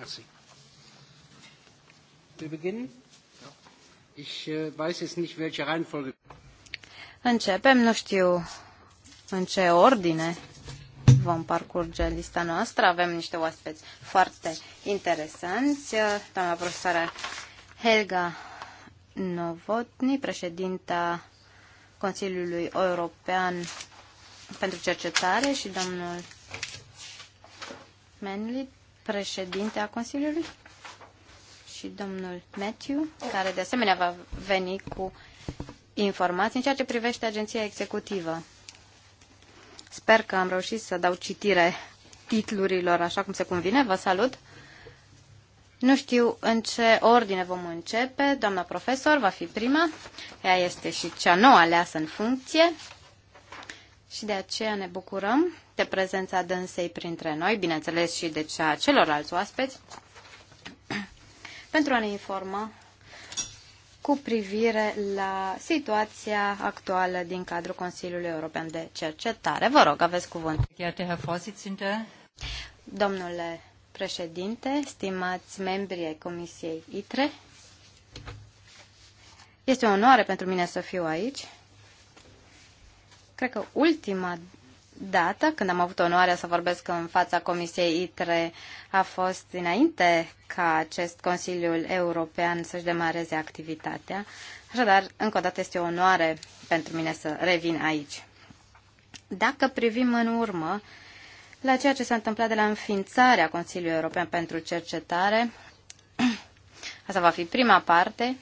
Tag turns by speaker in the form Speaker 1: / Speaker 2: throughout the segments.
Speaker 1: Merci. Wir beginnen. Ich äh, weiß jetzt nicht, welche Reihenfolge.
Speaker 2: Începem, nu știu în ce ordine vom parcurge lista noastră. Avem niște oaspeți foarte interesanți. Doamna profesoară Helga Novotni, președinta Consiliului European pentru Cercetare și domnul Menlit, președinte a Consiliului și domnul Matthew, care de asemenea va veni cu informații în ceea ce privește agenția executivă. Sper că am reușit să dau citire titlurilor așa cum se convine. Vă salut! Nu știu în ce ordine vom începe. Doamna profesor va fi prima. Ea este și cea nouă aleasă în funcție și de aceea ne bucurăm de prezența dânsei printre noi, bineînțeles și de cea celorlalți oaspeți, pentru a ne informa cu privire la situația actuală din cadrul Consiliului European de Cercetare. Vă rog, aveți cuvânt. Domnule președinte, stimați membri ai Comisiei ITRE, este o onoare pentru mine să fiu aici Cred că ultima dată când am avut onoarea să vorbesc în fața Comisiei ITRE a fost înainte ca acest Consiliul European să-și demareze activitatea. Așadar, încă o dată este o onoare pentru mine să revin aici. Dacă privim în urmă la ceea ce s-a întâmplat de la înființarea Consiliului European pentru Cercetare, asta va fi prima parte,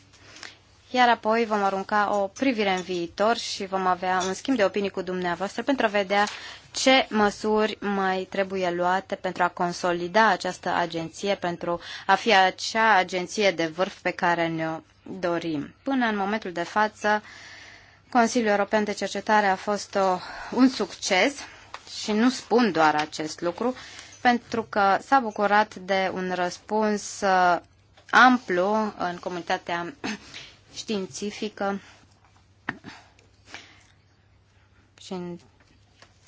Speaker 2: iar apoi vom arunca o privire în viitor și vom avea un schimb de opinii cu dumneavoastră pentru a vedea ce măsuri mai trebuie luate pentru a consolida această agenție, pentru a fi acea agenție de vârf pe care ne-o dorim. Până în momentul de față, Consiliul European de Cercetare a fost o, un succes și nu spun doar acest lucru, pentru că s-a bucurat de un răspuns uh, amplu în comunitatea științifică și în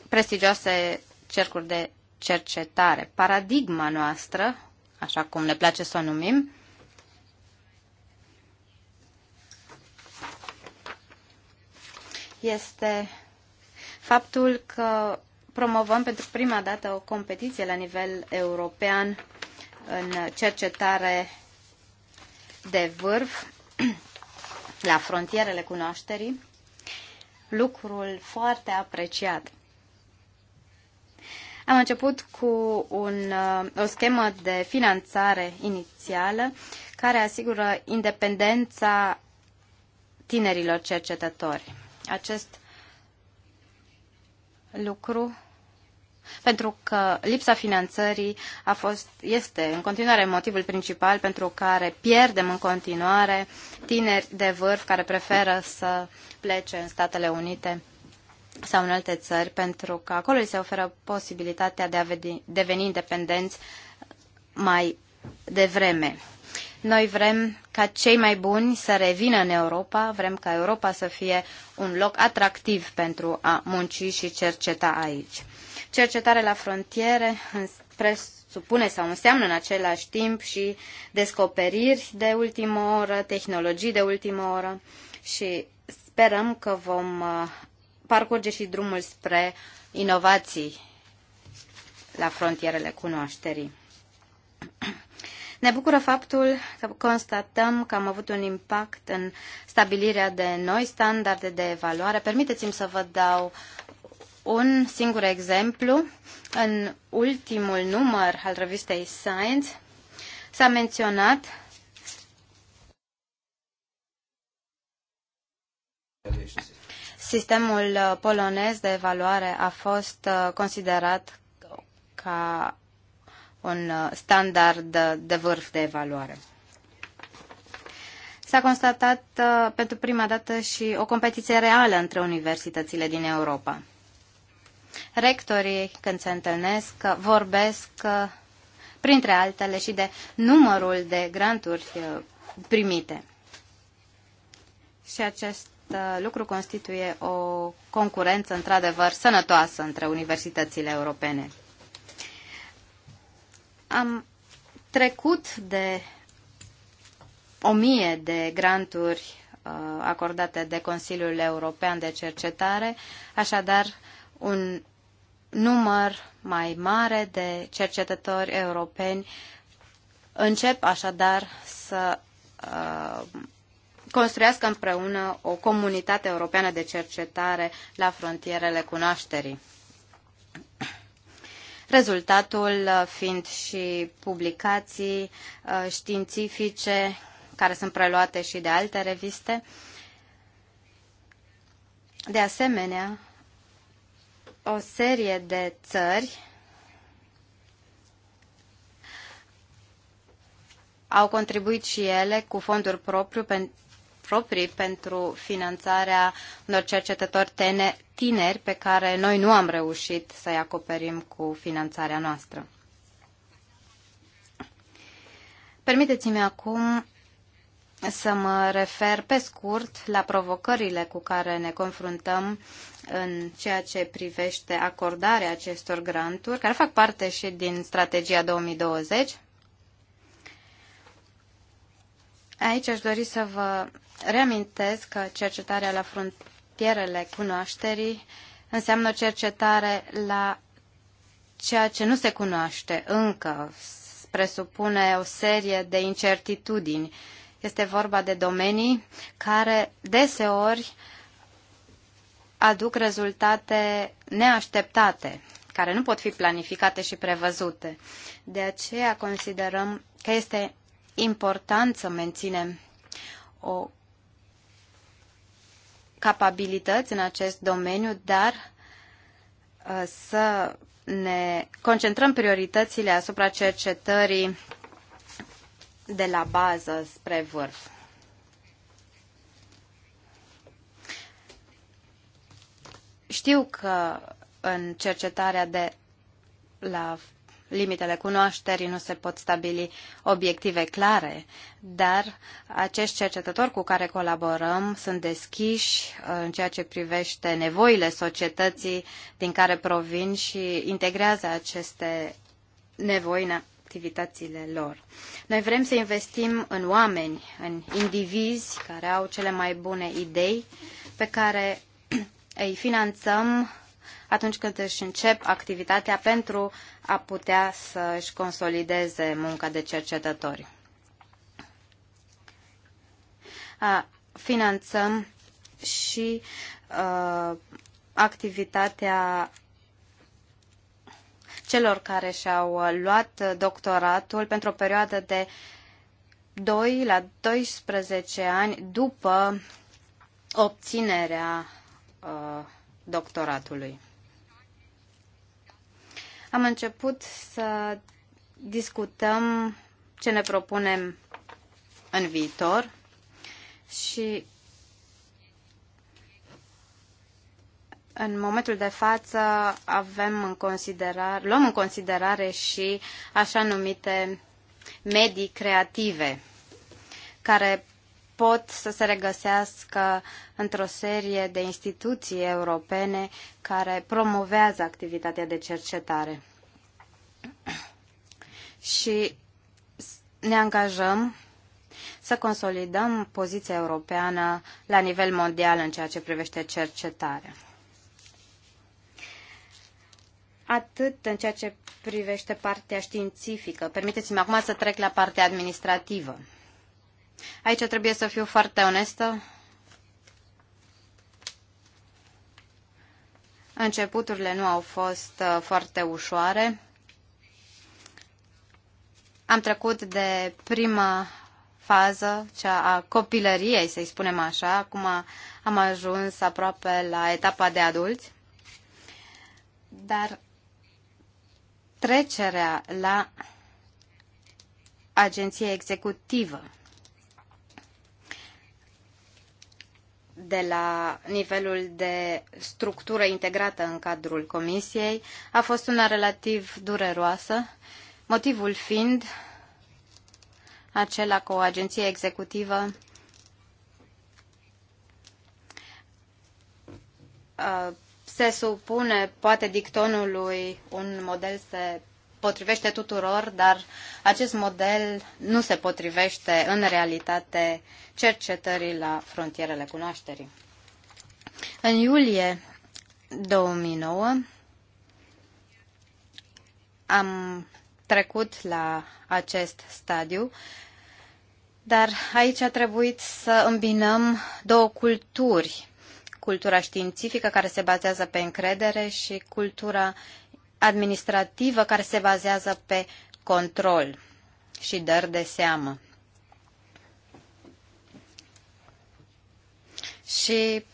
Speaker 2: prestigioase cercuri de cercetare. Paradigma noastră, așa cum ne place să o numim, este faptul că promovăm pentru prima dată o competiție la nivel european în cercetare de vârf la frontierele cunoașterii, lucrul foarte apreciat. Am început cu un, uh, o schemă de finanțare inițială care asigură independența tinerilor cercetători. Acest lucru pentru că lipsa finanțării a fost, este în continuare motivul principal pentru care pierdem în continuare tineri de vârf care preferă să plece în Statele Unite sau în alte țări, pentru că acolo îi se oferă posibilitatea de a deveni independenți mai devreme. Noi vrem ca cei mai buni să revină în Europa, vrem ca Europa să fie un loc atractiv pentru a munci și cerceta aici. Cercetare la frontiere presupune sau înseamnă în același timp și descoperiri de ultimă oră, tehnologii de ultimă oră și sperăm că vom uh, parcurge și drumul spre inovații la frontierele cunoașterii. Ne bucură faptul că constatăm că am avut un impact în stabilirea de noi standarde de evaluare. Permiteți-mi să vă dau un singur exemplu. În ultimul număr al revistei Science s-a menționat Sistemul uh, polonez de evaluare a fost uh, considerat ca un uh, standard de vârf de evaluare. S-a constatat pentru prima dată și o competiție reală între universitățile din Europa. Rectorii, când se întâlnesc, vorbesc, uh, printre altele, și de numărul de granturi uh, primite. Și acest uh, lucru constituie o concurență, într-adevăr, sănătoasă între universitățile europene. Am trecut de o mie de granturi acordate de Consiliul European de Cercetare, așadar un număr mai mare de cercetători europeni încep așadar să uh, construiască împreună o comunitate europeană de cercetare la frontierele cunoașterii. Rezultatul uh, fiind și publicații uh, științifice care sunt preluate și de alte reviste. De asemenea, o serie de țări au contribuit și ele cu fonduri propriu pen, proprii pentru finanțarea unor cercetători tene, tineri pe care noi nu am reușit să-i acoperim cu finanțarea noastră. Permiteți-mi acum să mă refer pe scurt la provocările cu care ne confruntăm în ceea ce privește acordarea acestor granturi, care fac parte și din strategia 2020. Aici aș dori să vă reamintesc că cercetarea la frontierele cunoașterii înseamnă cercetare la ceea ce nu se cunoaște încă, presupune o serie de incertitudini. Este vorba de domenii care deseori uh, aduc rezultate neașteptate, care nu pot fi planificate și prevăzute. De aceea considerăm că este important să menținem o capabilități în acest domeniu, dar uh, să ne concentrăm prioritățile asupra cercetării de la bază spre vârf. Știu că în cercetarea de la limitele cunoașterii nu se pot stabili obiective clare, dar acești cercetători cu care colaborăm sunt deschiși uh, în ceea ce privește nevoile societății din care provin și integrează aceste nevoi în activitățile lor. Noi vrem să investim în oameni, în indivizi care au cele mai bune idei pe care îi finanțăm atunci când își încep activitatea pentru a putea să își consolideze munca de cercetători. A, finanțăm și uh, activitatea celor care și-au luat doctoratul pentru o perioadă de 2 la 12 ani după obținerea Uh, doctoratului. Am început să discutăm ce ne propunem în viitor și în momentul de față avem în considerare, luăm în considerare și așa numite medii creative care pot să se regăsească într-o serie de instituții europene care promovează activitatea de cercetare. Și ne angajăm să consolidăm poziția europeană la nivel mondial în ceea ce privește cercetarea. Atât în ceea ce privește partea științifică. Permiteți-mi acum să trec la partea administrativă. Aici trebuie să fiu foarte onestă. Începuturile nu au fost uh, foarte ușoare. Am trecut de prima fază, cea a copilăriei, să-i spunem așa. Acum am ajuns aproape la etapa de adulți. Dar trecerea la agenție executivă de la nivelul de structură integrată în cadrul comisiei a fost una relativ dureroasă, motivul fiind acela că o agenție executivă uh, se supune poate dictonului un model se potrivește tuturor, dar acest model nu se potrivește în realitate cercetării la frontierele cunoașterii. În iulie 2009 am trecut la acest stadiu, dar aici a trebuit să îmbinăm două culturi cultura științifică care se bazează pe încredere și cultura administrativă care se bazează pe control și dări de seamă. Și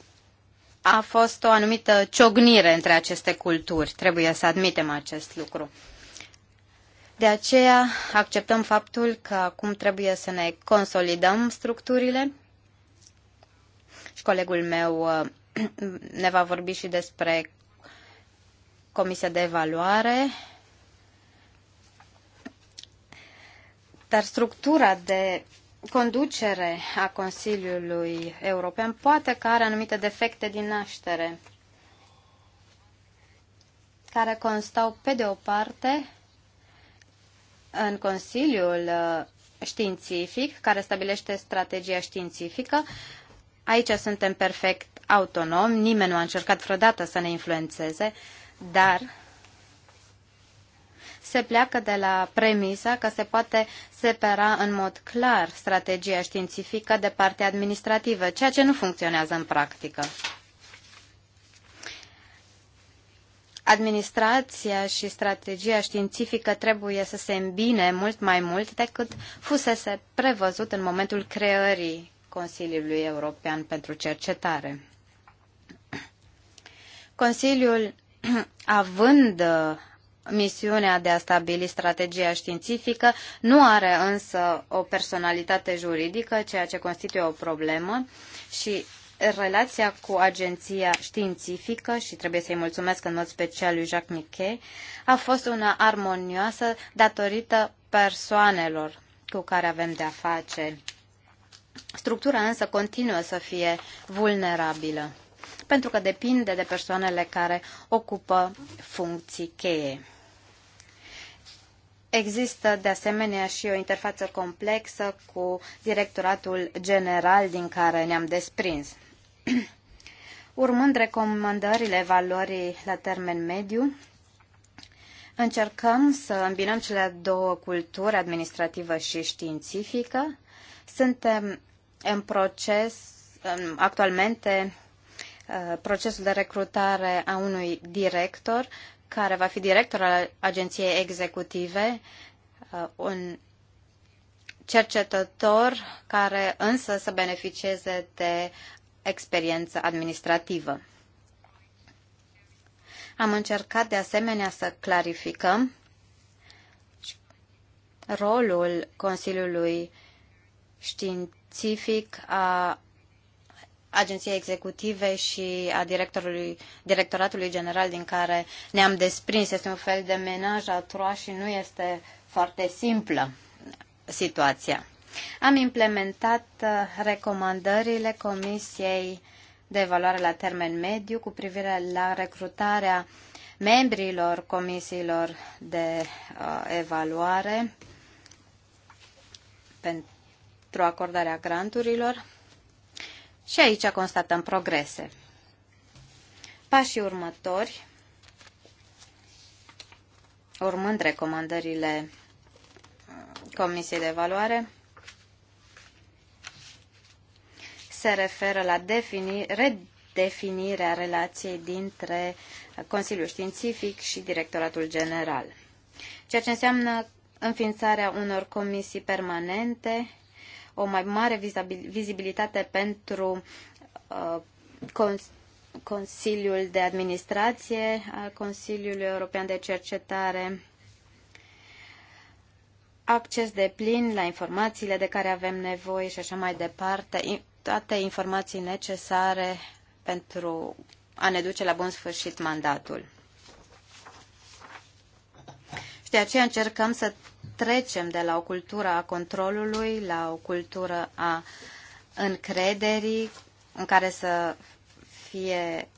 Speaker 2: a fost o anumită ciognire între aceste culturi. Trebuie să admitem acest lucru. De aceea acceptăm faptul că acum trebuie să ne consolidăm structurile și colegul meu uh, ne va vorbi și despre Comisia de Evaluare, dar structura de conducere a Consiliului European poate că are anumite defecte din naștere, care constau pe de o parte în Consiliul uh, Științific, care stabilește strategia științifică. Aici suntem perfect autonomi, nimeni nu a încercat vreodată să ne influențeze, dar se pleacă de la premisa că se poate separa în mod clar strategia științifică de partea administrativă, ceea ce nu funcționează în practică. Administrația și strategia științifică trebuie să se îmbine mult mai mult decât fusese prevăzut în momentul creării Consiliului European pentru Cercetare. Consiliul având uh, misiunea de a stabili strategia științifică, nu are însă o personalitate juridică, ceea ce constituie o problemă și relația cu agenția științifică, și trebuie să-i mulțumesc în mod special lui Jacques Miquet, a fost una armonioasă datorită persoanelor cu care avem de-a face. Structura însă continuă să fie vulnerabilă pentru că depinde de persoanele care ocupă funcții cheie. Există de asemenea și o interfață complexă cu directoratul general din care ne-am desprins. Urmând recomandările valorii la termen mediu, încercăm să îmbinăm cele două culturi, administrativă și științifică. Suntem în proces, actualmente, Uh, procesul de recrutare a unui director care va fi director al agenției executive, uh, un cercetător care însă să beneficieze de experiență administrativă. Am încercat de asemenea să clarificăm rolul Consiliului Științific a agenției executive și a directorului, directoratului general din care ne-am desprins. Este un fel de menaj a și nu este foarte simplă situația. Am implementat uh, recomandările Comisiei de Evaluare la Termen Mediu cu privire la recrutarea membrilor comisiilor de uh, evaluare pentru acordarea granturilor și aici constatăm progrese. Pașii următori, urmând recomandările uh, Comisiei de Evaluare, se referă la defini, redefinirea relației dintre Consiliul Științific și Directoratul General, ceea ce înseamnă înființarea unor comisii permanente o mai mare vizibilitate pentru uh, Consiliul de Administrație a uh, Consiliului European de Cercetare, acces de plin la informațiile de care avem nevoie și așa mai departe, toate informații necesare pentru a ne duce la bun sfârșit mandatul. Și de aceea încercăm să trecem de la o cultură a controlului la o cultură a încrederii în care să fie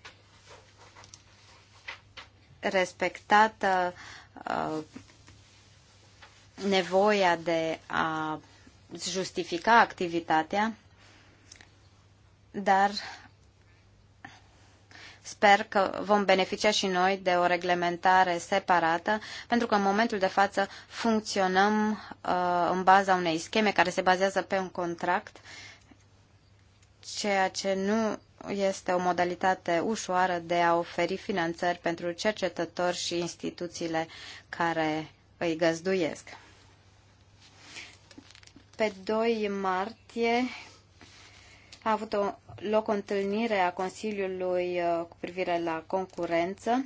Speaker 2: respectată uh, nevoia de a justifica activitatea, dar Sper că vom beneficia și noi de o reglementare separată, pentru că în momentul de față funcționăm uh, în baza unei scheme care se bazează pe un contract, ceea ce nu este o modalitate ușoară de a oferi finanțări pentru cercetători și instituțiile care îi găzduiesc. Pe 2 martie, a avut o, loc o întâlnire a Consiliului uh, cu privire la concurență,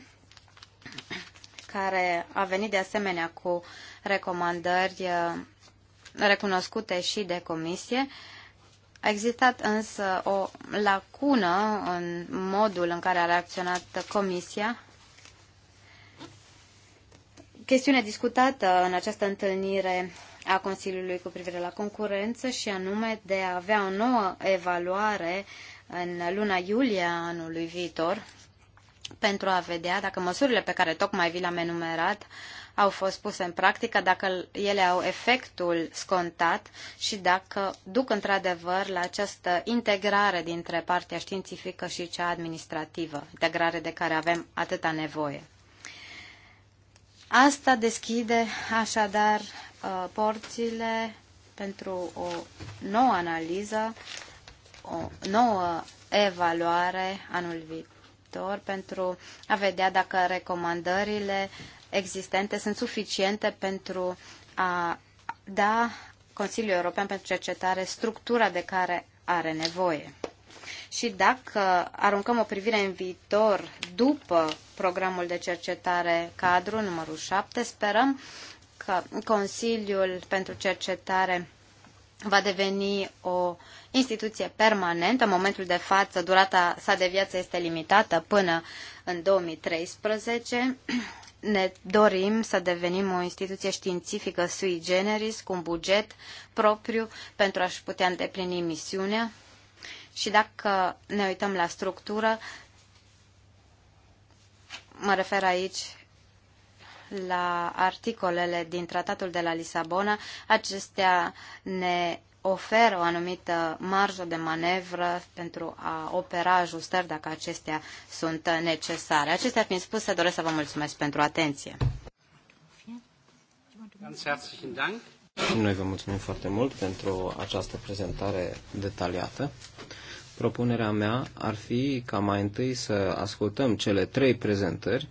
Speaker 2: care a venit de asemenea cu recomandări uh, recunoscute și de comisie. A existat însă o lacună în modul în care a reacționat comisia. Chestiunea discutată în această întâlnire a Consiliului cu privire la concurență și anume de a avea o nouă evaluare în luna iulie anului viitor pentru a vedea dacă măsurile pe care tocmai vi le-am enumerat au fost puse în practică, dacă ele au efectul scontat și dacă duc într-adevăr la această integrare dintre partea științifică și cea administrativă, integrare de care avem atâta nevoie. Asta deschide așadar uh, porțile pentru o nouă analiză, o nouă evaluare anul viitor pentru a vedea dacă recomandările existente sunt suficiente pentru a da Consiliul European pentru Cercetare structura de care are nevoie și dacă aruncăm o privire în viitor după programul de cercetare cadru numărul 7, sperăm că Consiliul pentru Cercetare va deveni o instituție permanentă. În momentul de față, durata sa de viață este limitată până în 2013. Ne dorim să devenim o instituție științifică sui generis, cu un buget propriu pentru a-și putea îndeplini misiunea și dacă ne uităm la structură, mă refer aici la articolele din Tratatul de la Lisabona, acestea ne oferă o anumită marjă de manevră pentru a opera ajustări dacă acestea sunt necesare. Acestea fiind spuse, doresc să vă mulțumesc pentru atenție.
Speaker 1: Ganz herzlichen Dank.
Speaker 3: Noi vă mulțumim foarte mult pentru această prezentare detaliată. Propunerea mea ar fi ca mai întâi să ascultăm cele trei prezentări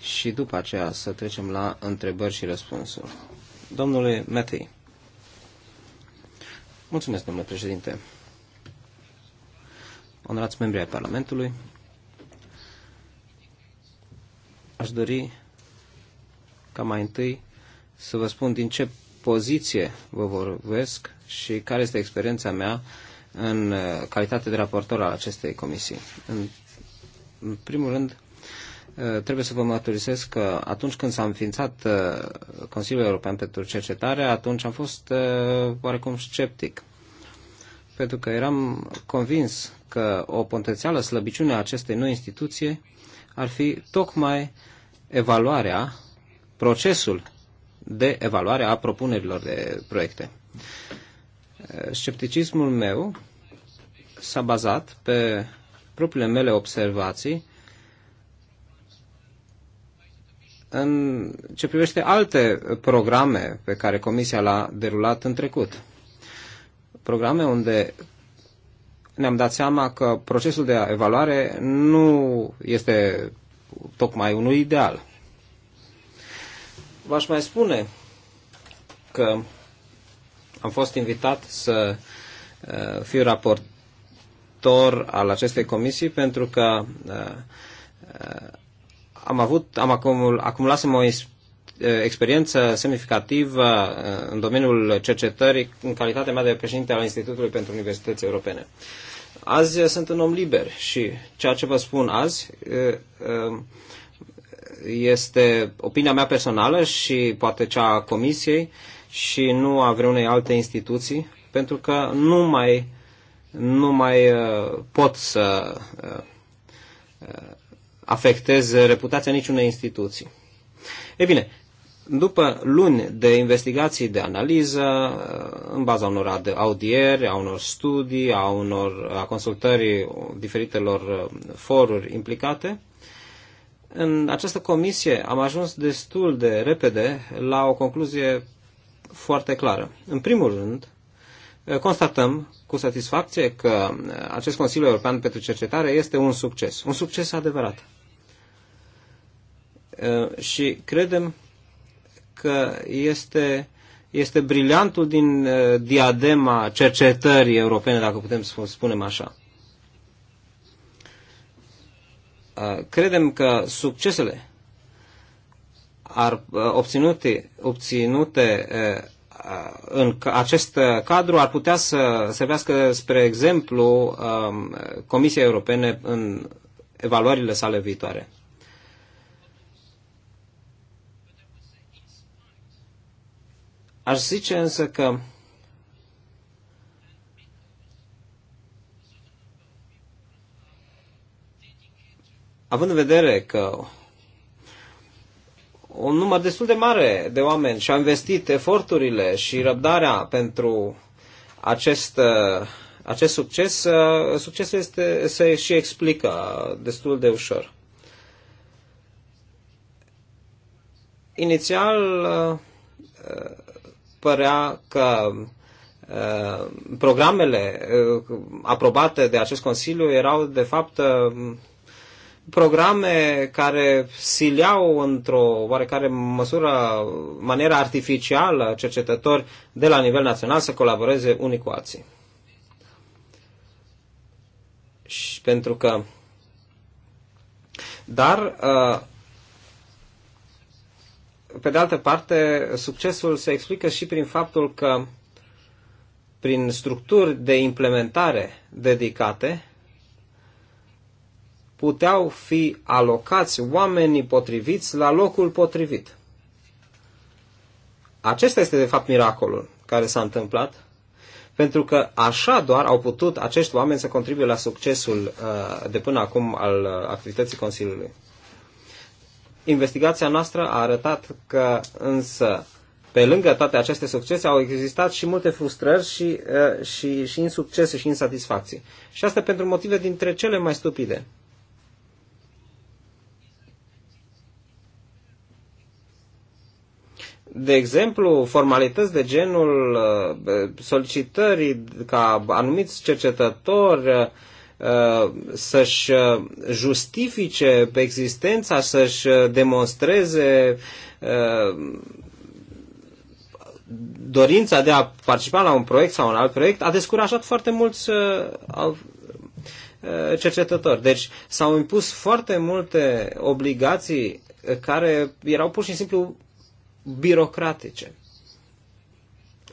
Speaker 3: și după aceea să trecem la întrebări și răspunsuri. Domnule Matei. Mulțumesc, domnule președinte. Onorați membri ai Parlamentului, aș dori ca mai întâi să vă spun din ce poziție vă vorbesc și care este experiența mea în uh, calitate de raportor al acestei comisii. În, în primul rând, uh, trebuie să vă mărturisesc că atunci când s-a înființat uh, Consiliul European pentru Cercetare, atunci am fost oarecum sceptic. Pentru că eram convins că o potențială slăbiciune a acestei noi instituții ar fi tocmai evaluarea, procesul de evaluare a propunerilor de proiecte. Scepticismul meu s-a bazat pe propriile mele observații în ce privește alte programe pe care Comisia l-a derulat în trecut. Programe unde ne-am dat seama că procesul de evaluare nu este tocmai unul ideal v-aș mai spune că am fost invitat să uh, fiu raportor al acestei comisii pentru că uh, uh, am avut, am acumul, acumulasem o experiență semnificativă în domeniul cercetării în calitatea mea de președinte al Institutului pentru Universități Europene. Azi sunt un om liber și ceea ce vă spun azi este opinia mea personală și poate cea a Comisiei și nu a vreunei alte instituții, pentru că nu mai, nu mai uh, pot să uh, uh, afectez reputația niciunei instituții. Ei bine, după luni de investigații, de analiză, în baza unor audieri, a unor studii, a unor a consultării diferitelor foruri implicate, în această comisie am ajuns destul de repede la o concluzie foarte clară. În primul rând, constatăm cu satisfacție că acest Consiliu European pentru Cercetare este un succes, un succes adevărat. Și credem că este, este briliantul din diadema cercetării europene, dacă putem să spunem așa. Uh, credem că succesele ar, uh, obținute, obținute uh, în acest cadru ar putea să servească, spre exemplu, um, Comisia Europene în evaluările sale viitoare. Aș zice însă că având în vedere că un număr destul de mare de oameni și-au investit eforturile și răbdarea pentru acest, uh, acest succes, uh, succesul este, se și explică destul de ușor. Inițial uh, părea că programele aprobate de acest Consiliu erau, de fapt, programe care sileau într-o oarecare măsură, manieră artificială, cercetători de la nivel național să colaboreze unii cu alții. Și pentru că. Dar, uh, pe de altă parte, succesul se explică și prin faptul că, prin structuri de implementare dedicate, puteau fi alocați oamenii potriviți la locul potrivit. Acesta este, de fapt, miracolul care s-a întâmplat, pentru că așa doar au putut acești oameni să contribuie la succesul uh, de până acum al uh, activității Consiliului. Investigația noastră a arătat că, însă, pe lângă toate aceste succese, au existat și multe frustrări și, uh, și, și insuccese și insatisfacții. Și asta pentru motive dintre cele mai stupide. de exemplu, formalități de genul uh, solicitării ca anumiți cercetători uh, să-și uh, justifice existența, să-și demonstreze dorința de a participa la un proiect sau un alt proiect, a descurajat foarte mulți cercetători. Deci s-au impus foarte multe obligații care erau pur și simplu birocratice.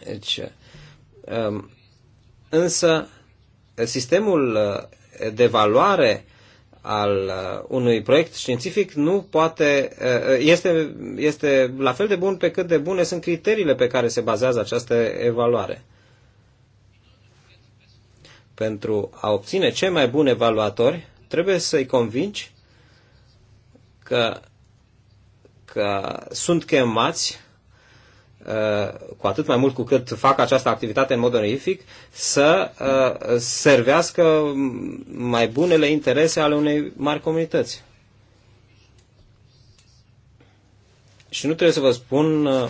Speaker 3: Deci, um, însă, sistemul uh, de valoare al uh, unui proiect științific nu poate, uh, este, este la fel de bun pe cât de bune sunt criteriile pe care se bazează această evaluare. Pentru a obține cei mai buni evaluatori, trebuie să-i convingi că că sunt chemați uh, cu atât mai mult cu cât fac această activitate în mod onorific, să uh, servească mai bunele interese ale unei mari comunități. Și nu trebuie să vă spun uh,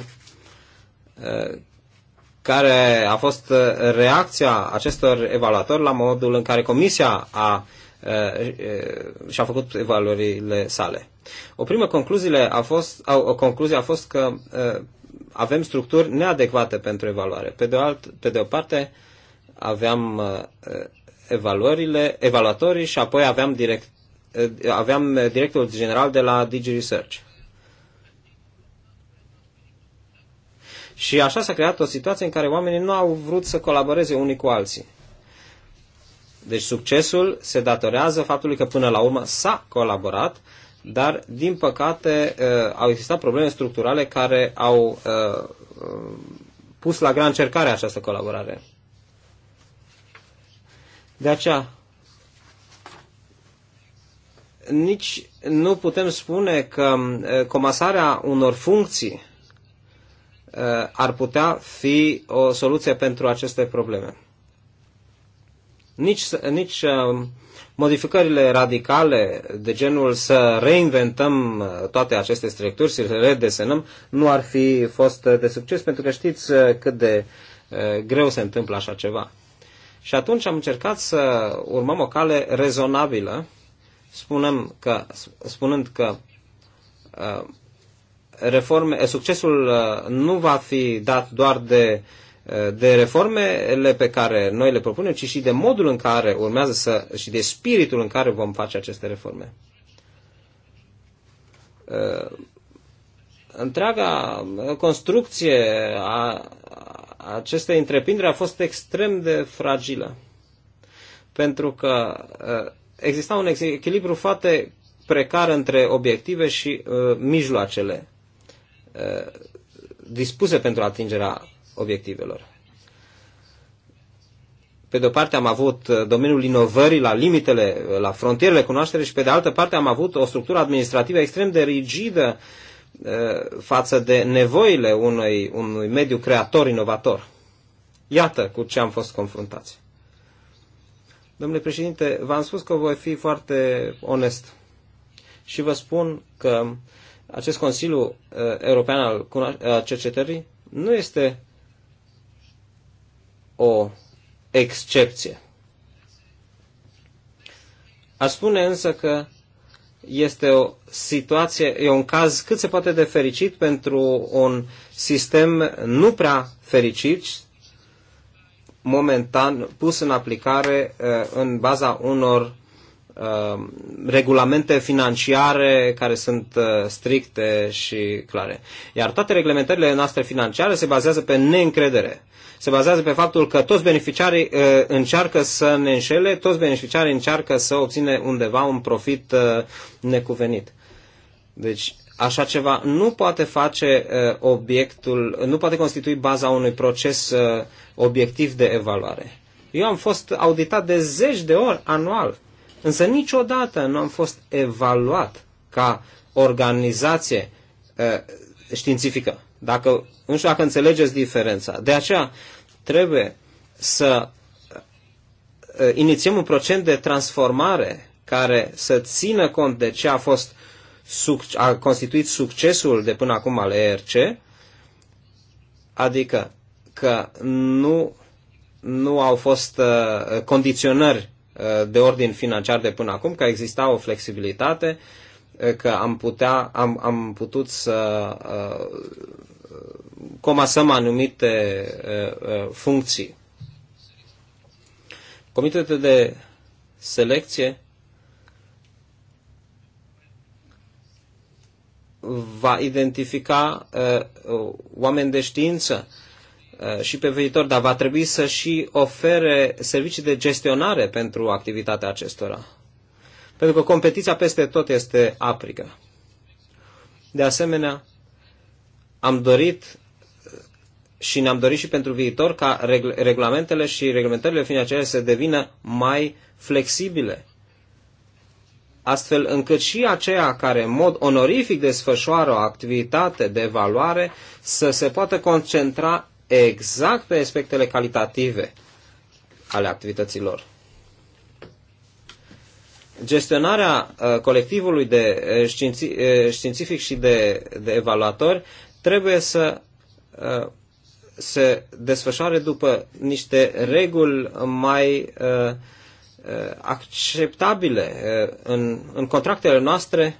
Speaker 3: care a fost reacția acestor evaluatori la modul în care Comisia a Uh, uh, și-a făcut evaluările sale. O primă concluzie a fost, o concluzie a fost că uh, avem structuri neadecvate pentru evaluare. Pe de, alt, pe de o parte aveam evaluările, evaluatorii și apoi aveam, direct, aveam directorul general de la Digi Research. Și așa s-a creat o situație în care oamenii nu au vrut să colaboreze unii cu alții. Deci succesul se datorează faptului că până la urmă s-a colaborat, dar din păcate uh, au existat probleme structurale care au uh, uh, pus la gran încercare această colaborare. De aceea, nici nu putem spune că comasarea unor funcții ar putea fi o soluție pentru aceste probleme nici, nici um, modificările radicale de genul să reinventăm uh, toate aceste structuri, să le redesenăm, nu ar fi fost uh, de succes, pentru că știți uh, cât de greu se întâmplă așa ceva. Și atunci am încercat să urmăm o cale rezonabilă, spunem că, spunând că reforme, succesul nu va fi dat doar de uh, de reformele pe care noi le propunem, ci și de modul în care urmează să, și de spiritul în care vom face aceste reforme. Uh, întreaga construcție a acestei întreprinderi a fost extrem de fragilă, pentru că uh, exista un echilibru foarte precar între obiective și uh, mijloacele dispuse pentru atingerea obiectivelor. Pe de o parte am avut uh, domeniul inovării la limitele, uh, la frontierele cunoașterii și pe de altă parte am avut o structură administrativă extrem de rigidă uh, față de nevoile unui, unui mediu creator inovator. Iată cu ce am fost confruntați. Domnule președinte, v-am spus că voi fi foarte onest și vă spun că acest Consiliu European al Cercetării nu este o excepție. A spune însă că este o situație, e un caz cât se poate de fericit pentru un sistem nu prea fericit, momentan pus în aplicare uh, în baza unor uh, regulamente financiare care sunt uh, stricte și clare. Iar toate reglementările noastre financiare se bazează pe neîncredere se bazează pe faptul că toți beneficiarii uh, încearcă să ne înșele, toți beneficiarii încearcă să obține undeva un profit uh, necuvenit. Deci, așa ceva nu poate face uh, obiectul, nu poate constitui baza unui proces obiectiv de evaluare. Eu am fost auditat de zeci de ori anual, însă niciodată nu am fost evaluat ca organizație științifică. Dacă, nu știu dacă înțelegeți diferența. De aceea trebuie să ă, inițiem un procent de transformare care să țină cont de ce a fost a constituit succesul de până acum al ERC, adică că nu, nu au fost ă, condiționări ă, de ordin financiar de până acum, că exista o flexibilitate uh, că am, putea, am, am putut să uh, comasăm anumite uh, uh, funcții. Comitete de selecție va identifica uh, oameni de știință și pe viitor, dar va trebui să și ofere servicii de gestionare pentru activitatea acestora pentru că competiția peste tot este aprigă. De asemenea, am dorit și ne-am dorit și pentru viitor ca regulamentele și reglementările financiare să devină mai flexibile, astfel încât și aceea care în mod onorific desfășoară o activitate de evaluare să se poată concentra exact pe aspectele calitative ale activităților gestionarea uh, colectivului de uh, uh, științific și de, de evaluatori trebuie să se desfășoare după niște reguli mai acceptabile în, în contractele noastre.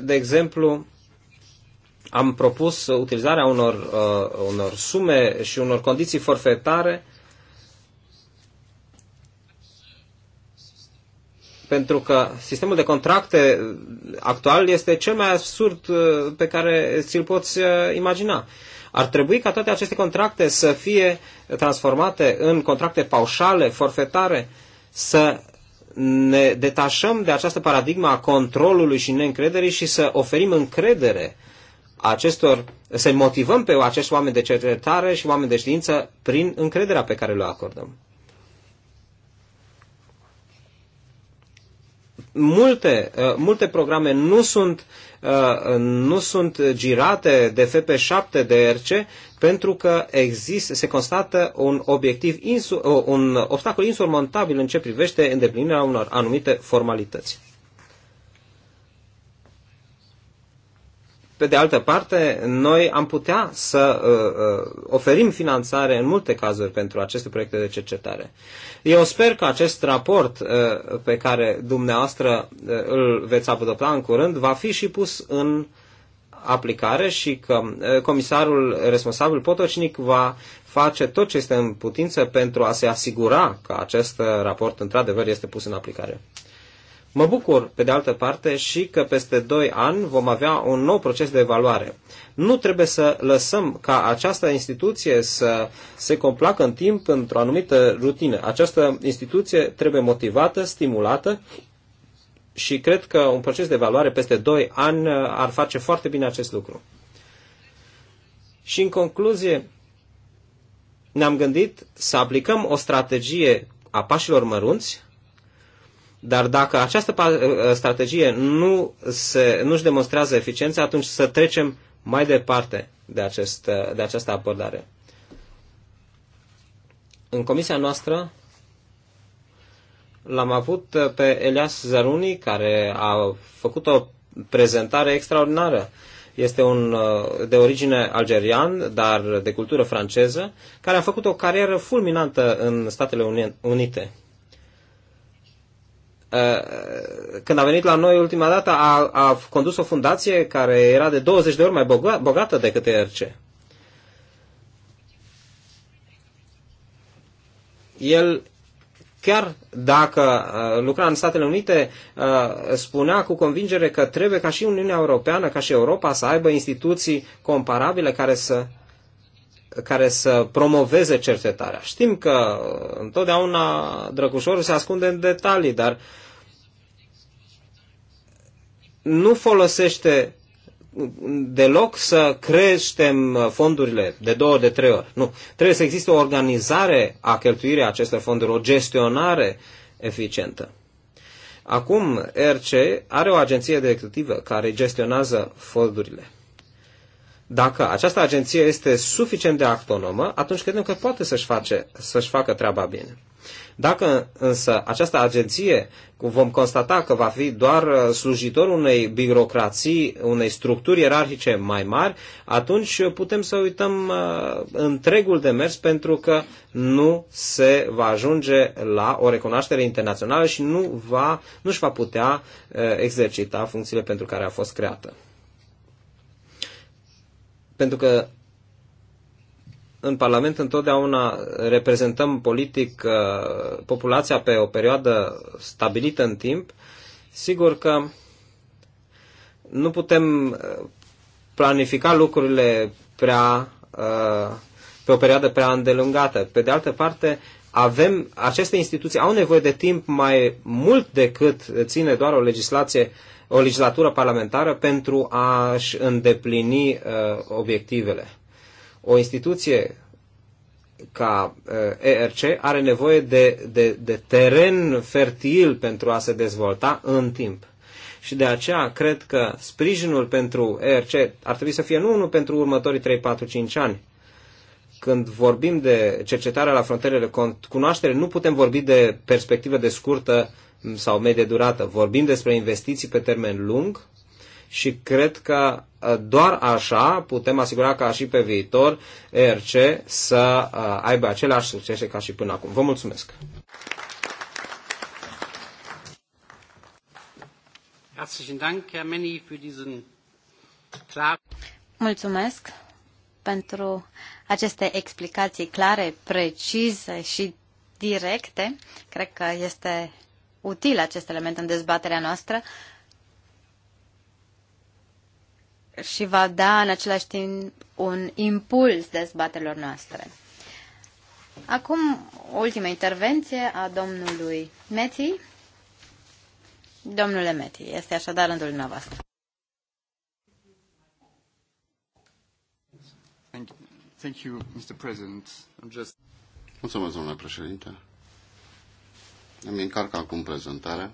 Speaker 3: De exemplu, am propus utilizarea unor, unor sume și unor condiții forfetare pentru că sistemul de contracte actual este cel mai absurd uh, pe care ți-l poți uh, imagina. Ar trebui ca toate aceste contracte să fie transformate în contracte paușale, forfetare, să ne detașăm de această paradigmă a controlului și neîncrederii și să oferim încredere acestor, să-i motivăm pe acești oameni de cercetare și oameni de știință prin încrederea pe care le acordăm. multe, uh, multe programe nu sunt, uh, nu sunt girate de FP7 de RC pentru că există, se constată un, obiectiv insu, uh, un obstacol insurmontabil în ce privește îndeplinirea unor anumite formalități. Pe de altă parte, noi am putea să uh, uh, oferim finanțare în multe cazuri pentru aceste proiecte de cercetare. Eu sper că acest raport uh, pe care dumneavoastră uh, îl veți adopta în curând va fi și pus în aplicare și că uh, comisarul responsabil Potocinic va face tot ce este în putință pentru a se asigura că acest uh, raport într-adevăr este pus în aplicare. Mă bucur, pe de altă parte, și că peste doi ani vom avea un nou proces de evaluare. Nu trebuie să lăsăm ca această instituție să se complacă în timp într-o anumită rutină. Această instituție trebuie motivată, stimulată și cred că un proces de evaluare peste doi ani ar face foarte bine acest lucru. Și în concluzie, ne-am gândit să aplicăm o strategie a pașilor mărunți, dar dacă această ă, strategie nu se, nu-și demonstrează eficiența, atunci să trecem mai departe de, acest, ă, de această abordare. În comisia noastră l-am avut ă, pe Elias Zaruni, care a făcut o prezentare extraordinară. Este un de origine algerian, dar de cultură franceză, care a făcut o carieră fulminantă în Statele Unite Eh, când a venit la noi ultima dată, a, a condus o fundație care era de 20 de ori mai bogată decât ERC. El, chiar dacă eh, lucra în Statele Unite, eh, spunea cu convingere că trebuie ca și Uniunea Europeană, ca și Europa să aibă instituții comparabile care să care să promoveze cercetarea. Știm că uh, întotdeauna drăgușorul se ascunde în detalii, dar nu folosește deloc să creștem uh, fondurile de două, de trei ori. Nu. Trebuie să existe o organizare a cheltuirii acestor fonduri, o gestionare eficientă. Acum, RC are o agenție de executivă care gestionează fondurile. Dacă această agenție este suficient de autonomă, atunci credem că poate să-și, face, să-și facă treaba bine. Dacă însă această agenție vom constata că va fi doar uh, slujitor unei birocrații, unei structuri ierarhice mai mari, atunci putem să uităm uh, întregul demers pentru că nu se va ajunge la o recunoaștere internațională și nu va, nu-și va putea uh, exercita funcțiile pentru care a fost creată. Pentru că în Parlament întotdeauna reprezentăm politic uh, populația pe o perioadă stabilită în timp, sigur că nu putem uh, planifica lucrurile prea, uh, pe o perioadă prea îndelungată. Pe de altă parte, avem, aceste instituții au nevoie de timp mai mult decât ține doar o legislație uh, o legislatură parlamentară pentru a-și îndeplini uh, obiectivele. O instituție ca uh, ERC are nevoie de, de, de teren fertil pentru a se dezvolta în timp. Și de aceea cred că sprijinul pentru ERC ar trebui să fie nu unul pentru următorii 3, 4, 5 ani. Când vorbim de cercetarea la frontierele cunoaștere, nu putem vorbi de perspective de scurtă sau medie durată. Vorbim despre investiții pe termen lung și cred că uh, doar așa putem asigura ca și pe viitor ERC să uh, aibă același succese ca și până acum. Vă mulțumesc!
Speaker 2: Mulțumesc pentru aceste explicații clare, precise și directe. Cred că este util acest element în dezbaterea noastră și va da în același timp un impuls dezbaterilor noastre. Acum, ultima intervenție a domnului Meti. Domnule Meti, este așadar rândul dumneavoastră.
Speaker 1: Thank you, Mr. President. I'm just... Mulțumesc, domnule președinte. Îmi încarc acum prezentarea.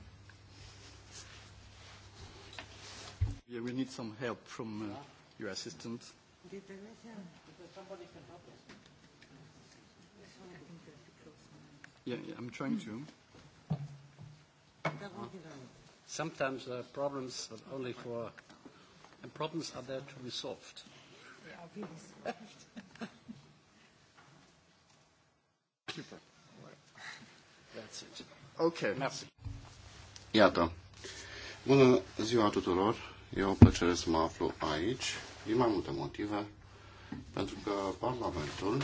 Speaker 1: Yeah, we need some help from uh, your assistant. Yeah, yeah I'm trying to. Sometimes there uh, are problems that only for, and problems are there to be solved. solved. Super. That's it. Ok. Merci. Iată. Bună ziua tuturor. E o plăcere să mă aflu aici, din mai multe motive, pentru că Parlamentul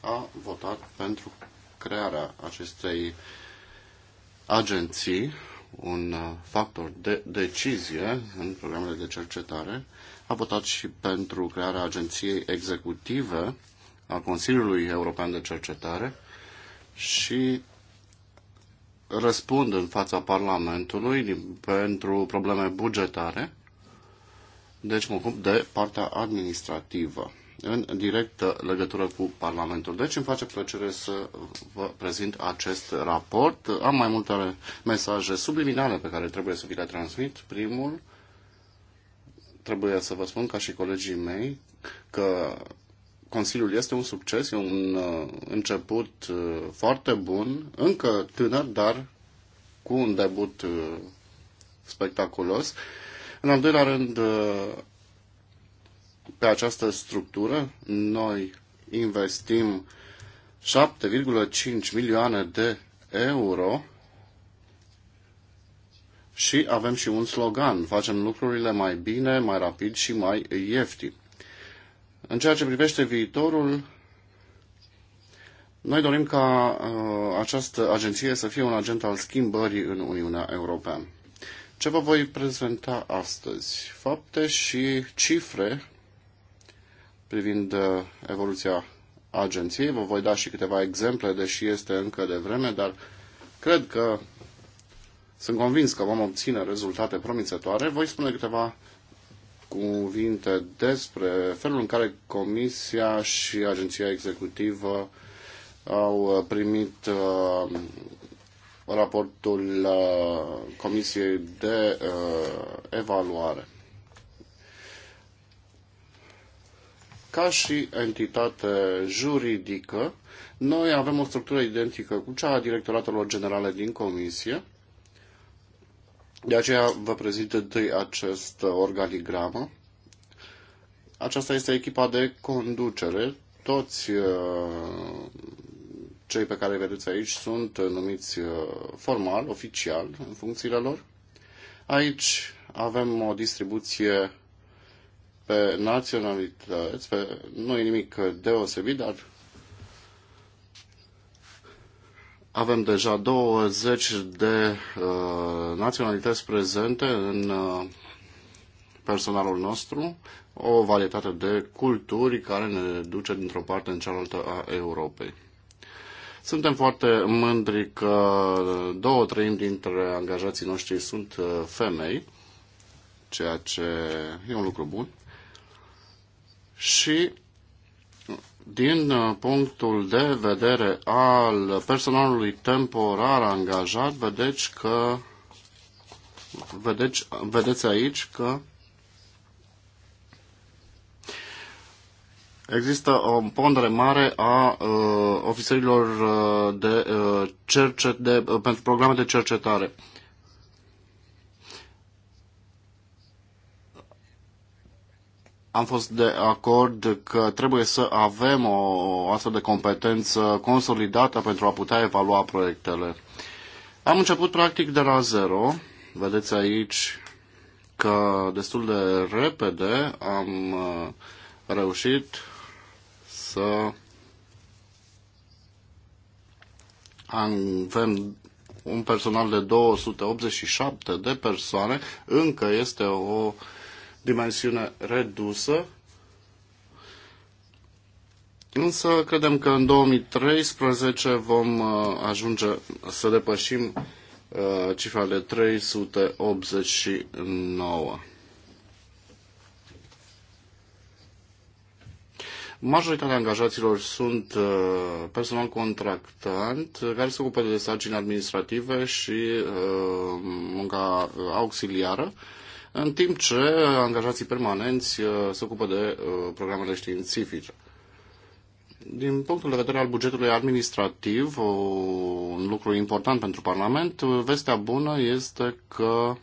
Speaker 1: a votat pentru crearea acestei agenții, un factor de decizie în programele de cercetare, a votat și pentru crearea agenției executive a Consiliului European de Cercetare și răspund în fața Parlamentului pentru probleme bugetare, deci mă ocup de partea administrativă în directă legătură cu Parlamentul. Deci îmi face plăcere să vă prezint acest raport. Am mai multe mesaje subliminale pe care trebuie să vi le transmit. Primul, trebuie să vă spun ca și colegii mei că Consiliul este un succes, e un uh, început uh, foarte bun, încă tânăr, dar cu un debut uh, spectaculos. În al doilea rând, pe această structură, noi investim 7,5 milioane de euro și avem și un slogan, facem lucrurile mai bine, mai rapid și mai ieftin. În ceea ce privește viitorul, noi dorim ca uh, această agenție să fie un agent al schimbării în Uniunea Europeană. Ce vă voi prezenta astăzi? Fapte și cifre privind uh, evoluția agenției. Vă voi da și câteva exemple, deși este încă de vreme, dar cred că sunt convins că vom obține rezultate promițătoare. Voi spune câteva cuvinte despre felul în care Comisia și Agenția Executivă au primit uh, raportul uh, Comisiei de uh, Evaluare. Ca și entitate juridică, noi avem o structură identică cu cea a directoratelor generale din Comisie, de aceea vă prezint întâi acest organigramă. Aceasta este echipa de conducere. Toți uh, cei pe care îi vedeți aici sunt numiți uh, formal, oficial, în funcțiile lor. Aici avem o distribuție pe naționalități, pe, nu e nimic deosebit, dar Avem deja 20 de uh, naționalități prezente în uh, personalul nostru, o varietate de culturi care ne duce dintr-o parte în cealaltă a Europei. Suntem foarte mândri că două treimi dintre angajații noștri sunt uh, femei, ceea ce e un lucru bun. Și din uh, punctul de vedere al personalului temporar angajat, vedeți că vedeți, vedeți aici că Există o pondere mare a uh, ofițerilor uh, de, uh, cercet, de, uh, pentru programe de cercetare. Uh, am fost de acord că trebuie să avem o astfel de competență consolidată pentru a putea evalua proiectele. Am început practic de la zero. Vedeți aici că destul de repede am uh, reușit să avem un personal de 287 de persoane. Încă este o uh, dimensiune redusă, însă credem că în 2013 vom uh, ajunge să depășim uh, cifra de 389. Majoritatea angajaților sunt uh, personal contractant care se ocupă de sarcini administrative și munca auxiliară în timp ce angajații permanenți uh, se ocupă de uh, programele științifice. Din punctul de vedere al bugetului administrativ, un lucru important pentru Parlament, uh, vestea bună este că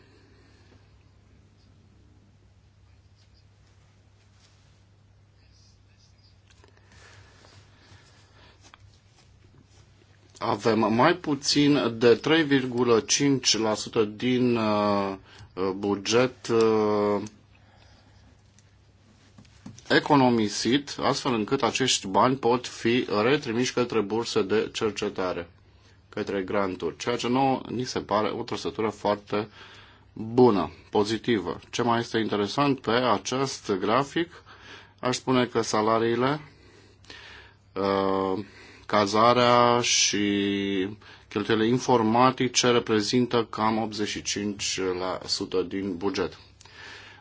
Speaker 1: avem mai puțin de 3,5% din uh, Uh, buget uh, economisit, astfel încât acești bani pot fi retrimiși către burse de cercetare, către granturi, ceea ce nouă ni se pare o trăsătură foarte bună, pozitivă. Ce mai este interesant pe acest grafic, aș spune că salariile, uh, cazarea și Cheltuielile informatice reprezintă cam 85% din buget.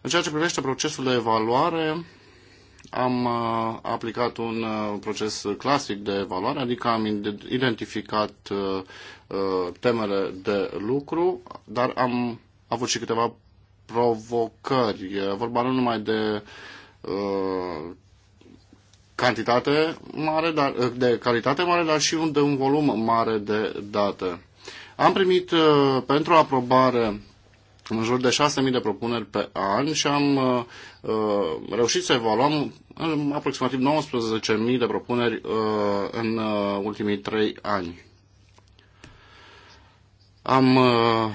Speaker 1: În ceea ce privește procesul de evaluare, am uh, aplicat un uh, proces clasic de evaluare, adică am identificat uh, temele de lucru, dar am avut și câteva provocări. Vorba nu numai de cantitate mare, dar, de calitate mare, dar și un, de un volum mare de date. Am primit uh, pentru aprobare în jur de 6.000 de propuneri pe an și am uh, uh reușit să evaluăm aproximativ 19.000 de propuneri uh, în uh, ultimii 3 ani. Am uh,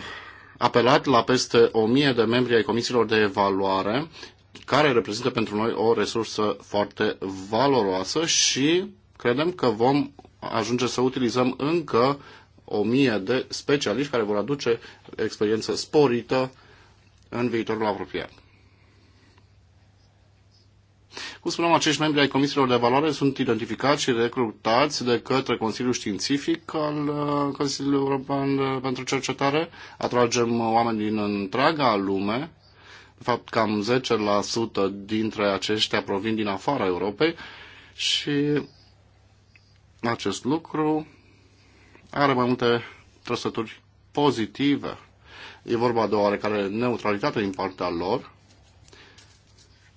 Speaker 1: apelat la peste 1.000 de membri ai comisiilor de evaluare care reprezintă pentru noi o resursă foarte valoroasă și credem că vom ajunge să utilizăm încă o mie de specialiști care vor aduce experiență sporită în viitorul apropiat. Cum spuneam, acești membri ai comisiilor de valoare sunt identificați și recrutați de către Consiliul Științific al uh, Consiliului European uh, pentru Cercetare. Atragem oameni din întreaga lume de fapt, cam 10% dintre aceștia provin din afara Europei și acest lucru are mai multe trăsături pozitive. E vorba de o oarecare neutralitate din partea lor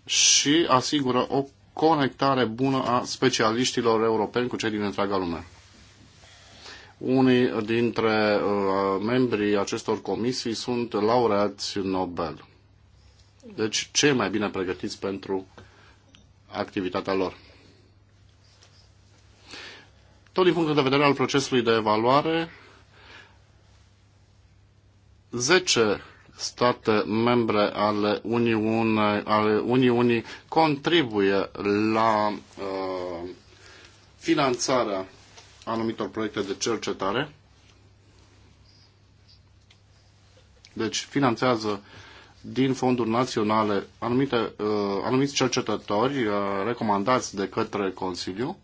Speaker 1: și asigură o conectare bună a specialiștilor europeni cu cei din întreaga lume. Unii dintre uh, membrii acestor comisii sunt laureați Nobel deci e mai bine pregătiți pentru activitatea lor. Tot din punctul de vedere al procesului de evaluare, 10 state membre ale Uniunii, ale Uniunii contribuie la uh, finanțarea anumitor proiecte de cercetare. Deci finanțează din fonduri naționale anumite, uh, anumiți cercetători uh, recomandați de către Consiliu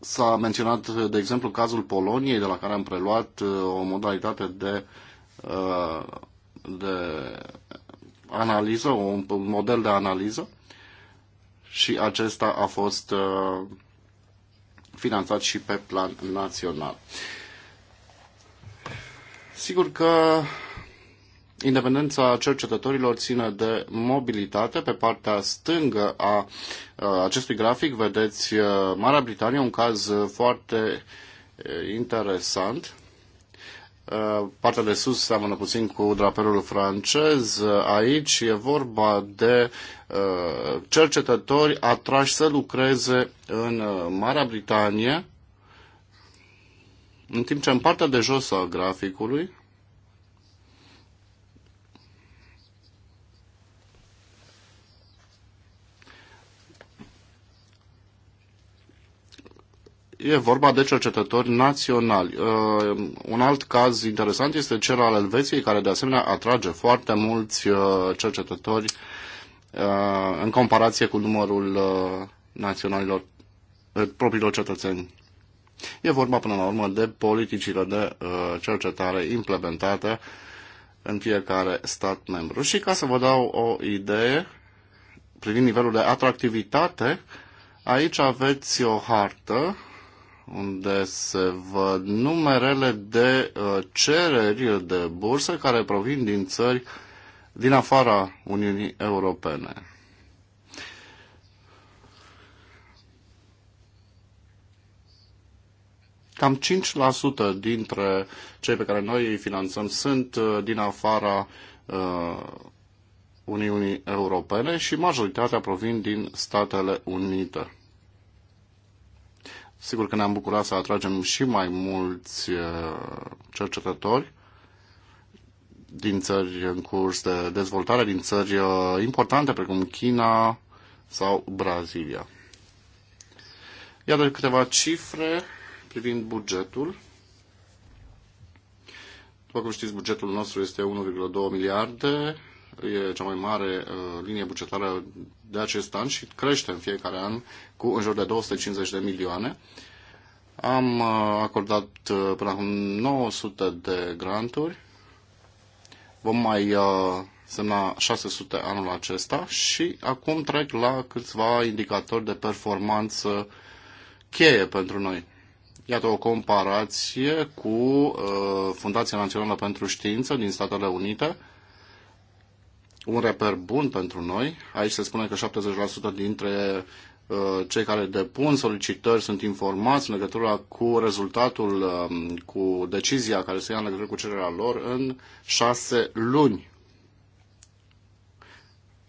Speaker 1: S-a menționat, de exemplu, cazul Poloniei, de la care am preluat uh, o modalitate de, uh, de analiză, un model de analiză și acesta a fost uh, finanțat și pe plan național. Sigur că independența cercetătorilor ține de mobilitate. Pe partea stângă a uh, acestui grafic vedeți uh, Marea Britanie, un caz foarte interesant partea de sus seamănă puțin cu drapelul francez. Aici e vorba de uh, cercetători atrași să lucreze în uh, Marea Britanie, în timp ce în partea de jos a graficului E vorba de cercetători naționali. Uh, un alt caz interesant este cel al Elveției, care de asemenea atrage foarte mulți uh, cercetători uh, în comparație cu numărul naționalilor, propriilor cetățeni. E vorba până la urmă de politicile de cercetare implementate în fiecare stat membru. Și ca să vă dau o idee privind nivelul de atractivitate, aici aveți o hartă unde se văd numerele de uh, cereri de bursă care provin din țări din afara Uniunii Europene. Cam 5% dintre cei pe care noi îi finanțăm sunt uh, din afara uh, Uniunii Europene și majoritatea provin din Statele Unite. Sigur că ne-am bucurat să atragem și mai mulți uh, cercetători din țări în curs de dezvoltare, din țări uh, importante precum China sau Brazilia. Iată câteva cifre privind bugetul. După cum știți, bugetul nostru este 1,2 miliarde e cea mai mare uh, linie bugetară de acest an și crește în fiecare an cu în jur de 250 de milioane. Am uh, acordat uh, până acum 900 de granturi. Vom mai semna 600 anul acesta și acum trec la câțiva indicatori de performanță cheie pentru noi. Iată o comparație cu Fundația Națională pentru Știință din Statele Unite, un reper bun pentru noi. Aici se spune că 70% dintre uh, cei care depun solicitări sunt informați în legătură cu rezultatul, um, cu decizia care se ia în legătură cu cererea lor în șase luni.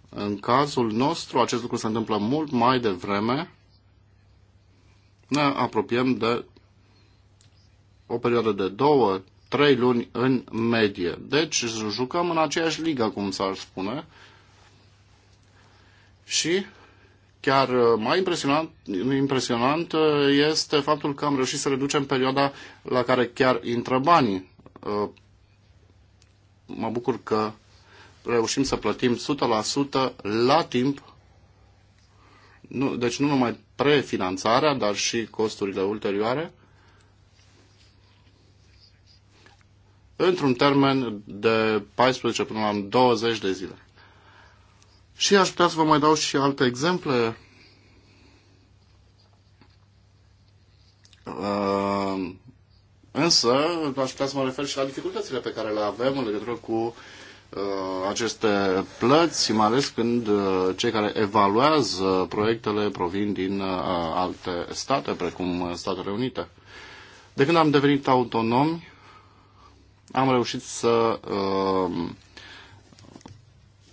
Speaker 1: În cazul nostru, acest lucru se întâmplă mult mai devreme. Ne apropiem de o perioadă de două, trei luni în medie. Deci jucăm în aceeași ligă, cum s-ar spune. Și chiar uh, mai impresionant, impresionant uh, este faptul că am reușit să reducem perioada la care chiar intră banii. Uh, mă bucur că reușim să plătim 100% la timp. Nu, deci nu numai prefinanțarea, dar și costurile ulterioare. într-un termen de 14 până la 20 de zile. Și aș putea să vă mai dau și alte exemple. Uh, însă, aș putea să mă refer și la dificultățile pe care le avem în legătură cu uh, aceste plăți, mai ales când uh, cei care evaluează proiectele provin din alte state, precum Statele Unite. De când am devenit autonomi, am reușit să uh,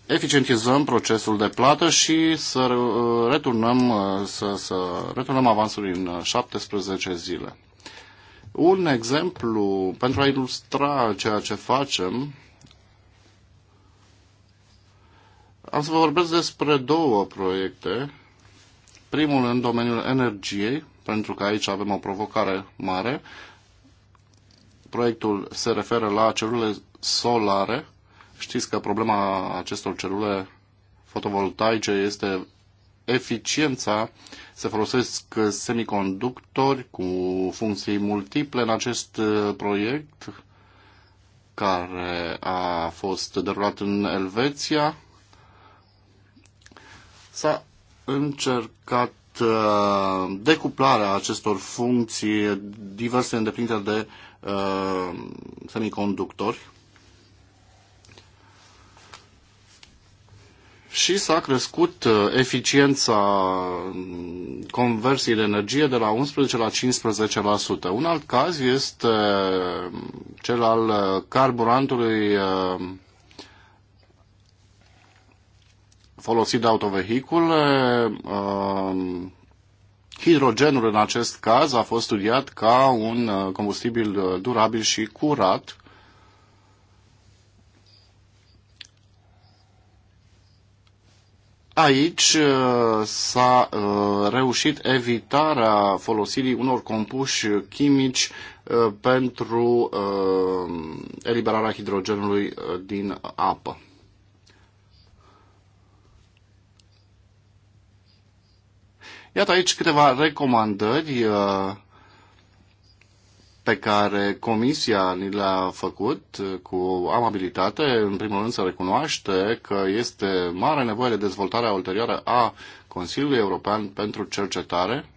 Speaker 1: eficientizăm procesul de plată și să uh, returnăm, uh, să, să returnăm avansul în 17 zile. Un exemplu pentru a ilustra ceea ce facem, am să vă vorbesc despre două proiecte. Primul în domeniul energiei, pentru că aici avem o provocare mare. Proiectul se referă la celule solare. Știți că problema acestor celule fotovoltaice este eficiența. Se folosesc semiconductori cu funcții multiple în acest uh, proiect care a fost derulat în Elveția. S-a încercat uh, decuplarea acestor funcții diverse îndeplinite de uh, semiconductori și s-a crescut uh, eficiența mm, conversiei de energie de la 11 la 15%. Un alt caz este mm, cel al uh, carburantului uh, folosit de autovehicule Hidrogenul în acest caz a fost studiat ca un uh, combustibil uh, durabil și curat. Aici uh, s-a reușit evitarea folosirii unor compuși chimici pentru eliberarea hidrogenului din apă. Iată aici câteva recomandări uh, pe care Comisia ni le-a făcut uh, cu amabilitate. În primul rând să recunoaște că este mare nevoie de dezvoltarea ulterioară a Consiliului European pentru Cercetare.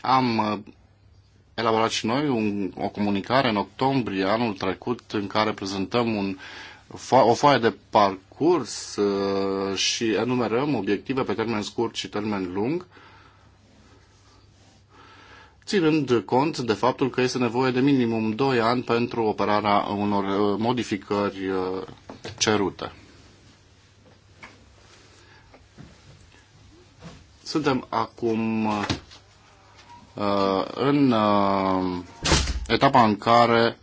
Speaker 1: Am uh, elaborat și noi un, o comunicare în octombrie anul trecut în care prezentăm un, o foaie de parcurs uh, și enumerăm obiective pe termen scurt și termen lung, ținând cont de faptul că este nevoie de minimum 2 ani pentru operarea unor uh, modificări uh, cerute. Suntem acum Uh, în uh, etapa în care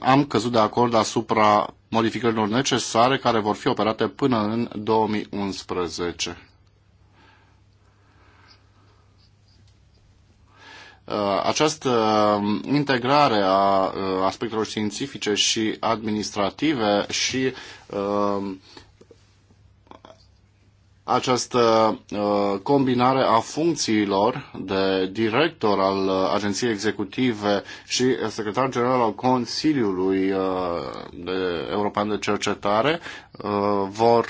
Speaker 1: am căzut de acord asupra modificărilor necesare care vor fi operate până în 2011. Uh, această integrare a aspectelor științifice și administrative și această uh, combinare a funcțiilor de director al uh, Agenției Executive și secretar general al Consiliului uh, European de Cercetare vor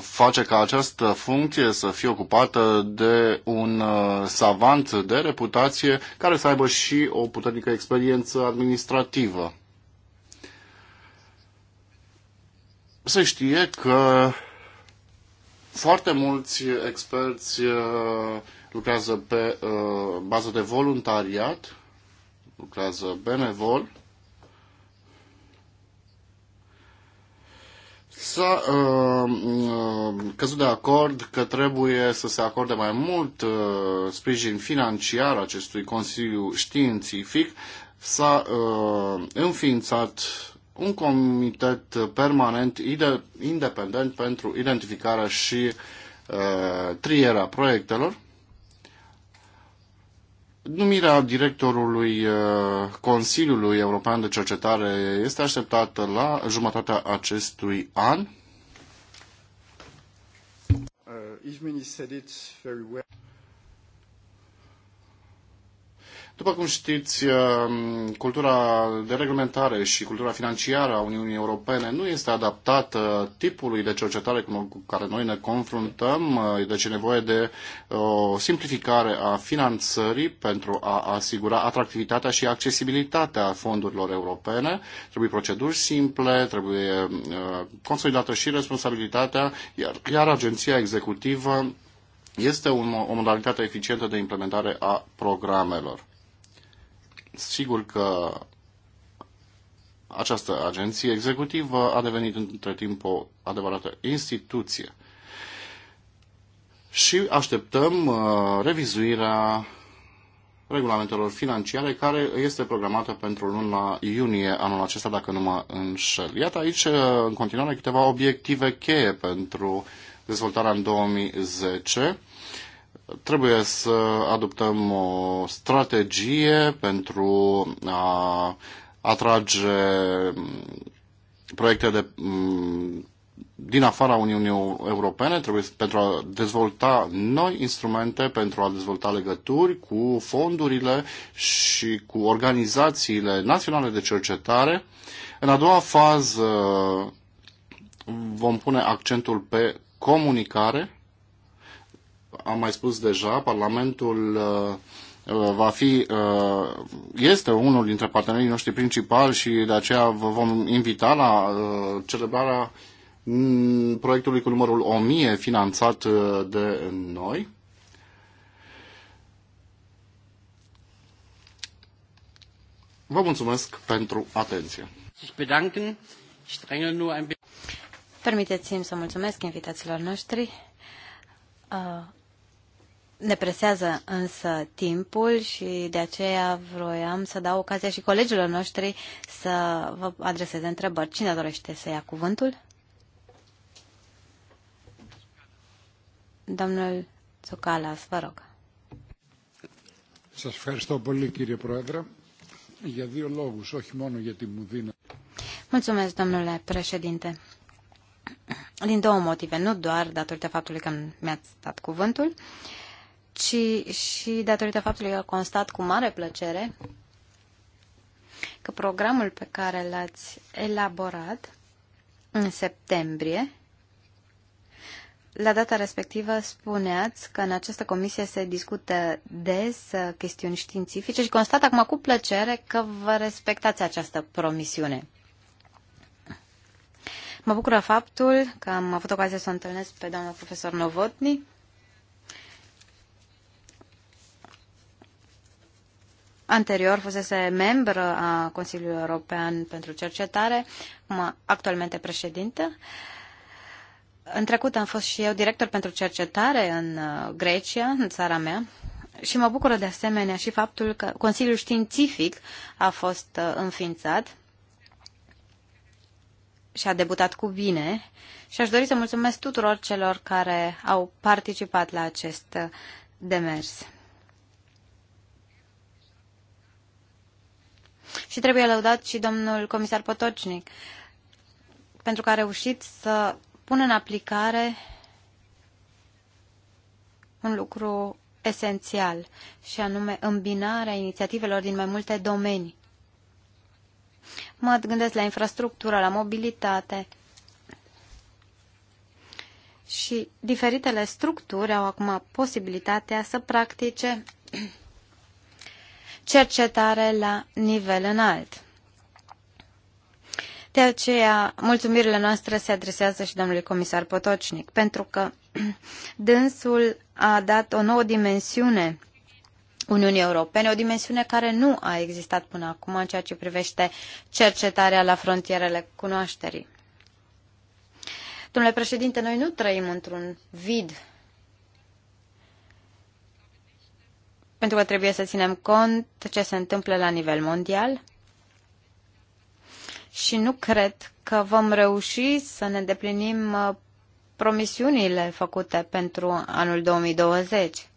Speaker 1: face ca această funcție să fie ocupată de un savant de reputație care să aibă și o puternică experiență administrativă. Se știe că foarte mulți experți uh, lucrează pe uh, bază de voluntariat, lucrează benevol. S-a uh, uh, căzut de acord că trebuie să se acorde mai mult uh, sprijin financiar acestui Consiliu Științific. S-a uh, înființat un comitet permanent independent pentru identificarea și uh, trierea proiectelor. Numirea directorului uh, Consiliului European de Cercetare este așteptată la jumătatea acestui an. Uh, După cum știți, um, cultura de reglementare și cultura financiară a Uniunii Europene nu este adaptată tipului de cercetare cu care noi ne confruntăm, uh, deci e nevoie de uh, o simplificare a finanțării pentru a asigura atractivitatea și accesibilitatea fondurilor europene. Trebuie proceduri simple, trebuie uh, consolidată și responsabilitatea, iar, iar agenția executivă este un, o modalitate eficientă de implementare a programelor. Sigur că această agenție executivă a devenit între timp o adevărată instituție. Și așteptăm uh, revizuirea regulamentelor financiare care este programată pentru luna iunie anul acesta, dacă nu mă înșel. Iată aici, uh, în continuare, câteva obiective cheie pentru dezvoltarea în 2010 trebuie să adoptăm o strategie pentru a atrage proiecte de, mm, din afara Uniunii Europene, trebuie pentru a dezvolta noi instrumente, pentru a dezvolta legături cu fondurile și cu organizațiile naționale de cercetare. În a doua fază vom pune accentul pe comunicare am mai spus deja, Parlamentul uh, uh, va fi, uh, este unul dintre partenerii noștri principali și de aceea vă vom invita la celebrarea mm, proiectului cu numărul 1000 finanțat de noi. Vă mulțumesc pentru atenție.
Speaker 2: Permiteți-mi să mulțumesc invitațiilor noștri ne presează însă timpul și de aceea vroiam să dau ocazia și colegilor noștri să vă adreseze întrebări. Cine dorește să ia cuvântul? Domnul Tsukalas, vă rog.
Speaker 1: Σας ευχαριστώ πολύ κύριε Πρόεδρε για δύο λόγους, όχι μόνο γιατί μου δίνω.
Speaker 2: Mulțumesc, domnule președinte. Din două motive, nu doar datorită faptului că mi-ați dat cuvântul, uh, ci și datorită faptului că constat cu mare plăcere că programul pe care l-ați elaborat în septembrie, la data respectivă spuneați că în această comisie se discută des chestiuni științifice și constat acum cu plăcere că vă respectați această promisiune. Mă bucură faptul că am avut ocazia să o întâlnesc pe doamna profesor Novotni. Anterior fusese membră a Consiliului European pentru Cercetare, actualmente președintă. În trecut am fost și eu director pentru cercetare în uh, Grecia, în țara mea, și mă bucură de asemenea și faptul că Consiliul Științific a fost uh, înființat și a debutat cu bine și aș dori să mulțumesc tuturor celor care au participat la acest uh, demers. Și trebuie lăudat și domnul comisar Potocnic, pentru că a reușit să pună în aplicare un lucru esențial, și anume îmbinarea inițiativelor din mai multe domenii. Mă gândesc la infrastructură, la mobilitate și diferitele structuri au acum posibilitatea să practice cercetare la nivel înalt. De aceea, mulțumirile noastre se adresează și domnului comisar Potocnic, pentru că dânsul a dat o nouă dimensiune Uniunii Europene, o dimensiune care nu a existat până acum în ceea ce privește cercetarea la frontierele cunoașterii. Domnule președinte, noi nu trăim într-un vid pentru că trebuie să ținem cont ce se întâmplă la nivel mondial și nu cred că vom reuși să ne îndeplinim uh, promisiunile făcute pentru anul 2020.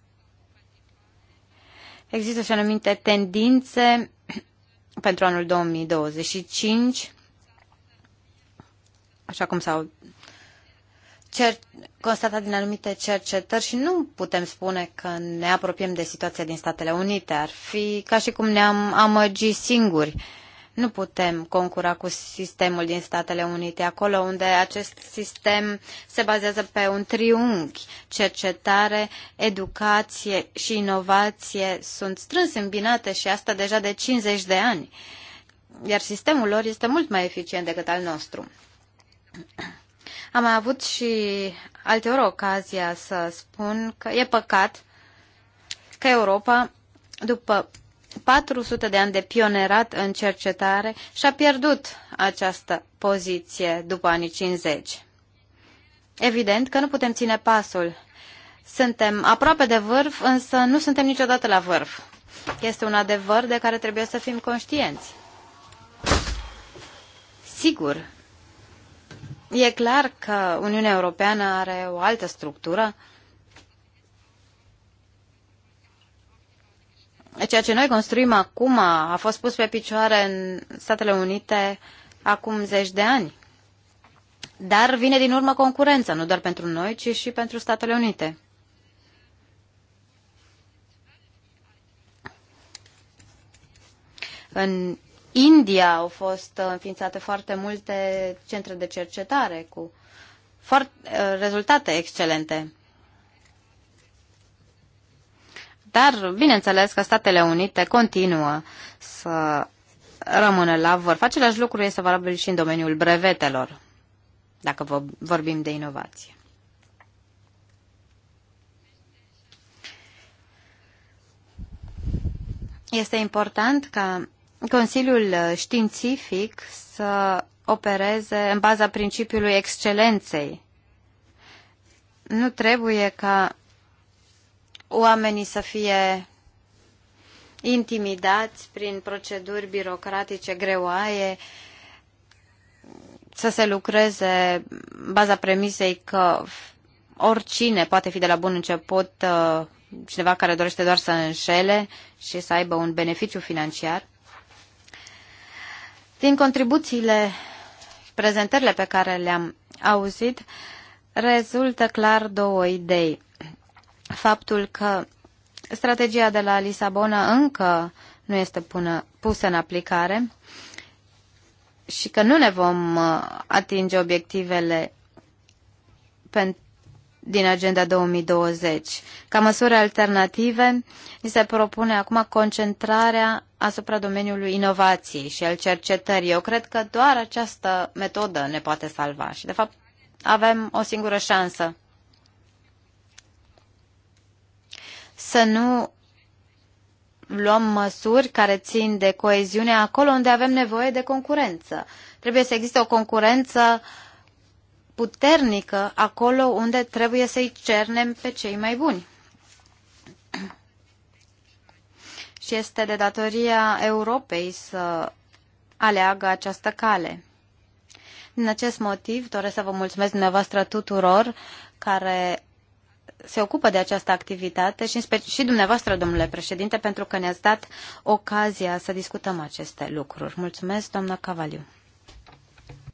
Speaker 2: Există și anumite tendințe pentru anul 2025, așa cum s-au cer- constatat din anumite cercetări și nu putem spune că ne apropiem de situația din Statele Unite. Ar fi ca și cum ne-am amăgi singuri. Nu putem concura cu sistemul din Statele Unite, acolo unde acest sistem se bazează pe un triunghi. Cercetare, educație și inovație sunt strâns îmbinate și asta deja de 50 de ani. Iar sistemul lor este mult mai eficient decât al nostru. Am mai avut și alteori ocazia să spun că e păcat că Europa, după 400 de ani de pionerat în cercetare, și-a pierdut această poziție după anii 50. Evident că nu putem ține pasul. Suntem aproape de vârf, însă nu suntem niciodată la vârf. Este un adevăr de care trebuie să fim conștienți. Sigur E clar că Uniunea Europeană are o altă structură, ceea ce noi construim acum a fost pus pe picioare în Statele Unite acum zeci de ani. Dar vine din urmă concurența, nu doar pentru noi, ci și pentru Statele Unite. În India au fost uh, înființate foarte multe centre de cercetare cu foarte, uh, rezultate excelente. Dar, bineînțeles că Statele Unite continuă să rămână la vârf. Același lucru este valabil și în domeniul brevetelor, dacă vorbim de inovație. Este important ca Consiliul uh, Științific să opereze în baza principiului excelenței. Nu trebuie ca oamenii să fie intimidați prin proceduri birocratice greoaie, să se lucreze baza premisei că oricine poate fi de la bun început uh, cineva care dorește doar să înșele și să aibă un beneficiu financiar. Din contribuțiile prezentările pe care le-am auzit, rezultă clar două idei. Faptul că strategia de la Lisabona încă nu este pună, pusă în aplicare și că nu ne vom uh, atinge obiectivele pentru din Agenda 2020. Ca măsuri alternative, ni se propune acum concentrarea asupra domeniului inovației și al cercetării. Eu cred că doar această metodă ne poate salva și, de fapt, avem o singură șansă. Să nu luăm măsuri care țin de coeziune acolo unde avem nevoie de concurență. Trebuie să existe o concurență uh, puternică acolo unde trebuie să-i cernem pe cei mai buni. Și este de datoria Europei să aleagă această cale. Din acest motiv doresc să vă mulțumesc dumneavoastră tuturor care se ocupă de această activitate și, și dumneavoastră, domnule președinte, pentru că ne-ați dat ocazia să discutăm aceste lucruri. Mulțumesc, doamnă Cavaliu.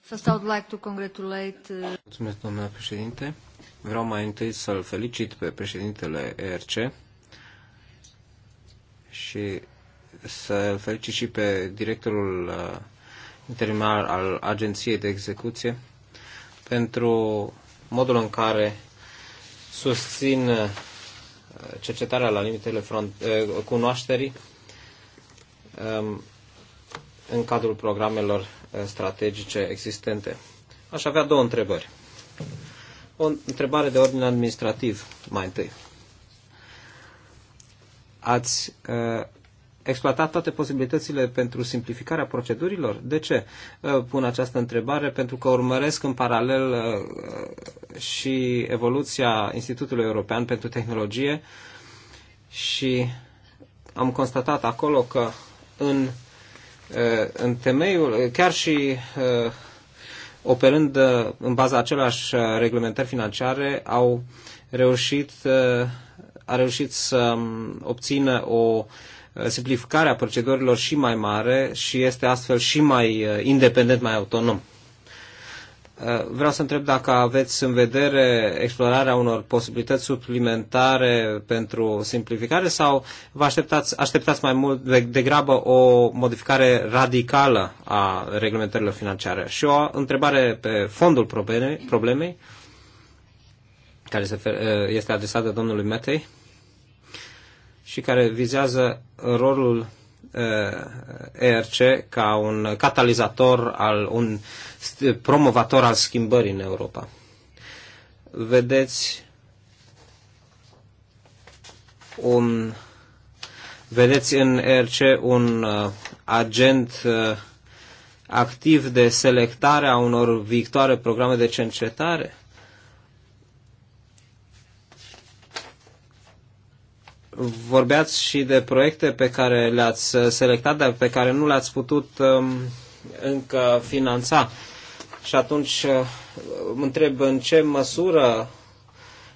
Speaker 4: First, I would like to congratulate... Uh,
Speaker 3: Mulțumesc, doamna președinte. Vreau mai întâi să-l felicit pe președintele ERC și să-l felicit și pe directorul uh, interimar al Agenției de Execuție pentru modul în care susțin uh, cercetarea la limitele front, cunoașterii um, în cadrul programelor eh, strategice existente. Aș avea două întrebări. O întrebare de ordin administrativ, mai întâi. Ați uh, exploatat toate posibilitățile pentru simplificarea procedurilor? De ce uh, pun această întrebare? Pentru că urmăresc în paralel uh, și evoluția Institutului European pentru Tehnologie și am constatat acolo că în Uh, în temeiul, uh, chiar și uh, operând în baza același reglementări financiare, au reușit, a reușit să um, obțină o simplificare a procedurilor și mai mare și este astfel și mai independent, mai autonom. Uh, vreau să întreb dacă aveți în vedere explorarea unor posibilități suplimentare pentru simplificare sau vă așteptați, așteptați mai mult de, degrabă o modificare radicală a reglementărilor financiare. Și o întrebare pe fondul problemei, problemei care uh, este adresată domnului Metei și care vizează rolul Uh, ERC ca un catalizator, al, un promovator al schimbării în Europa. Vedeți un vedeți în ERC un uh, agent uh, activ de selectare a unor viitoare programe de cercetare? vorbeați și de proiecte pe care le-ați uh, selectat, dar pe care nu le-ați putut um, încă finanța. Și atunci uh, mă întreb în ce măsură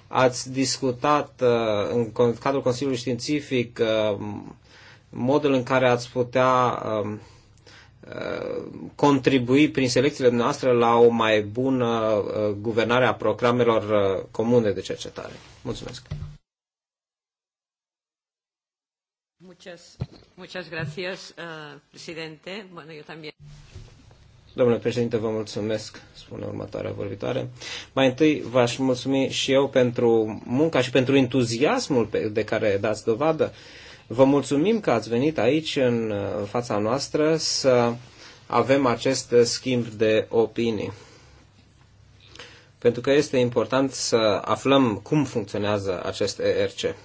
Speaker 3: ați discutat uh, în cadrul Consiliului Științific modul în care ați putea um, contribui prin selecțiile noastre la o mai bună guvernare a programelor comune de cercetare. Mulțumesc!
Speaker 4: Muchas, muchas gracias, uh, presidente. Bueno, yo también.
Speaker 3: Domnule președinte, vă mulțumesc, spune următoarea vorbitoare. Mai întâi v-aș mulțumi și eu pentru munca și pentru entuziasmul de care dați dovadă. Vă mulțumim că ați venit aici în fața noastră să avem acest schimb de opinii. Pentru că este important să aflăm cum funcționează acest ERC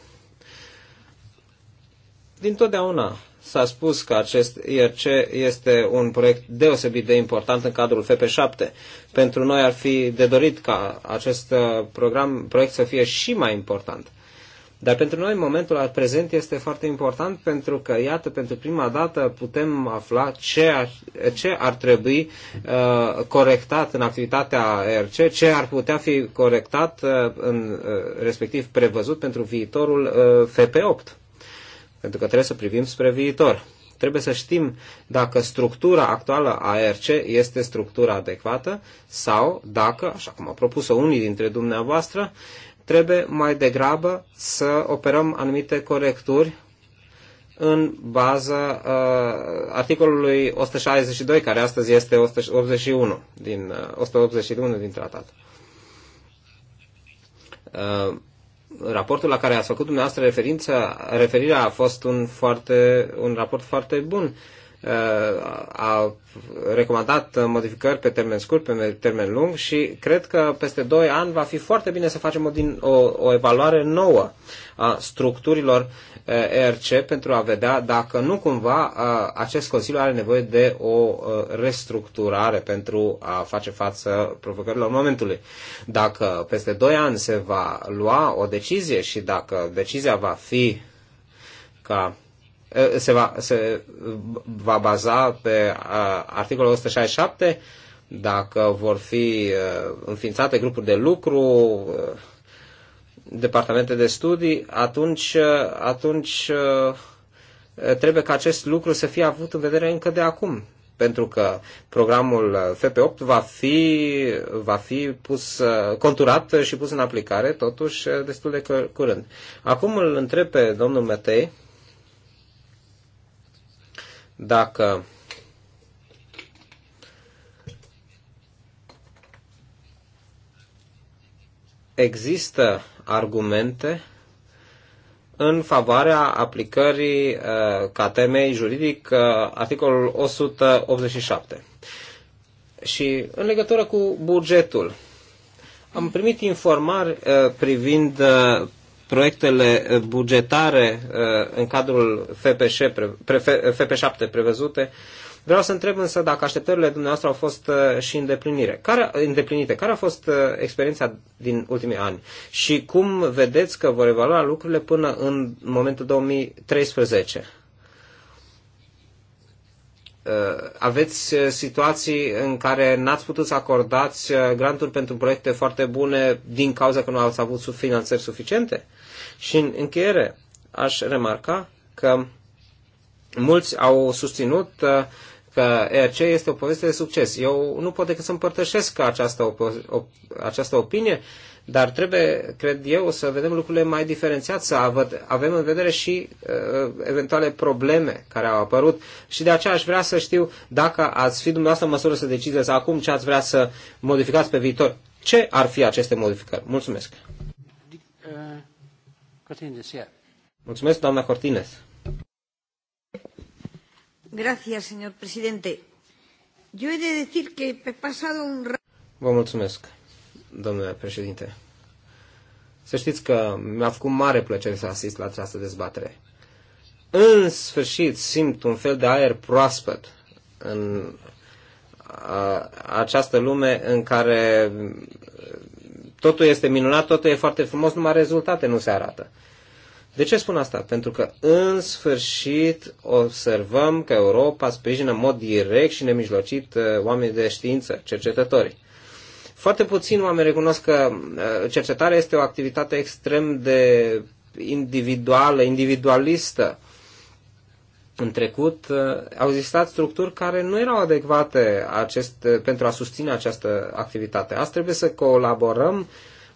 Speaker 3: dintotdeauna s-a spus că acest IRC este un proiect deosebit de important în cadrul FP7. Pentru noi ar fi de dorit ca acest uh, program, proiect să fie și mai important. Dar pentru noi momentul al prezent este foarte important pentru că, iată, pentru prima dată putem afla ce ar, ce ar trebui uh, corectat în activitatea ERC, ce ar putea fi corectat, uh, în, uh, respectiv prevăzut pentru viitorul uh, FP8 pentru că trebuie să privim spre viitor. Trebuie să știm dacă structura actuală a RC este structura adecvată sau dacă, așa cum a propus-o unii dintre dumneavoastră, trebuie mai degrabă să operăm anumite corecturi în baza uh, articolului 162, care astăzi este 181 din, uh, 181 din tratat. Uh, raportul la care ați făcut dumneavoastră referință, referirea a fost un, foarte, un raport foarte bun a recomandat modificări pe termen scurt, pe termen lung și cred că peste 2 ani va fi foarte bine să facem o, o evaluare nouă a structurilor ERC pentru a vedea dacă nu cumva acest Consiliu are nevoie de o restructurare pentru a face față provocărilor momentului. Dacă peste 2 ani se va lua o decizie și dacă decizia va fi ca Eh, se va, se va baza pe articolul 167 dacă vor fi eh, înființate grupuri de lucru, eh, departamente de studii, atunci, atunci trebuie ca acest lucru să fie avut în vedere încă de acum. Pentru că programul FP8 va fi, va fi pus, conturat și pus în aplicare, totuși, destul de curând. Acum îl întreb pe domnul Metei dacă există argumente în favoarea aplicării uh, ca temei juridic uh, articolul 187. Și în legătură cu bugetul, am primit uh, privind uh, proiectele eh, bugetare eh, în cadrul FPș, FP7 eh, prevăzute. Vreau să întreb însă dacă așteptările dumneavoastră au fost și îndeplinire. Care, îndeplinite. Care a fost experiența din ultimii ani? Și cum vedeți că vor evalua lucrurile până în momentul 2013? aveți situații în care n-ați putut să acordați granturi pentru proiecte foarte bune din cauza că nu ați avut finanțări suficiente? Și în încheiere aș remarca că mulți au susținut uh, că ERC este o poveste de succes. Eu nu pot decât să împărtășesc această, op- op- această opinie, dar trebuie, cred eu, să vedem lucrurile mai diferențiat, să avem în vedere și uh, eventuale probleme care au apărut și de aceea aș vrea să știu dacă ați fi dumneavoastră în măsură să decideți acum ce ați vrea să modificați pe viitor. Ce ar fi aceste modificări? Mulțumesc! Cortines, yeah. Mulțumesc, doamna Cortines.
Speaker 4: Gracias, señor presidente. Yo he de decir que he pasado un...
Speaker 3: Vă mulțumesc, domnule președinte. Să știți că mi-a făcut mare plăcere să asist la această dezbatere. În sfârșit simt un fel de aer proaspăt în această lume în care totul este minunat, totul e foarte frumos, numai rezultate nu se arată. De ce spun asta? Pentru că în sfârșit observăm că Europa sprijină în mod direct și nemijlocit uh, oamenii de știință, cercetătorii. Foarte puțin oameni recunosc că uh, cercetarea este o activitate extrem de individuală, individualistă în trecut uh, au existat structuri care nu erau adecvate acest, uh, pentru a susține această activitate. Astăzi trebuie să colaborăm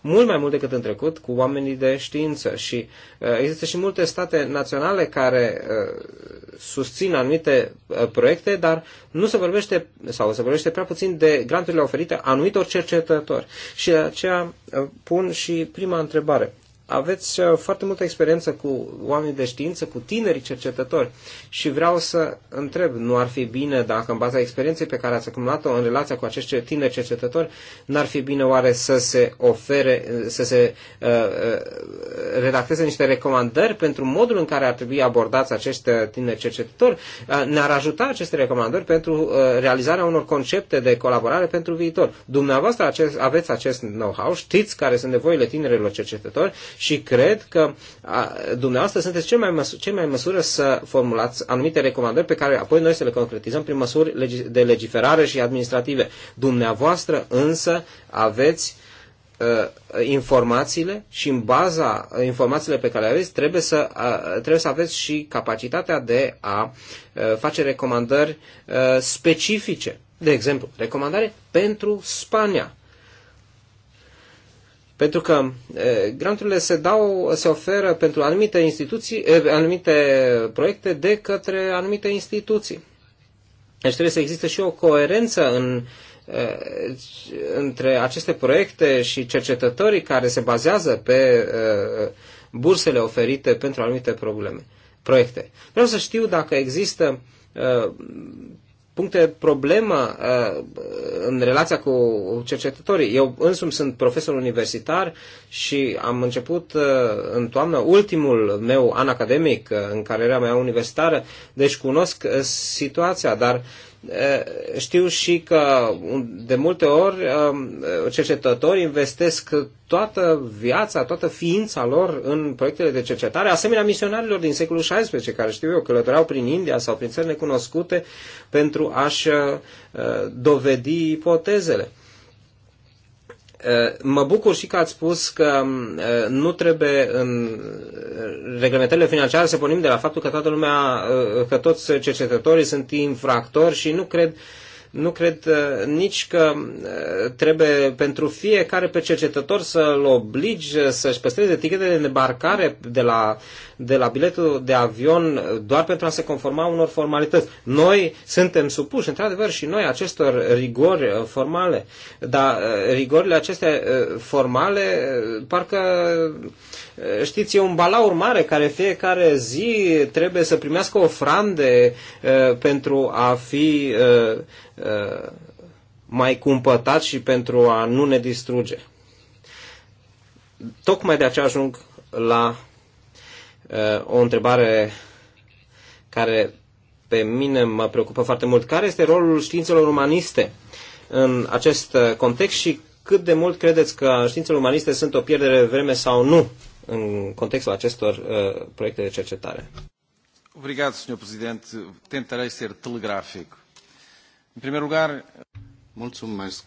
Speaker 3: mult mai mult decât în trecut cu oamenii de știință și uh, există și multe state naționale care susțin anumite proiecte, dar nu se vorbește sau se vorbește prea puțin de granturile oferite anumitor cercetători. Și de aceea pun și prima întrebare aveți uh, foarte multă experiență cu oameni de știință, cu tineri cercetători și vreau să întreb, nu ar fi bine dacă în baza experienței pe care ați acumulat-o în relația cu acești tineri cercetători, n-ar fi bine oare să se ofere, să se uh, uh redacteze niște recomandări pentru modul în care ar trebui abordați acești uh, tineri cercetători? Uh, ne-ar ajuta aceste recomandări pentru uh, realizarea unor concepte de colaborare pentru viitor. Dumneavoastră aveți acest know-how, știți care sunt nevoile tinerilor cercetători și cred că a, dumneavoastră sunteți cei mai, măsu- cei mai măsură să formulați anumite recomandări pe care apoi noi să le concretizăm prin măsuri legi- de legiferare și administrative. Dumneavoastră însă aveți ă, informațiile și în baza informațiile pe care le aveți trebuie să, trebuie să aveți și capacitatea de a ă, face recomandări ă, specifice. De exemplu, recomandare pentru Spania. Pentru că granturile se dau, se oferă pentru anumite instituții, anumite proiecte de către anumite instituții. Deci trebuie să existe și o coerență în, între aceste proiecte și cercetătorii care se bazează pe bursele oferite pentru anumite probleme, proiecte. Vreau să știu dacă există puncte de problemă uh, în relația cu cercetătorii. Eu însumi sunt profesor universitar și am început uh, în toamnă ultimul meu an academic uh, în cariera mea universitară, deci cunosc situația, dar uh, Eh, știu și că de multe ori ehm, cercetători investesc toată viața, toată ființa lor în proiectele de cercetare, asemenea misionarilor din secolul XVI, care știu eu călătoreau prin India sau prin țări necunoscute pentru a-și eh, dovedi ipotezele. Uh, mă bucur și că ați spus că uh, nu trebuie în reglementările financiare să pornim de la faptul că toată lumea, uh, că toți cercetătorii sunt infractori și nu cred nu cred uh, nici că uh, trebuie pentru fiecare pe cercetător să-l obligi uh, să-și păstreze etichetele de debarcare de la, de la biletul de avion doar pentru a se conforma unor formalități. Noi suntem supuși, într-adevăr, și noi acestor rigori formale, dar rigorile acestea formale parcă știți, e un balaur mare care fiecare zi trebuie să primească ofrande uh, pentru a fi uh, Uh, mai cumpătat și pentru a nu ne distruge. Tocmai de aceea ajung la uh, o întrebare care pe mine mă preocupă foarte mult. Care este rolul științelor umaniste în acest uh, context și cât de mult credeți că științele umaniste sunt o pierdere de vreme sau nu în contextul acestor uh, proiecte de cercetare?
Speaker 1: Obrigado, Sr. Presidente. Tentarei ser telegráfico. În primul lugar... Mulțumesc,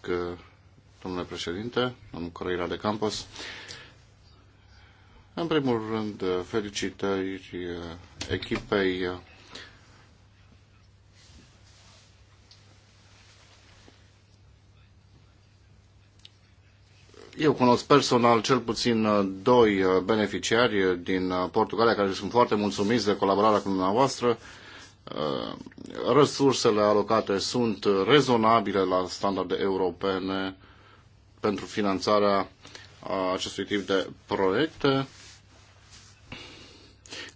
Speaker 1: domnule președinte, domnul Correira de Campos. În primul rând, felicitări eh, echipei eh, Eu cunosc personal cel puțin eh, doi beneficiari din Portugalia care sunt foarte mulțumiți de colaborarea cu dumneavoastră. Uh, resursele alocate sunt rezonabile la standarde europene pentru finanțarea uh, acestui tip de proiecte.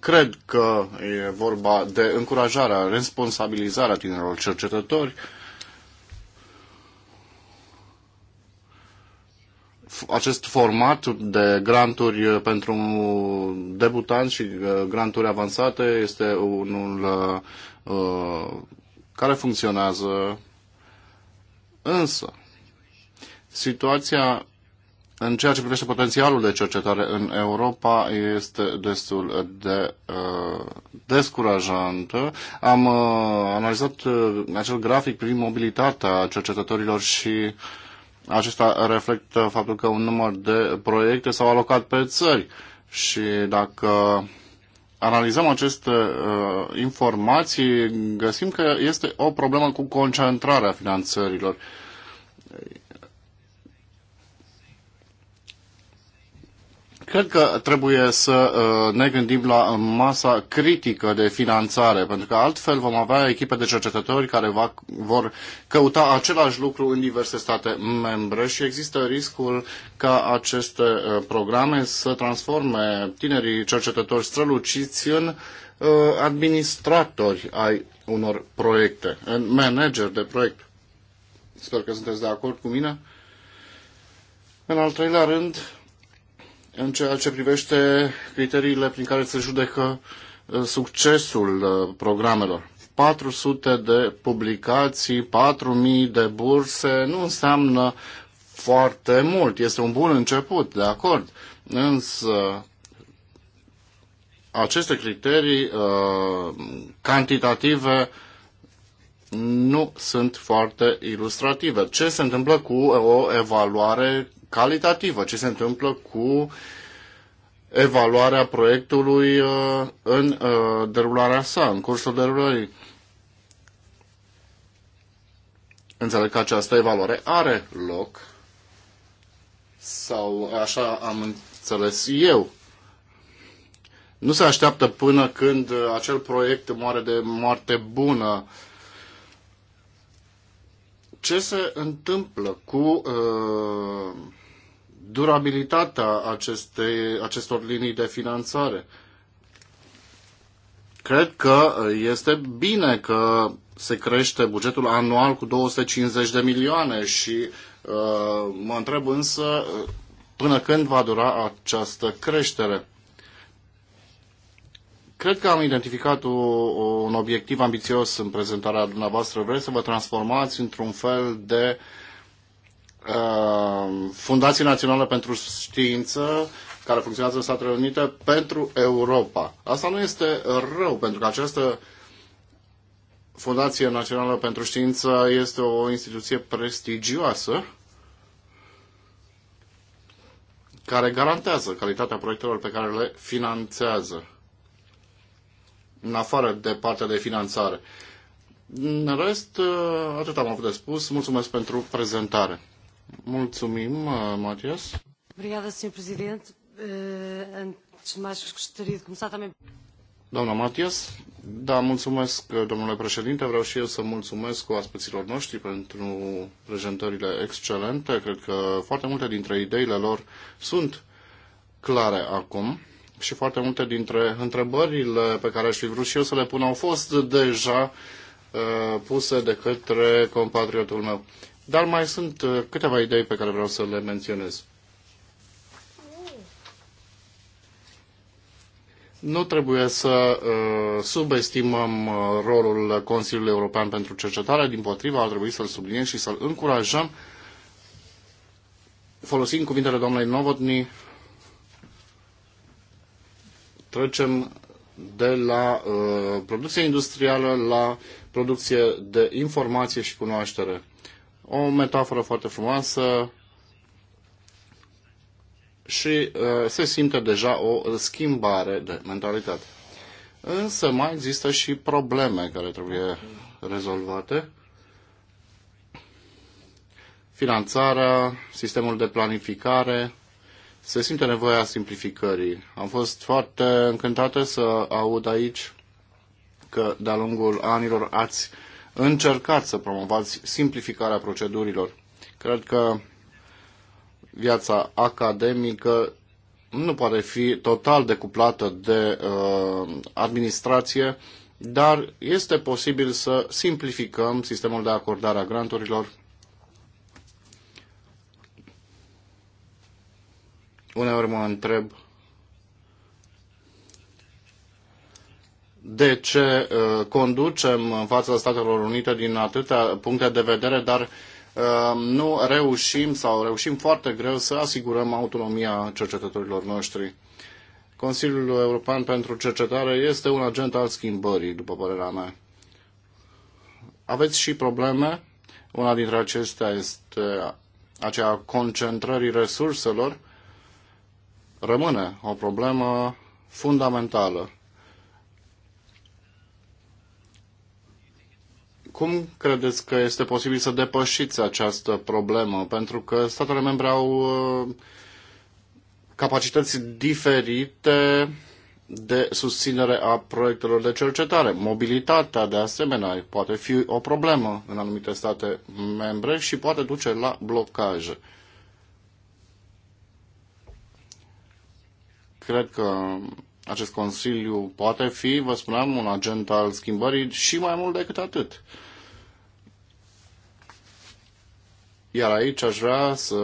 Speaker 1: Cred că e vorba de încurajarea, responsabilizarea tinerilor cercetători acest format de granturi pentru debutanți și uh, granturi avansate este unul uh, care funcționează. Însă, situația în ceea ce privește potențialul de cercetare în Europa este destul de uh, descurajantă. Am uh, analizat uh, acel grafic privind mobilitatea cercetătorilor și uh, acesta reflectă faptul că un număr de proiecte s-au alocat pe țări și dacă analizăm aceste uh, informații, găsim că este o problemă cu concentrarea finanțărilor. Cred că trebuie să uh, ne gândim la masa critică de finanțare, pentru că altfel vom avea echipe de cercetători care va, vor căuta același lucru în diverse state membre și există riscul ca aceste uh, programe să transforme tinerii cercetători străluciți în uh, administratori ai unor proiecte, în manager de proiect. Sper că sunteți de acord cu mine. În al treilea rând, în ceea ce privește criteriile prin care se judecă uh, succesul uh, programelor. 400 de publicații, 4000 de burse nu înseamnă foarte mult. Este un bun început, de acord. Însă aceste criterii uh, cantitative nu sunt foarte ilustrative. Ce se întâmplă cu o evaluare calitativă, ce se întâmplă cu evaluarea proiectului uh, în uh, derularea sa, în cursul derulării. Înțeleg că această evaluare are loc sau așa am înțeles eu. Nu se așteaptă până când uh, acel proiect moare de moarte bună. Ce se întâmplă cu uh, durabilitatea acestor linii de finanțare. Cred că este bine că se crește bugetul anual cu 250 de milioane și uh, mă întreb însă uh, până când va dura această creștere. Cred că am identificat o, un obiectiv ambițios în prezentarea dumneavoastră. Vreți să vă transformați într-un fel de uh, Uh, Fundația Națională pentru Știință, care funcționează în Statele Unite, pentru Europa. Asta nu este rău, pentru că această Fundație Națională pentru Știință este o instituție prestigioasă care garantează calitatea proiectelor pe care le finanțează, în afară de partea de finanțare. În rest, uh, atât am avut de spus. Mulțumesc pentru prezentare. Mulțumim, uh, Matias. Obrigada, Sr. Presidente. Uh, antes de mais, gostaria de começar também... Doamna Matias, da, mulțumesc, uh, domnule președinte. Vreau și eu să mulțumesc oaspeților noștri pentru prezentările excelente. Cred că foarte multe dintre ideile lor sunt clare acum și foarte multe dintre întrebările pe care aș fi vrut și eu să le pun au fost deja uh, puse de către compatriotul meu. Dar mai sunt uh, câteva idei pe care vreau să le menționez. Nu trebuie să uh, subestimăm uh, rolul Consiliului European pentru Cercetare, din potriva ar trebui să-l subliniem și să-l încurajăm, folosind cuvintele doamnei Novotny, trecem de la uh, producție industrială la producție de informație și cunoaștere o metaforă foarte frumoasă și uh, se simte deja o schimbare de mentalitate. Însă mai există și probleme care trebuie rezolvate. Finanțarea, sistemul de planificare, se simte nevoia simplificării. Am fost foarte încântată să aud aici că de-a lungul anilor ați uh, încercați să promovați simplificarea procedurilor. Cred că viața academică nu poate fi total decuplată de uh, administrație, dar este posibil să simplificăm sistemul de acordare a granturilor. Uneori mă întreb de ce uh, conducem în fața Statelor Unite din atâtea puncte de vedere, dar uh, nu reușim sau reușim foarte greu să asigurăm autonomia cercetătorilor noștri. Consiliul European pentru Cercetare este un agent al schimbării, după părerea mea. Aveți și probleme. Una dintre acestea este aceea concentrării resurselor. Rămâne o problemă fundamentală Cum credeți că este posibil să depășiți această problemă? Pentru că statele membre au uh, capacități diferite de susținere a proiectelor de cercetare. Mobilitatea, de asemenea, poate fi o problemă în anumite state membre și poate duce la blocaje. Cred că acest Consiliu poate fi, vă spuneam, un agent al schimbării și mai mult decât atât. Iar aici aș vrea să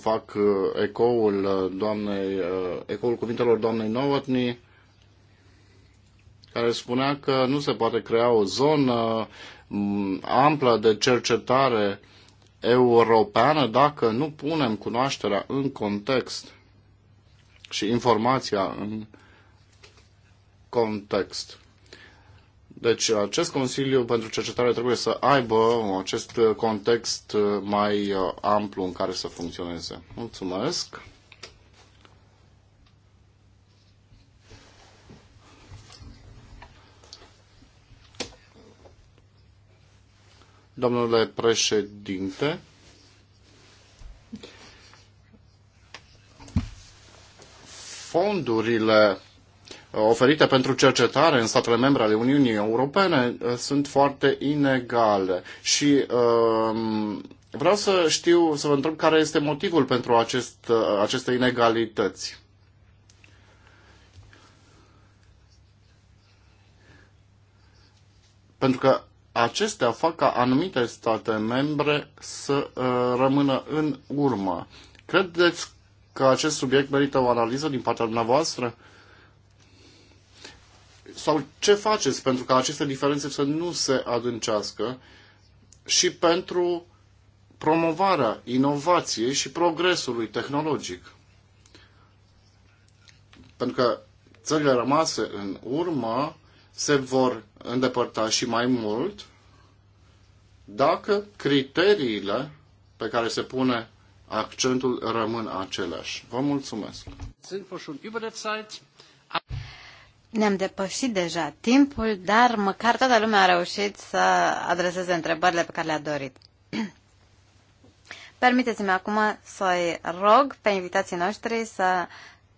Speaker 1: fac uh, ecoul, uh, doamnei, uh, ecoul cuvintelor doamnei Novotny, care spunea că nu se poate crea o zonă mm, amplă de cercetare europeană dacă nu punem cunoașterea în context și informația în context. Deci acest Consiliu pentru Cercetare trebuie să aibă acest context mai uh, amplu în care să funcționeze. Mulțumesc! Domnule președinte, fondurile oferite pentru cercetare în statele membre ale Uniunii Europene eh, sunt foarte inegale și ehm, vreau să știu, să vă întreb care este motivul pentru acest, eh, aceste inegalități. Pentru că acestea fac ca anumite state membre să uh, rămână în urmă. Credeți că acest subiect merită o analiză din partea dumneavoastră? sau ce faceți pentru ca aceste diferențe să nu se adâncească și pentru promovarea inovației și progresului tehnologic. Pentru că țările rămase în urmă se vor îndepărta și mai mult dacă criteriile pe care se pune accentul rămân aceleași. Vă mulțumesc!
Speaker 2: Ne-am depășit deja timpul, dar măcar toată lumea a reușit să adreseze întrebările pe care le-a dorit. Permiteți-mi acum să-i rog pe invitații noștri să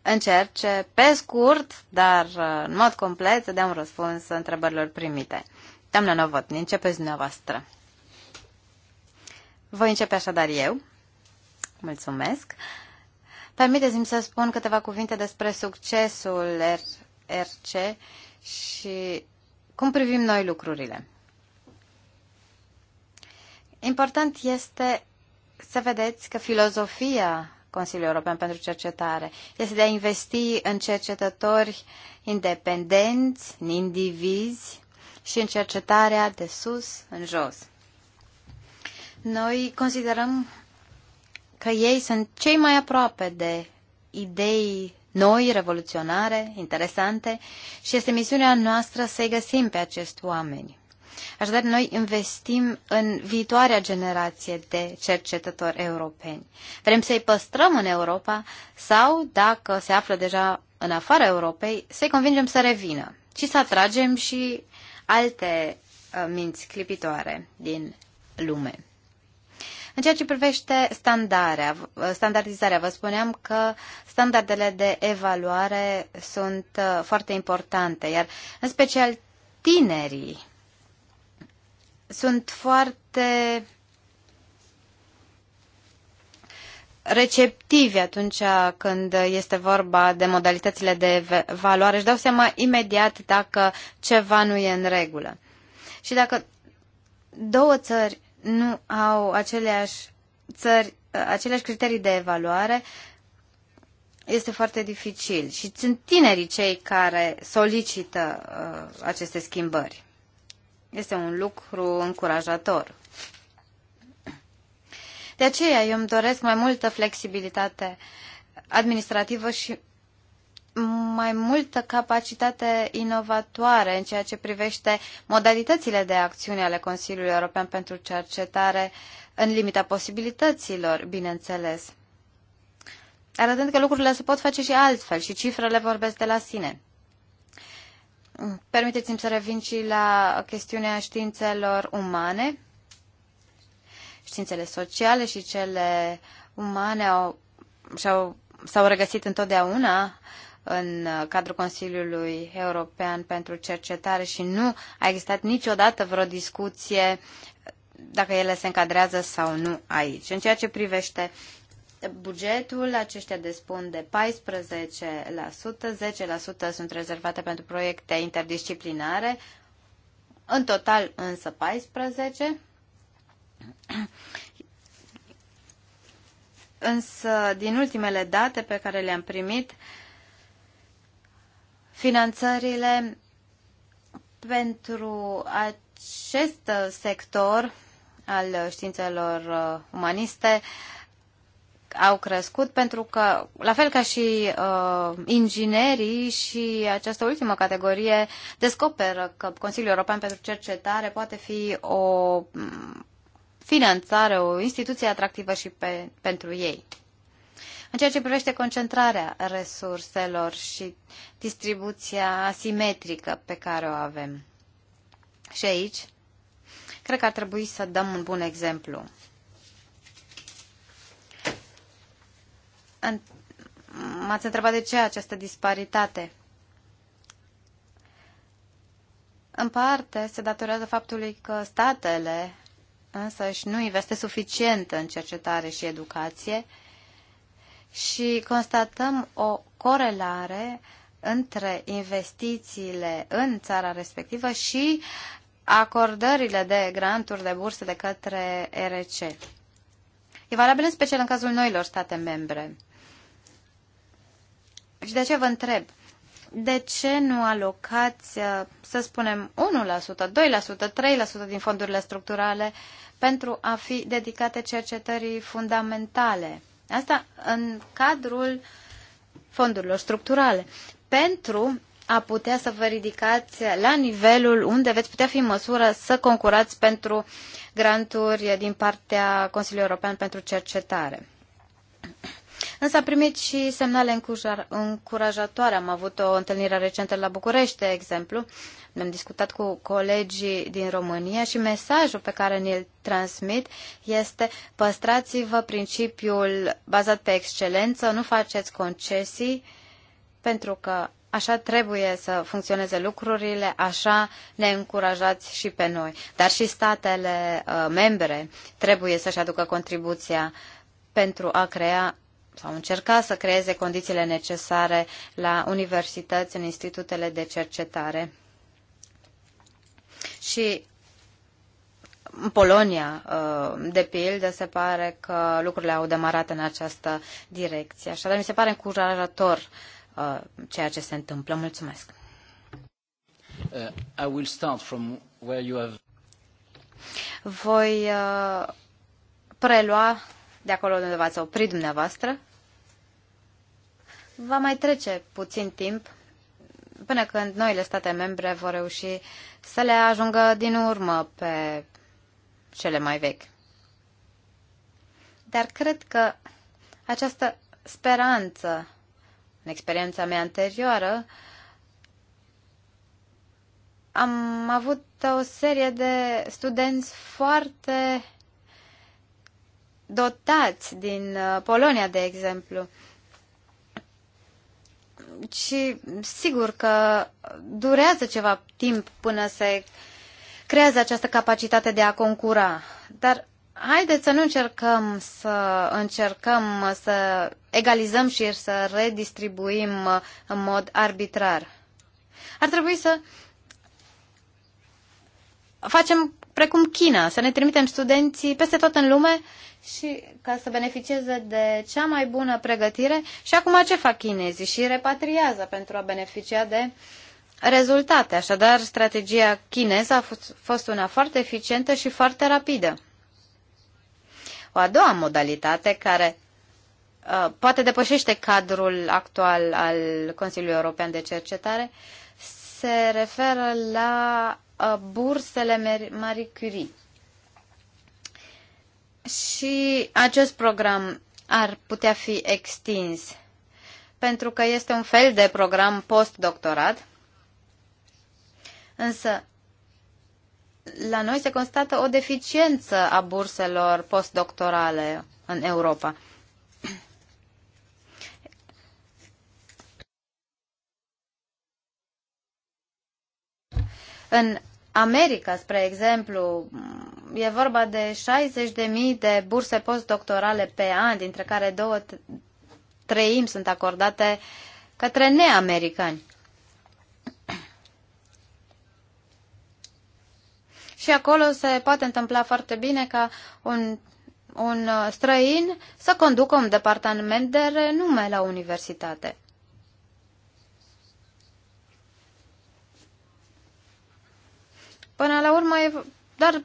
Speaker 2: încerce pe scurt, dar uh, în mod complet, să dea un răspuns întrebărilor primite. Doamna Novotni, începeți dumneavoastră. Voi începe așadar eu. Mulțumesc. Permiteți-mi să spun câteva cuvinte despre succesul RC și cum privim noi lucrurile. Important este să vedeți că filozofia Consiliul European pentru Cercetare. Este de a investi în cercetători independenți, în indivizi și în cercetarea de sus în jos. Noi considerăm că ei sunt cei mai aproape de idei noi, revoluționare, interesante și este misiunea noastră să-i găsim pe acești oameni. Așadar, noi investim în viitoarea generație de cercetători europeni. Vrem să-i păstrăm în Europa sau, dacă se află deja în afara Europei, să-i convingem să revină și să atragem și alte uh, minți clipitoare din lume. În ceea ce privește standarea, standardizarea, vă spuneam că standardele de evaluare sunt uh, foarte importante, iar în special tinerii sunt foarte receptivi atunci când este vorba de modalitățile de evaluare. Își dau seama imediat dacă ceva nu e în regulă. Și dacă două țări nu au aceleași țări, aceleași criterii de evaluare, este foarte dificil și sunt tinerii cei care solicită uh, aceste schimbări. Este un lucru încurajator. De aceea eu îmi doresc mai multă flexibilitate administrativă și mai multă capacitate inovatoare în ceea ce privește modalitățile de acțiune ale Consiliului European pentru cercetare în limita posibilităților, bineînțeles. Arătând că lucrurile se pot face și altfel și cifrele vorbesc de la sine. Permiteți-mi să revin și la chestiunea științelor umane. Științele sociale și cele umane au, și-au, s-au regăsit întotdeauna în uh, cadrul Consiliului European pentru Cercetare și nu a existat niciodată vreo discuție dacă ele se încadrează sau nu aici. În ceea ce privește bugetul, aceștia despun de 14%, 10% sunt rezervate pentru proiecte interdisciplinare, în total însă 14%. Însă, din ultimele date pe care le-am primit, uh, Finanțările pentru acest sector al științelor uh, umaniste au crescut pentru că, la fel ca și uh, inginerii și această ultimă categorie, descoperă că Consiliul European pentru Cercetare poate fi o mm, finanțare, o instituție atractivă și pe, pentru ei. În ceea ce privește concentrarea resurselor și distribuția asimetrică pe care o avem. Și aici, cred că ar trebui să dăm un bun exemplu. M-ați întrebat de ce această disparitate în parte se datorează faptului că statele însă și nu investe suficient în cercetare și educație și constatăm o corelare între investițiile în țara respectivă și acordările de granturi de bursă de către RC. E valabil în special în cazul noilor state membre. Și de ce vă întreb? De ce nu alocați, uh, să spunem, 1%, 2%, 3% din fondurile structurale pentru a fi dedicate cercetării fundamentale? Asta în cadrul fondurilor structurale. Pentru a putea să vă ridicați la nivelul unde veți putea fi în măsură să concurați pentru granturi din partea Consiliului European pentru cercetare. Însă a primit și semnale încurajatoare. Am avut o întâlnire recentă la București, de exemplu. Ne-am discutat cu colegii din România și mesajul pe care ne-l transmit este păstrați-vă principiul bazat pe excelență, nu faceți concesii, pentru că așa trebuie să funcționeze lucrurile, așa ne încurajați și pe noi. Dar și statele uh, membre trebuie să-și aducă contribuția pentru a crea sau încerca să creeze condițiile necesare la universități, în institutele de cercetare. Și în Polonia, uh, de pildă, se pare că lucrurile au demarat în această direcție. Așadar, mi se pare încurajator uh, ceea ce se întâmplă. Mulțumesc!
Speaker 1: Uh, I will start from where you have...
Speaker 2: Voi uh, prelua de acolo unde v-ați oprit dumneavoastră. Va mai trece puțin timp până când noile state membre vor reuși să le ajungă din urmă pe cele mai vechi. Dar cred că această speranță, în experiența mea anterioară, am avut o serie de studenți foarte dotați din uh, Polonia, de exemplu. Și sigur că durează ceva timp până se creează această capacitate de a concura. Dar haideți să nu încercăm să încercăm să egalizăm și să redistribuim uh, în mod arbitrar. Ar trebui să facem precum China, să ne trimitem studenții peste tot în lume și ca să beneficieze de cea mai bună pregătire. Și acum ce fac chinezii? Și repatriază pentru a beneficia de rezultate. Așadar, strategia chineză a fost, fost una foarte eficientă și foarte rapidă. O a doua modalitate care uh, poate depășește cadrul actual al Consiliului European de Cercetare se referă la uh, bursele Marie Curie și acest program ar putea fi extins, pentru că este un fel de program postdoctorat, însă la noi se constată o deficiență a burselor postdoctorale în Europa. În America, spre exemplu, e vorba de 60.000 de burse postdoctorale pe an, dintre care două treimi sunt acordate către neamericani. Și acolo se poate întâmpla foarte bine ca un, un uh, străin să conducă un departament de renume la universitate. Până la urmă e doar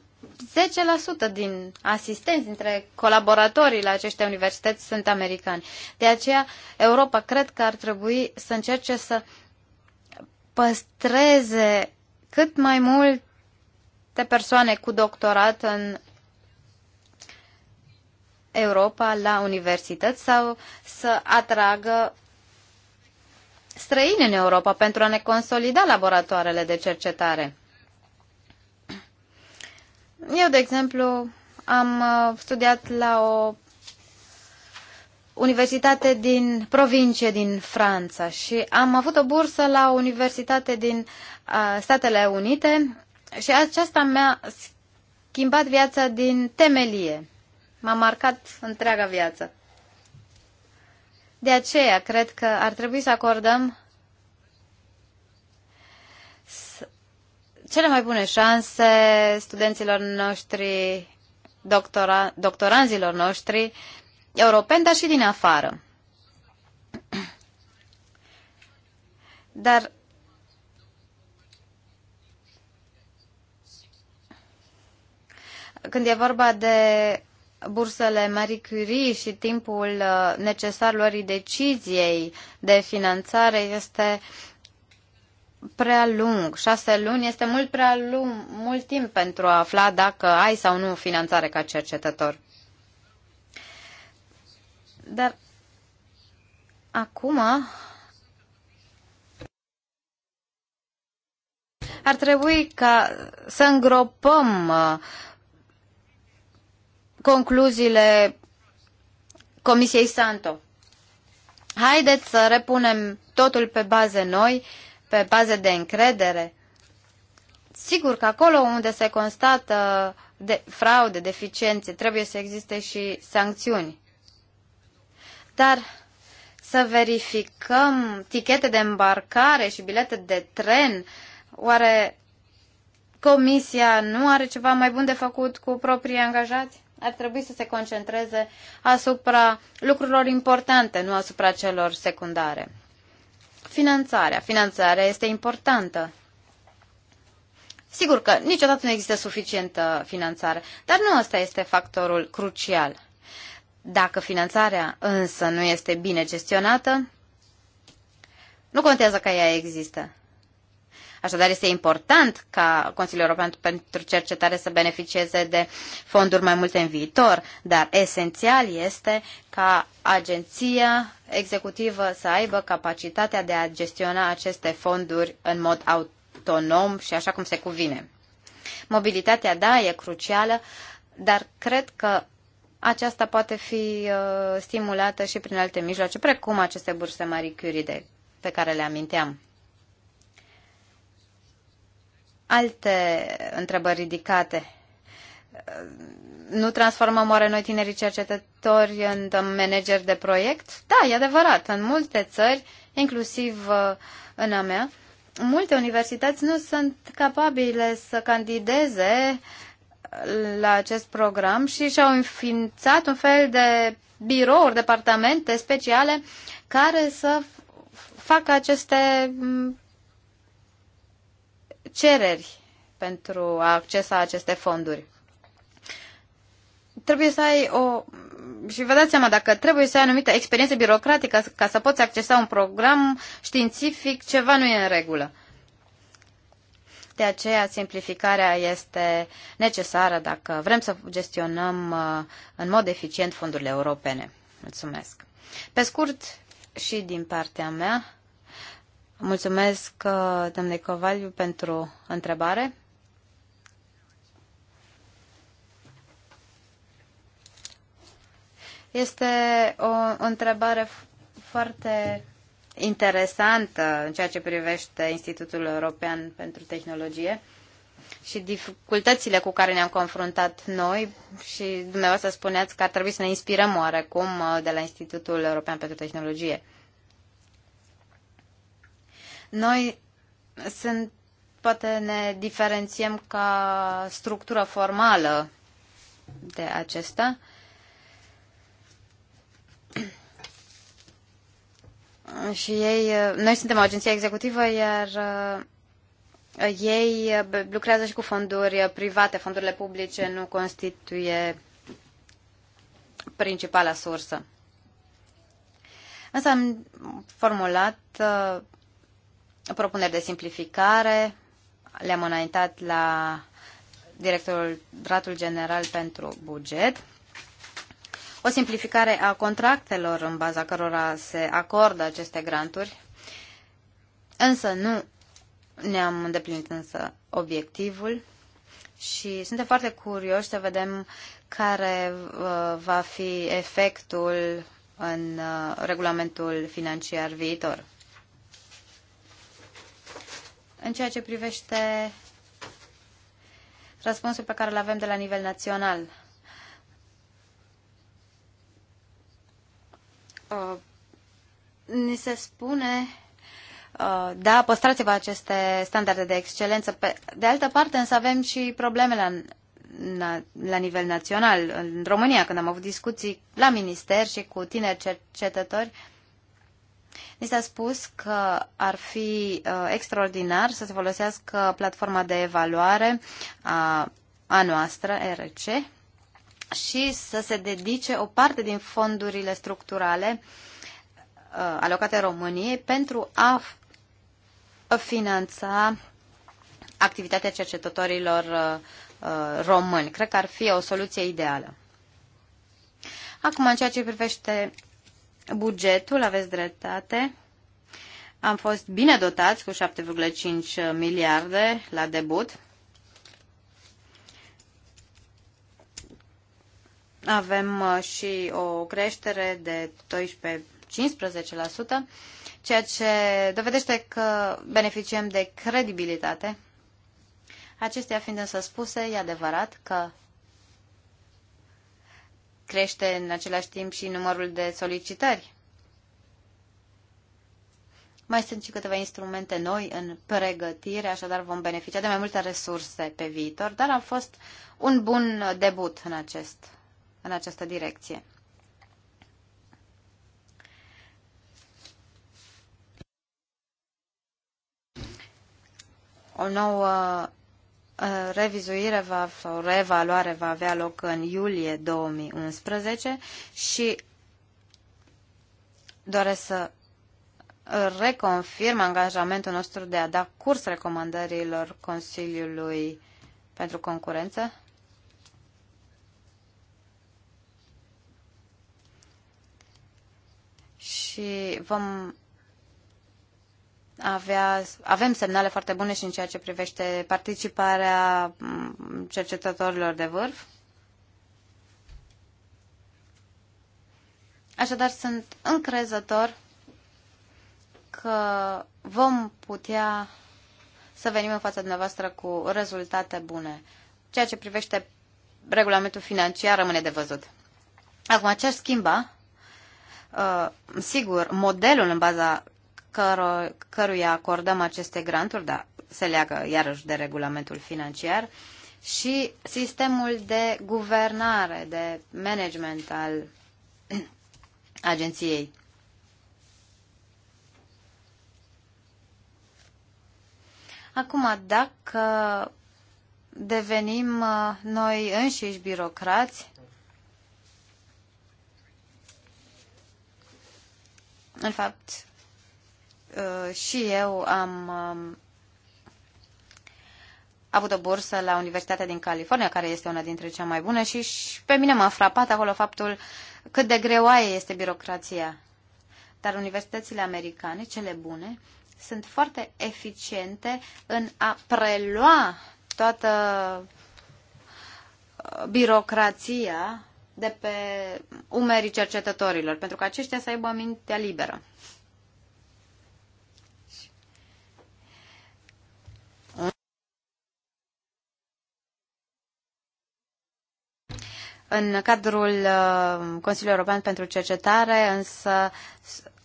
Speaker 2: 10% din asistenți, dintre colaboratorii la aceste universități sunt americani. De aceea, Europa cred că ar trebui să încerce să păstreze cât mai multe persoane cu doctorat în Europa la universități sau să atragă străini în Europa pentru a ne consolida laboratoarele de cercetare. Eu, de exemplu, am uh, studiat la o universitate din provincie din Franța și am avut o bursă la o universitate din uh, Statele Unite și aceasta mi-a schimbat viața din temelie. M-a marcat întreaga viață. De aceea, cred că ar trebui să acordăm cele mai bune șanse studenților noștri, doctora, doctoranzilor noștri, europeni, dar și din afară. Dar când e vorba de bursele Marie Curie și timpul uh, necesar luării deciziei de finanțare este prea lung. Șase luni este mult prea lung, mult timp pentru a afla dacă ai sau nu finanțare ca cercetător. Dar acum ar trebui ca să îngropăm uh, concluziile Comisiei Santo. Haideți să repunem totul pe baze noi pe baze de încredere. Sigur că acolo unde se constată de fraude, deficiențe, trebuie să existe și sancțiuni. Dar să verificăm tichete de îmbarcare și bilete de tren, oare comisia nu are ceva mai bun de făcut cu proprii angajați? Ar trebui să se concentreze asupra lucrurilor importante, nu asupra celor secundare. Finanțarea. Finanțarea este importantă. Sigur că niciodată nu există suficientă finanțare, dar nu ăsta este factorul crucial. Dacă finanțarea însă nu este bine gestionată, nu contează că ea există. Așadar, este important ca Consiliul European pentru Cercetare să beneficieze de fonduri mai multe în viitor, dar esențial este ca agenția executivă să aibă capacitatea de a gestiona aceste fonduri în mod autonom și așa cum se cuvine. Mobilitatea, da, e crucială, dar cred că aceasta poate fi uh, stimulată și prin alte mijloace, precum aceste burse Marie Curie de, pe care le aminteam alte întrebări ridicate. Nu transformăm oare noi tinerii cercetători în manageri de proiect? Da, e adevărat. În multe țări, inclusiv uh, în a mea, multe universități nu sunt capabile să candideze la acest program și și-au înființat un fel de birouri, departamente speciale care să facă aceste cereri pentru a accesa aceste fonduri. Trebuie să ai o... Și vă dați seama, dacă trebuie să ai anumită experiență birocratică ca să poți accesa un program științific, ceva nu e în regulă. De aceea, simplificarea este necesară dacă vrem să gestionăm uh, în mod eficient fondurile europene. Mulțumesc. Pe scurt, și din partea mea, Mulțumesc, uh, domnule Covaliu, pentru întrebare. Este o întrebare foarte interesantă în ceea ce privește Institutul European pentru Tehnologie și dificultățile cu care ne-am confruntat noi și dumneavoastră spuneați că ar trebui să ne inspirăm oarecum uh, de la Institutul European pentru Tehnologie. Noi sunt, poate ne diferențiem ca structură formală de acesta. Și ei, noi suntem o agenție executivă, iar uh, ei uh, lucrează și cu fonduri private, fondurile publice nu constituie principala sursă. Însă am formulat uh, propuneri de simplificare, le-am înaintat la directorul Dratul General pentru Buget. O simplificare a contractelor în baza cărora se acordă aceste granturi, însă nu ne-am îndeplinit însă obiectivul și suntem foarte curioși să vedem care uh, va fi efectul în uh, regulamentul financiar viitor. În ceea ce privește răspunsul pe care îl avem de la nivel național, uh, ni se spune uh, da, păstrați-vă aceste standarde de excelență. de altă parte, însă avem și probleme la, la nivel național. În România, când am avut discuții la minister și cu tineri cercetători, Ni s-a spus că ar fi uh, extraordinar să se folosească platforma de evaluare a, a noastră, RC, și să se dedice o parte din fondurile structurale uh, alocate României pentru a finanța activitatea cercetătorilor uh, uh, români. Cred că ar fi o soluție ideală. Acum, în ceea ce privește bugetul, aveți dreptate. Am fost bine dotați cu 7,5 miliarde la debut. Avem uh, și o creștere de 12 15%, ceea ce dovedește că beneficiem de credibilitate. Acestea fiind însă spuse, e adevărat că crește în același timp și numărul de solicitări. Mai sunt și câteva instrumente noi în pregătire, așadar vom beneficia de mai multe resurse pe viitor, dar a fost un bun debut în, acest, în această direcție. O nouă Uh, revizuire va, sau reevaluare va avea loc în iulie 2011 și doresc să reconfirm angajamentul nostru de a da curs recomandărilor Consiliului pentru concurență. Și vom avea, avem semnale foarte bune și în ceea ce privește participarea mm, cercetătorilor de vârf. Așadar, sunt încrezător că vom putea să venim în fața dumneavoastră cu rezultate bune. Ceea ce privește regulamentul financiar rămâne de văzut. Acum, ce schimba? Uh, sigur, modelul în baza căro, căruia acordăm aceste granturi, dar se leagă iarăși de regulamentul financiar, și sistemul de guvernare, de management al agenției. Acum, dacă devenim uh, noi înșiși birocrați, în fapt, Uh, și eu am um, avut o bursă la Universitatea din California, care este una dintre cele mai bune și, și pe mine m-a frapat acolo faptul cât de greoaie este birocrația. Dar universitățile americane, cele bune, sunt foarte eficiente în a prelua toată uh, birocrația de pe umerii cercetătorilor, pentru că aceștia să aibă mintea liberă. În cadrul uh, Consiliului European pentru Cercetare, însă,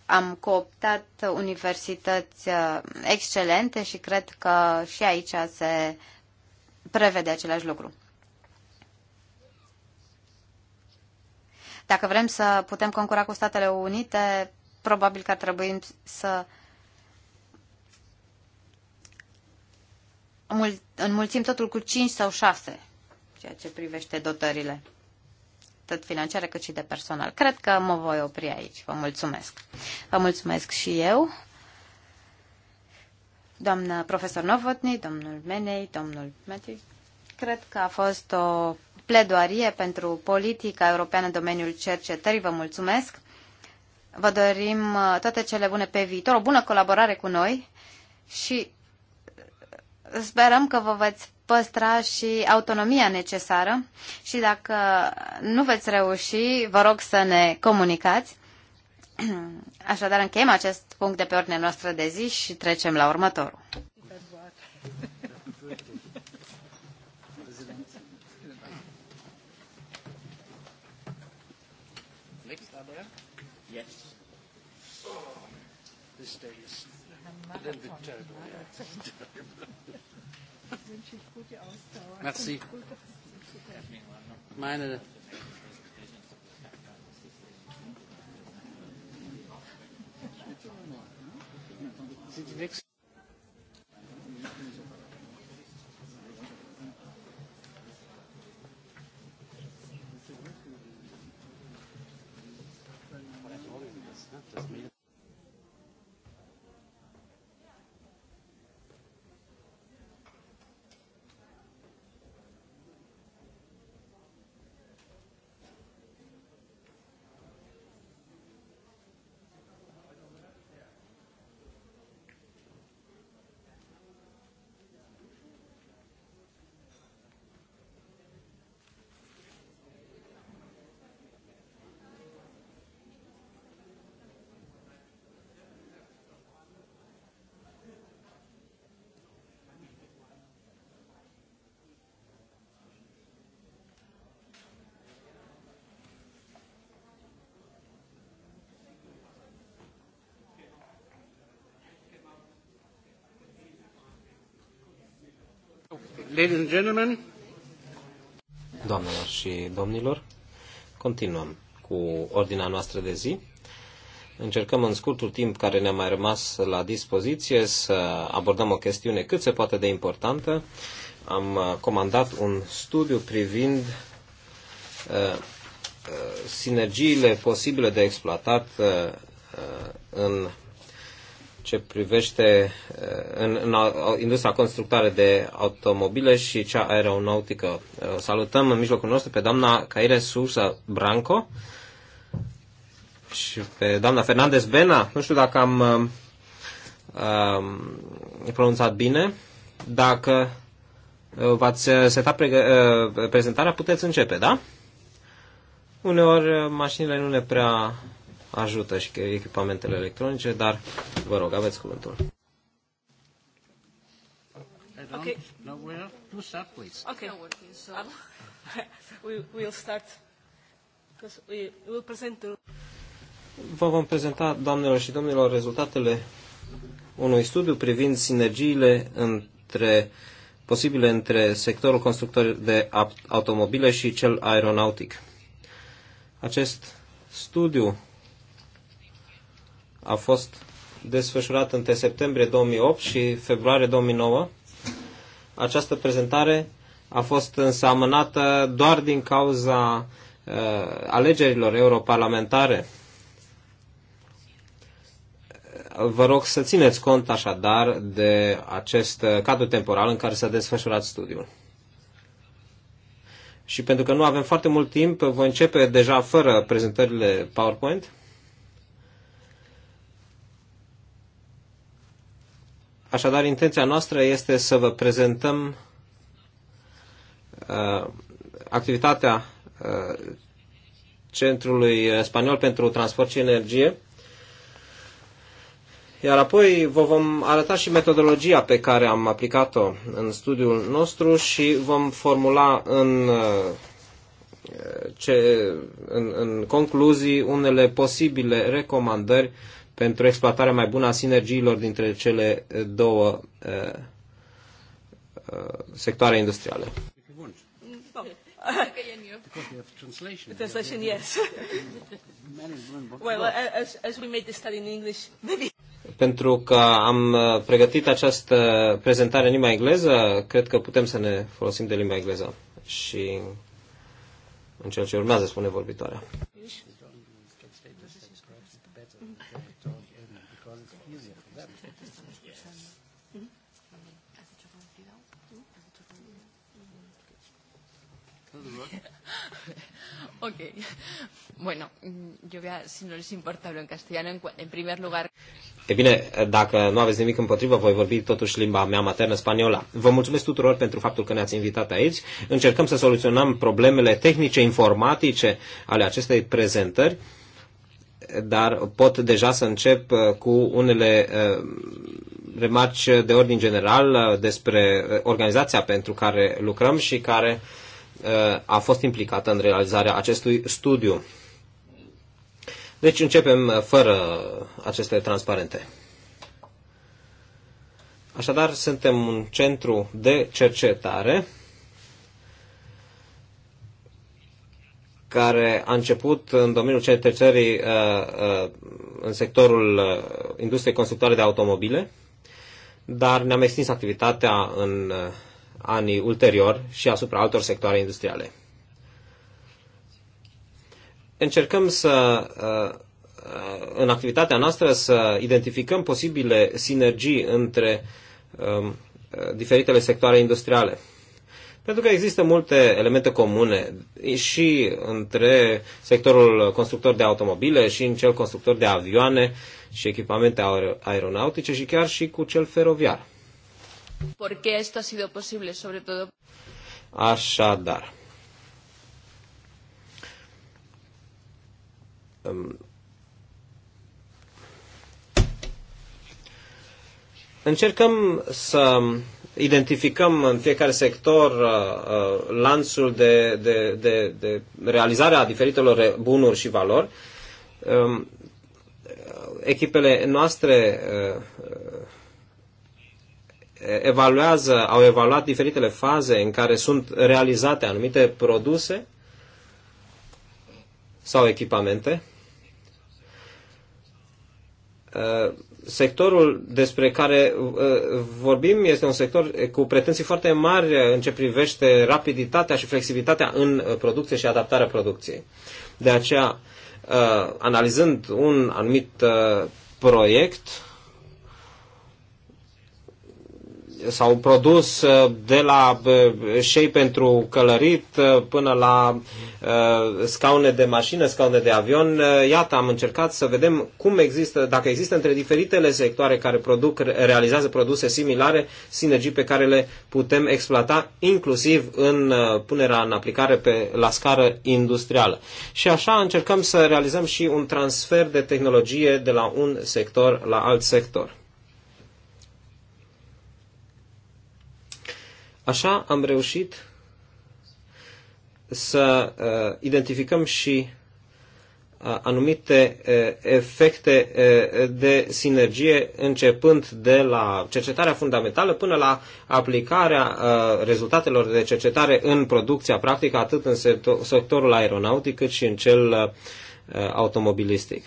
Speaker 2: am cooptat universități uh, excelente și cred că și aici se prevede același lucru. Dacă vrem să putem concura cu Statele Unite, probabil că ar trebui să înmulțim totul cu 5 sau 6, ceea ce privește dotările atât financiare cât și de personal. Cred că mă voi opri aici. Vă mulțumesc. Vă mulțumesc și eu. Doamna profesor Novotny, domnul Menei, domnul Meti, cred că a fost o pledoarie pentru politica europeană în domeniul cercetării. Vă mulțumesc. Vă dorim uh, toate cele bune pe viitor, o bună colaborare cu noi și sperăm că vă veți păstra și autonomia necesară și dacă nu veți reuși, vă rog să ne comunicați. Așadar, încheiem acest punct de pe ordinea noastră de zi și trecem la următorul.
Speaker 4: Yes. Oh, this day is a little bit terrible. Yeah. Merci. Meine
Speaker 1: Sind die nächsten Ladies and gentlemen.
Speaker 3: Doamnelor și domnilor, continuăm cu ordinea noastră de zi. Încercăm în scurtul timp care ne-a mai rămas la dispoziție să abordăm o chestiune cât se poate de importantă. Am uh, comandat un studiu privind uh, uh, sinergiile posibile de exploatat uh, uh în ce privește uh, în, în industria constructoare de automobile și cea aeronautică. Uh, salutăm în mijlocul nostru pe doamna Caire Sursa Branco și pe doamna Fernandez Bena. Nu știu dacă am uh, um, pronunțat bine. Dacă v-ați setat prezentarea, puteți începe, da? Uneori mașinile nu ne prea ajută și echipamentele electronice, dar vă rog, aveți cuvântul.
Speaker 4: Okay. No, we're two subways. Okay. So we will start because we will present
Speaker 3: Vă vom prezenta, doamnelor și domnilor, rezultatele unui studiu privind sinergiile între posibile între sectorul constructor de automobile și cel aeronautic. Acest studiu a fost desfășurat între septembrie 2008 și februarie 2009. Această prezentare a fost însă amânată doar din cauza uh, alegerilor europarlamentare. Vă rog să țineți cont așadar de acest cadru temporal în care s-a desfășurat studiul. Și pentru că nu avem foarte mult timp, voi începe deja fără prezentările PowerPoint. Așadar, intenția noastră este să vă prezentăm uh, activitatea uh, Centrului Spaniol pentru Transport și Energie, iar apoi vă vom arăta și metodologia pe care am aplicat-o în studiul nostru și vom formula în, uh, ce, în, în concluzii unele posibile recomandări pentru exploatarea mai bună a sinergiilor dintre cele eh, două eh, eh, sectoare industriale. The translation, yes.
Speaker 4: well, as, as we made the study in English, maybe.
Speaker 3: Pentru că am pregătit această prezentare în limba engleză, cred că putem să ne folosim de limba engleză. Și în ceea ce urmează, spune vorbitoarea.
Speaker 4: ok. Bueno, yo voy a, si no les importa, hablo în castellano. În, en primer lugar...
Speaker 3: E bine, dacă nu aveți nimic împotrivă, voi vorbi totuși limba mea maternă, spaniola. Vă mulțumesc tuturor pentru faptul că ne-ați invitat aici. Încercăm să soluționăm problemele tehnice, informatice ale acestei prezentări dar pot deja să încep uh, cu unele uh, remarci de ordin general uh, despre organizația pentru care lucrăm și care Uh, a fost implicată în realizarea acestui studiu. Deci începem uh, fără aceste transparente. Așadar, suntem un centru de cercetare care a început în domeniul cercetării uh, în sectorul industriei constructoare de automobile, dar ne-am extins activitatea în anii ulterior și asupra altor sectoare industriale. Încercăm să, uh, în activitatea noastră, să identificăm posibile sinergii între um, diferitele sectoare industriale. Pentru că există multe elemente comune și între sectorul constructor de automobile și în cel constructor de avioane și echipamente aeronautice și chiar și cu cel feroviar
Speaker 4: qué esto ha sido posible, sobre todo.
Speaker 3: Așadar. Um, încercăm să identificăm în fiecare sector uh, uh, lanțul de, de, de, de realizare a diferitelor bunuri și valori. Uh, echipele noastre uh, evaluează, au evaluat diferitele faze în care sunt realizate anumite produse sau echipamente. Uh, sectorul despre care uh, vorbim este un sector cu pretenții foarte mari în ce privește rapiditatea și flexibilitatea în uh, producție și adaptarea producției. De aceea, analizând un anumit proiect, s-au produs uh, de la uh, șei pentru călărit uh, până la scaune de mașină, scaune de avion. Iată, am încercat să vedem cum există, dacă există între diferitele sectoare care produc, realizează produse similare, sinergii pe care le putem exploata, inclusiv în punerea în aplicare pe, la scară industrială. Și așa încercăm să realizăm și un transfer de tehnologie de la un sector la alt sector. Așa am reușit să uh, identificăm și uh, anumite uh, efecte uh, de sinergie, începând de la cercetarea fundamentală până la aplicarea uh, rezultatelor de cercetare în producția practică, atât în sectorul aeronautic cât și în cel uh, automobilistic.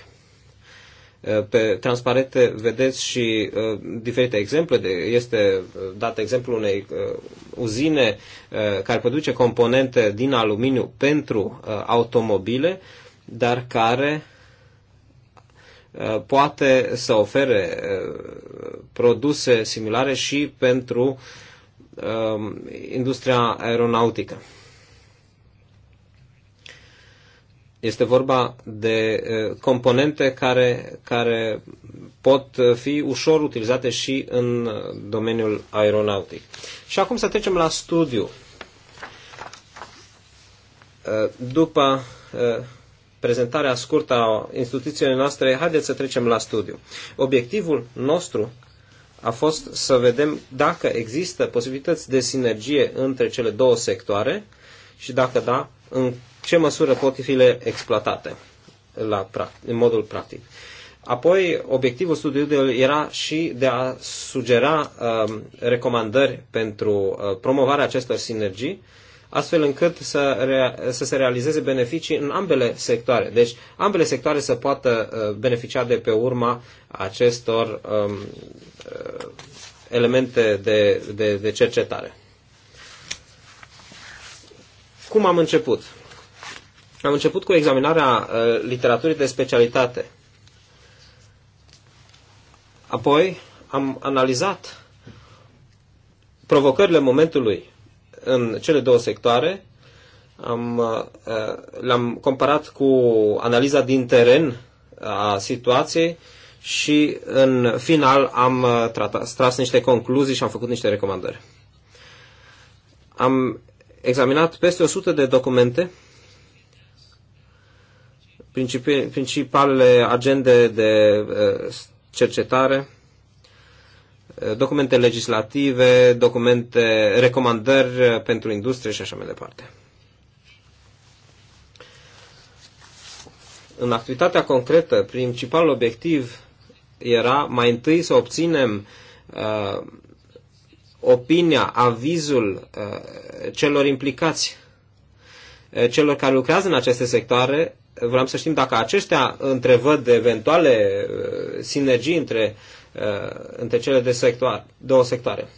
Speaker 3: Pe transparente vedeți și uh, diferite exemple. De, este dat exemplul unei uh, uzine uh, care produce componente din aluminiu pentru uh, automobile, dar care poate să ofere produse similare și pentru industria aeronautică. Este vorba de componente care, care pot fi ușor utilizate și în domeniul aeronautic. Și acum să trecem la studiu. După prezentarea scurtă a instituției noastre, haideți să trecem la studiu. Obiectivul nostru a fost să vedem dacă există posibilități de sinergie între cele două sectoare și dacă da, în ce măsură pot fi ele exploatate la, în modul practic. Apoi, obiectivul studiului era și de a sugera uh, recomandări pentru uh, promovarea acestor sinergii, astfel încât să, rea- să se realizeze beneficii în ambele sectoare. Deci, ambele sectoare să poată uh, beneficia de pe urma acestor um, uh, elemente de, de, de cercetare. Cum am început? Am început cu examinarea uh, literaturii de specialitate. Apoi am analizat provocările momentului în cele două sectoare, am, uh, le-am comparat cu analiza din teren uh, a situației și în final am tratat, tras niște concluzii și am făcut niște recomandări. Am examinat peste 100 de documente principalele agende de eh, cercetare, eh, documente legislative, documente, recomandări eh, pentru industrie și așa mai departe. În activitatea concretă, principalul obiectiv era mai întâi să obținem uh, opinia, avizul uh, celor implicați, uh, celor care lucrează în aceste sectoare, vreau să știm dacă aceștia întrevăd eventuale uh, sinergii între, uh, între cele de sectoar, două sectoare.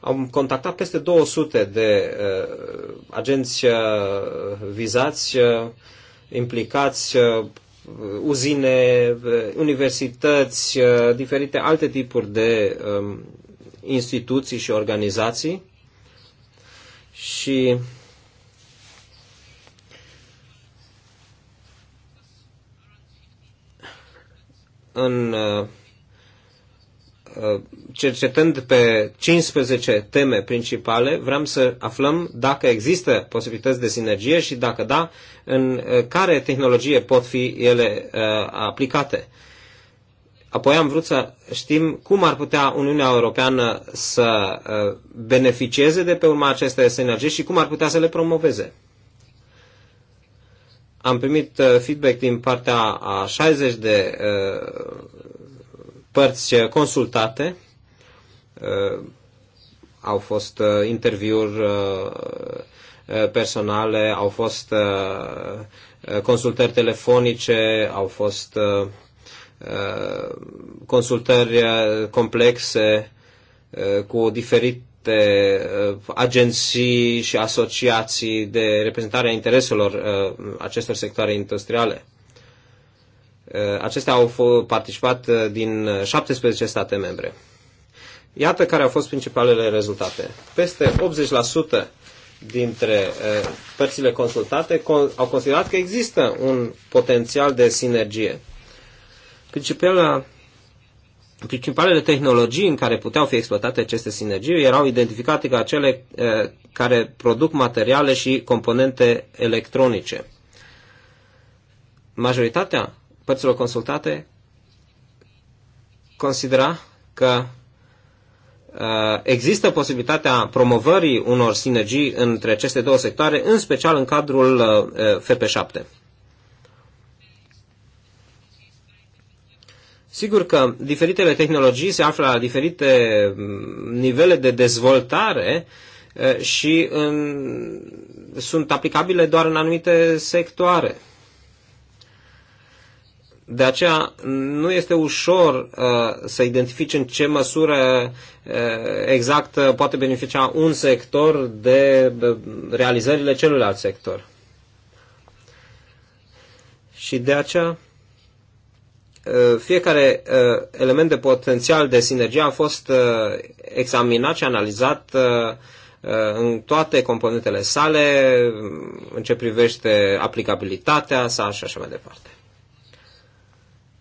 Speaker 3: Am contactat peste 200 de uh, agenți uh, vizați, uh, implicați, uh, uzine, uh, universități, uh, diferite alte tipuri de uh, instituții și organizații și în uh, uh, cercetând pe 15 teme principale, vrem să aflăm dacă există posibilități de sinergie și dacă da, în uh, care tehnologie pot fi ele aplicate. Apoi am vrut să știm cum ar putea Uniunea Europeană să beneficieze de pe urma acestei sinergii și cum ar putea să le promoveze. Am primit uh, feedback din partea a 60 de uh, părți uh, consultate. Au fost interviuri personale, au fost consultări telefonice, au fost consultări complexe cu diferit, uh, agenții și asociații de reprezentare a intereselor uh, acestor sectoare industriale. Uh, acestea au participat uh, din 17 state membre. Iată care au fost principalele rezultate. Peste 80% dintre părțile consultate au considerat că există un potențial de sinergie. Principala Principalele tehnologii în care puteau fi exploatate aceste sinergii erau identificate ca cele eh, care produc materiale și componente electronice. Majoritatea părților consultate considera că eh, există posibilitatea promovării unor sinergii între aceste două sectoare, în special în cadrul eh, FP7. Sigur că diferitele tehnologii se află la diferite mm, nivele de dezvoltare și în, sunt aplicabile doar în anumite sectoare. De aceea nu este ușor uh, să identifici în ce măsură uh, exact poate beneficia un sector de realizările celuilalt sector. Și de aceea Eh, fiecare eh, element de potențial de sinergie a fost eh, examinat și analizat în toate componentele sale, mm, în ce privește aplicabilitatea sa și așa mai departe.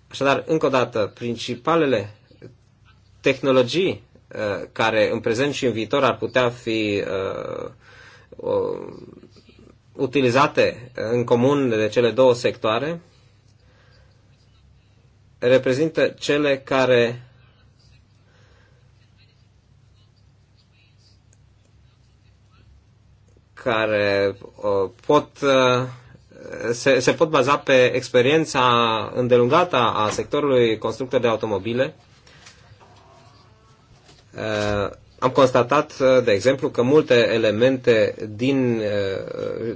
Speaker 3: Așadar, încă o dată, principalele tehnologii care în prezent și în viitor ar putea fi utilizate în comun de cele două sectoare reprezintă cele care care uh, pot uh, se, se pot baza pe experiența îndelungată a sectorului constructor de automobile. Uh, am constatat, de exemplu, că multe elemente din,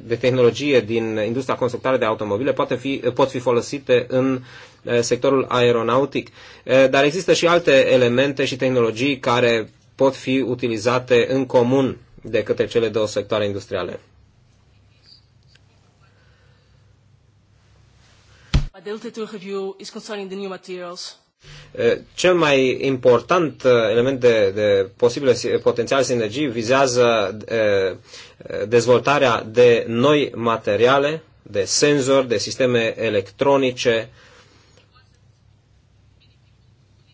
Speaker 3: de tehnologie din industria constructare de automobile poate fi, pot fi folosite în Eh, sectorul aeronautic, eh, dar există și alte elemente și tehnologii care pot fi utilizate în comun de către cele două sectoare industriale. Eh, cel mai important element de, de posibile potențiale sinergii vizează dezvoltarea de noi materiale, de senzori, de sisteme electronice,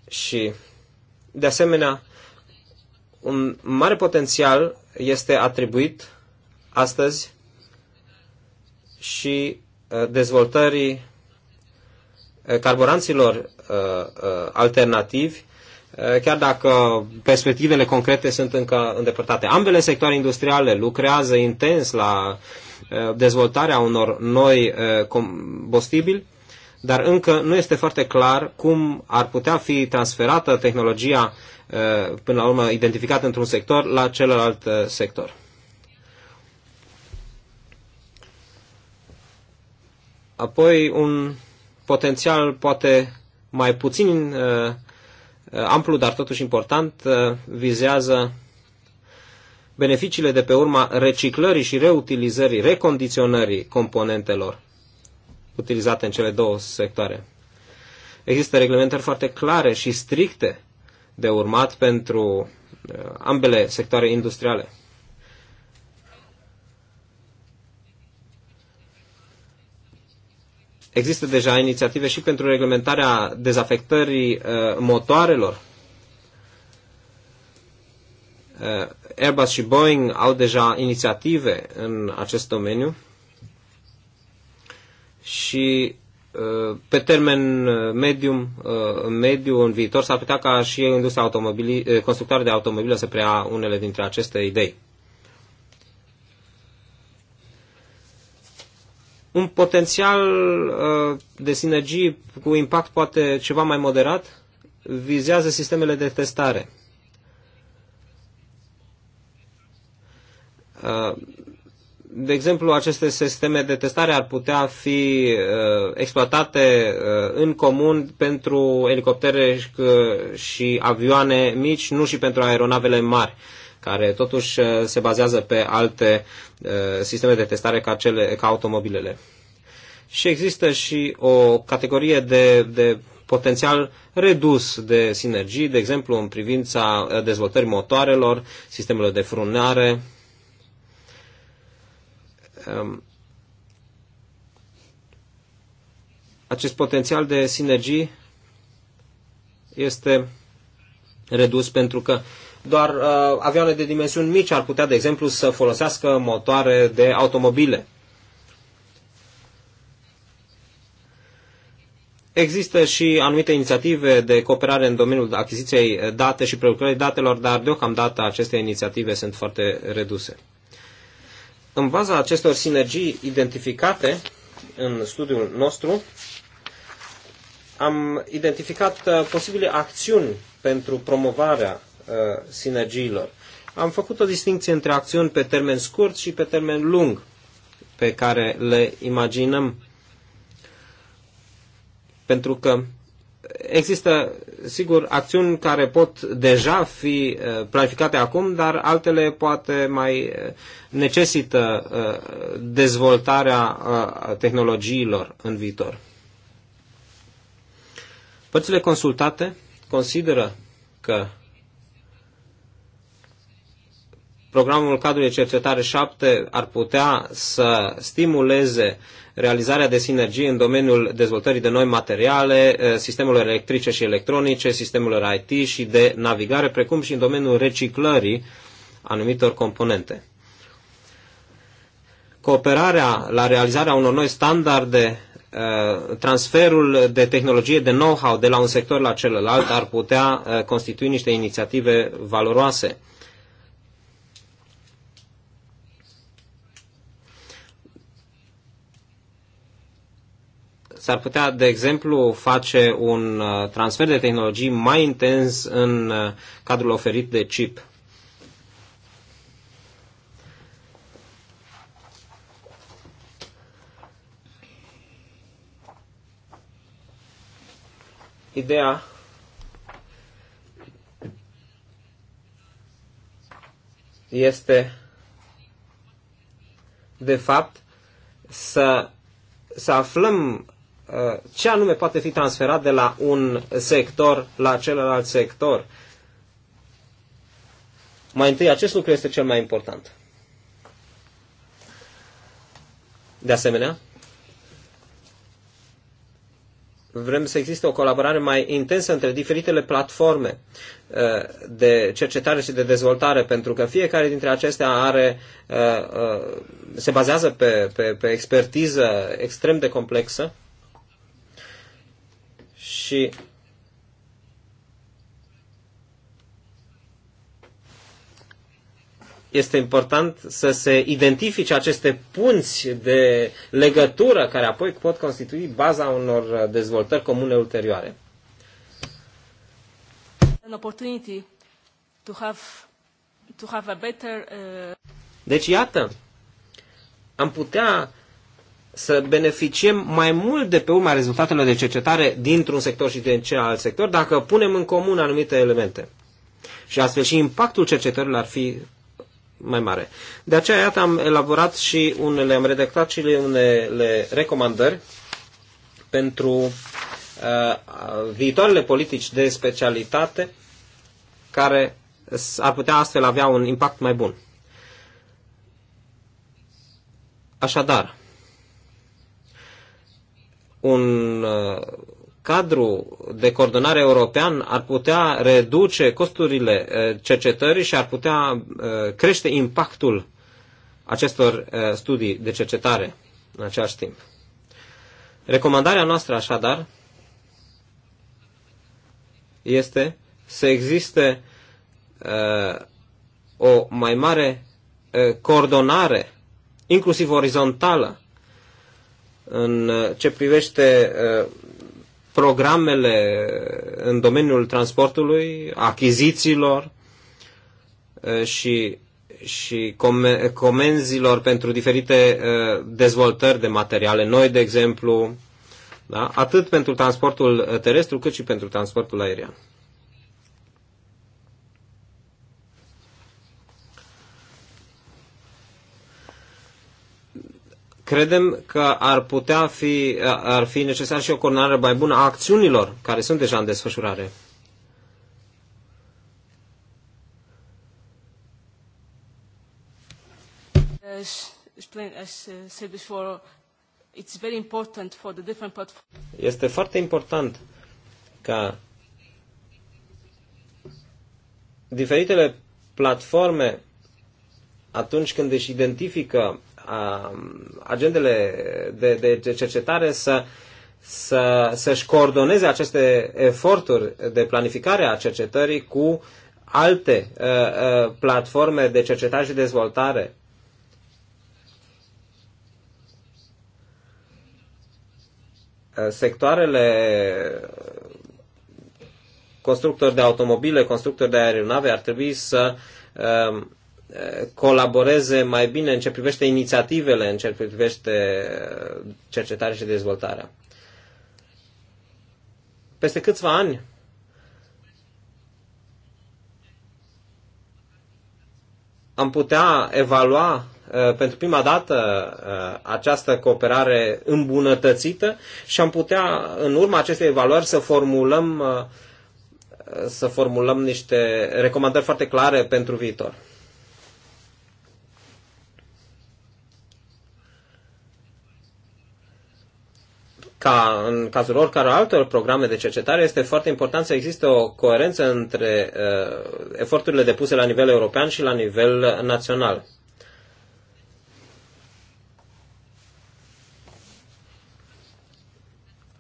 Speaker 3: și, de asemenea, un mare potențial este atribuit astăzi și uh, dezvoltării uh, carburanților uh, alternativi, chiar dacă perspectivele concrete sunt încă îndepărtate. Ambele sectoare industriale lucrează intens la dezvoltarea unor noi combustibili dar încă nu este foarte clar cum ar putea fi transferată tehnologia, uh, până la urmă identificată într-un sector, la celălalt uh, sector. Apoi, un potențial poate mai puțin uh, amplu, dar totuși important, vizează beneficiile de pe urma reciclării și reutilizării, recondiționării componentelor utilizate în cele două sectoare. Există reglementări foarte clare și stricte de urmat pentru uh, ambele sectoare industriale. Există deja inițiative și pentru reglementarea dezafectării uh, motoarelor. Uh, Airbus și Boeing au deja inițiative în acest domeniu și uh, pe termen uh, medium, uh, mediu, în viitor, s-ar putea ca și industria automobili, constructoare de automobile să preia unele dintre aceste idei. Un potențial de sinergii cu impact poate ceva mai moderat vizează sistemele de testare de exemplu, aceste sisteme de testare ar putea fi uh, exploatate uh, în comun pentru elicoptere și, uh, și avioane mici, nu și pentru aeronavele mari, care totuși uh, se bazează pe alte uh, sisteme de testare ca, cele, ca automobilele. Și există și o categorie de, de potențial redus de sinergii, de exemplu, în privința uh, dezvoltării motoarelor, sistemelor de frunare, uh, Um, acest potențial de sinergii este redus pentru că doar uh, avioane de dimensiuni mici ar putea, de exemplu, să folosească motoare de automobile. Există și anumite inițiative de cooperare în domeniul achiziției date și prelucrării datelor, dar deocamdată aceste inițiative sunt foarte reduse. În baza acestor sinergii identificate în studiul nostru, am identificat uh, posibile acțiuni pentru promovarea uh, sinergiilor. Am făcut o distinție între acțiuni pe termen scurt și pe termen lung pe care le imaginăm. Pentru că există, sigur, acțiuni care pot deja fi uh, planificate acum, dar altele poate mai uh, necesită uh, dezvoltarea tehnologiilor în viitor. Părțile consultate consideră că programul cadru de cercetare 7 ar putea să stimuleze realizarea de sinergii în domeniul dezvoltării de noi materiale, eh, sistemelor electrice și electronice, sistemelor IT și de navigare, precum și în domeniul reciclării anumitor componente. Cooperarea la realizarea unor noi standarde, eh, transferul de tehnologie, de know-how de la un sector la celălalt ar putea eh, constitui niște inițiative valoroase s-ar putea, de exemplu, face un uh, transfer de tehnologii mai intens în uh, cadrul oferit de chip. Ideea este, de fapt, să, să aflăm Uh, ce anume poate fi transferat de la un sector la celălalt sector. Mai întâi, acest lucru este cel mai important. De asemenea, vrem să existe o colaborare mai intensă între diferitele platforme uh, de cercetare și de dezvoltare, pentru că fiecare dintre acestea are, uh, se bazează pe, pe, pe expertiză extrem de complexă și este important să se identifice aceste punți de legătură care apoi pot constitui baza unor dezvoltări comune ulterioare.
Speaker 4: An opportunity to have, to have a better, uh...
Speaker 3: Deci, iată, am putea să beneficiem mai mult de pe urma rezultatelor de cercetare dintr-un sector și din celălalt sector, dacă punem în comun anumite elemente. Și astfel și impactul cercetărilor ar fi mai mare. De aceea, iată, am elaborat și unele, am redactat și unele recomandări pentru uh, viitoarele politici de specialitate care ar putea astfel avea un impact mai bun. Așadar, un uh, cadru de coordonare european ar putea reduce costurile uh, cercetării și ar putea uh, crește impactul acestor studii de cercetare în același timp. Recomandarea noastră, așadar, este să existe o mai mare coordonare, inclusiv orizontală, în uh, ce privește uh, programele în domeniul transportului, achizițiilor uh, și, și comenzilor pentru diferite dezvoltări de materiale noi, de exemplu, da? atât pentru transportul terestru cât și pentru transportul aerian. Credem că ar putea fi, ar fi necesar și o coordonare mai bună a acțiunilor care sunt deja în desfășurare. Uh, este foarte important ca diferitele platforme, atunci când își identifică Um, agendele de, de cercetare să să, să-și coordoneze aceste eforturi de planificare a cercetării cu alte uh, uh, platforme de cercetare și dezvoltare. Uh, sectoarele constructori de automobile, constructori de aeronave ar trebui să uh, colaboreze mai bine în ce privește inițiativele, în ce privește uh, cercetarea și dezvoltarea. Peste câțiva ani, am putea evalua uh, pentru prima dată uh, această cooperare îmbunătățită și am putea, în urma acestei evaluări, să formulăm, să formulăm niște recomandări foarte clare pentru viitor. ca în cazul oricăror altor programe de cercetare, este foarte important să existe o coerență între uh, eforturile depuse la nivel european și la nivel național.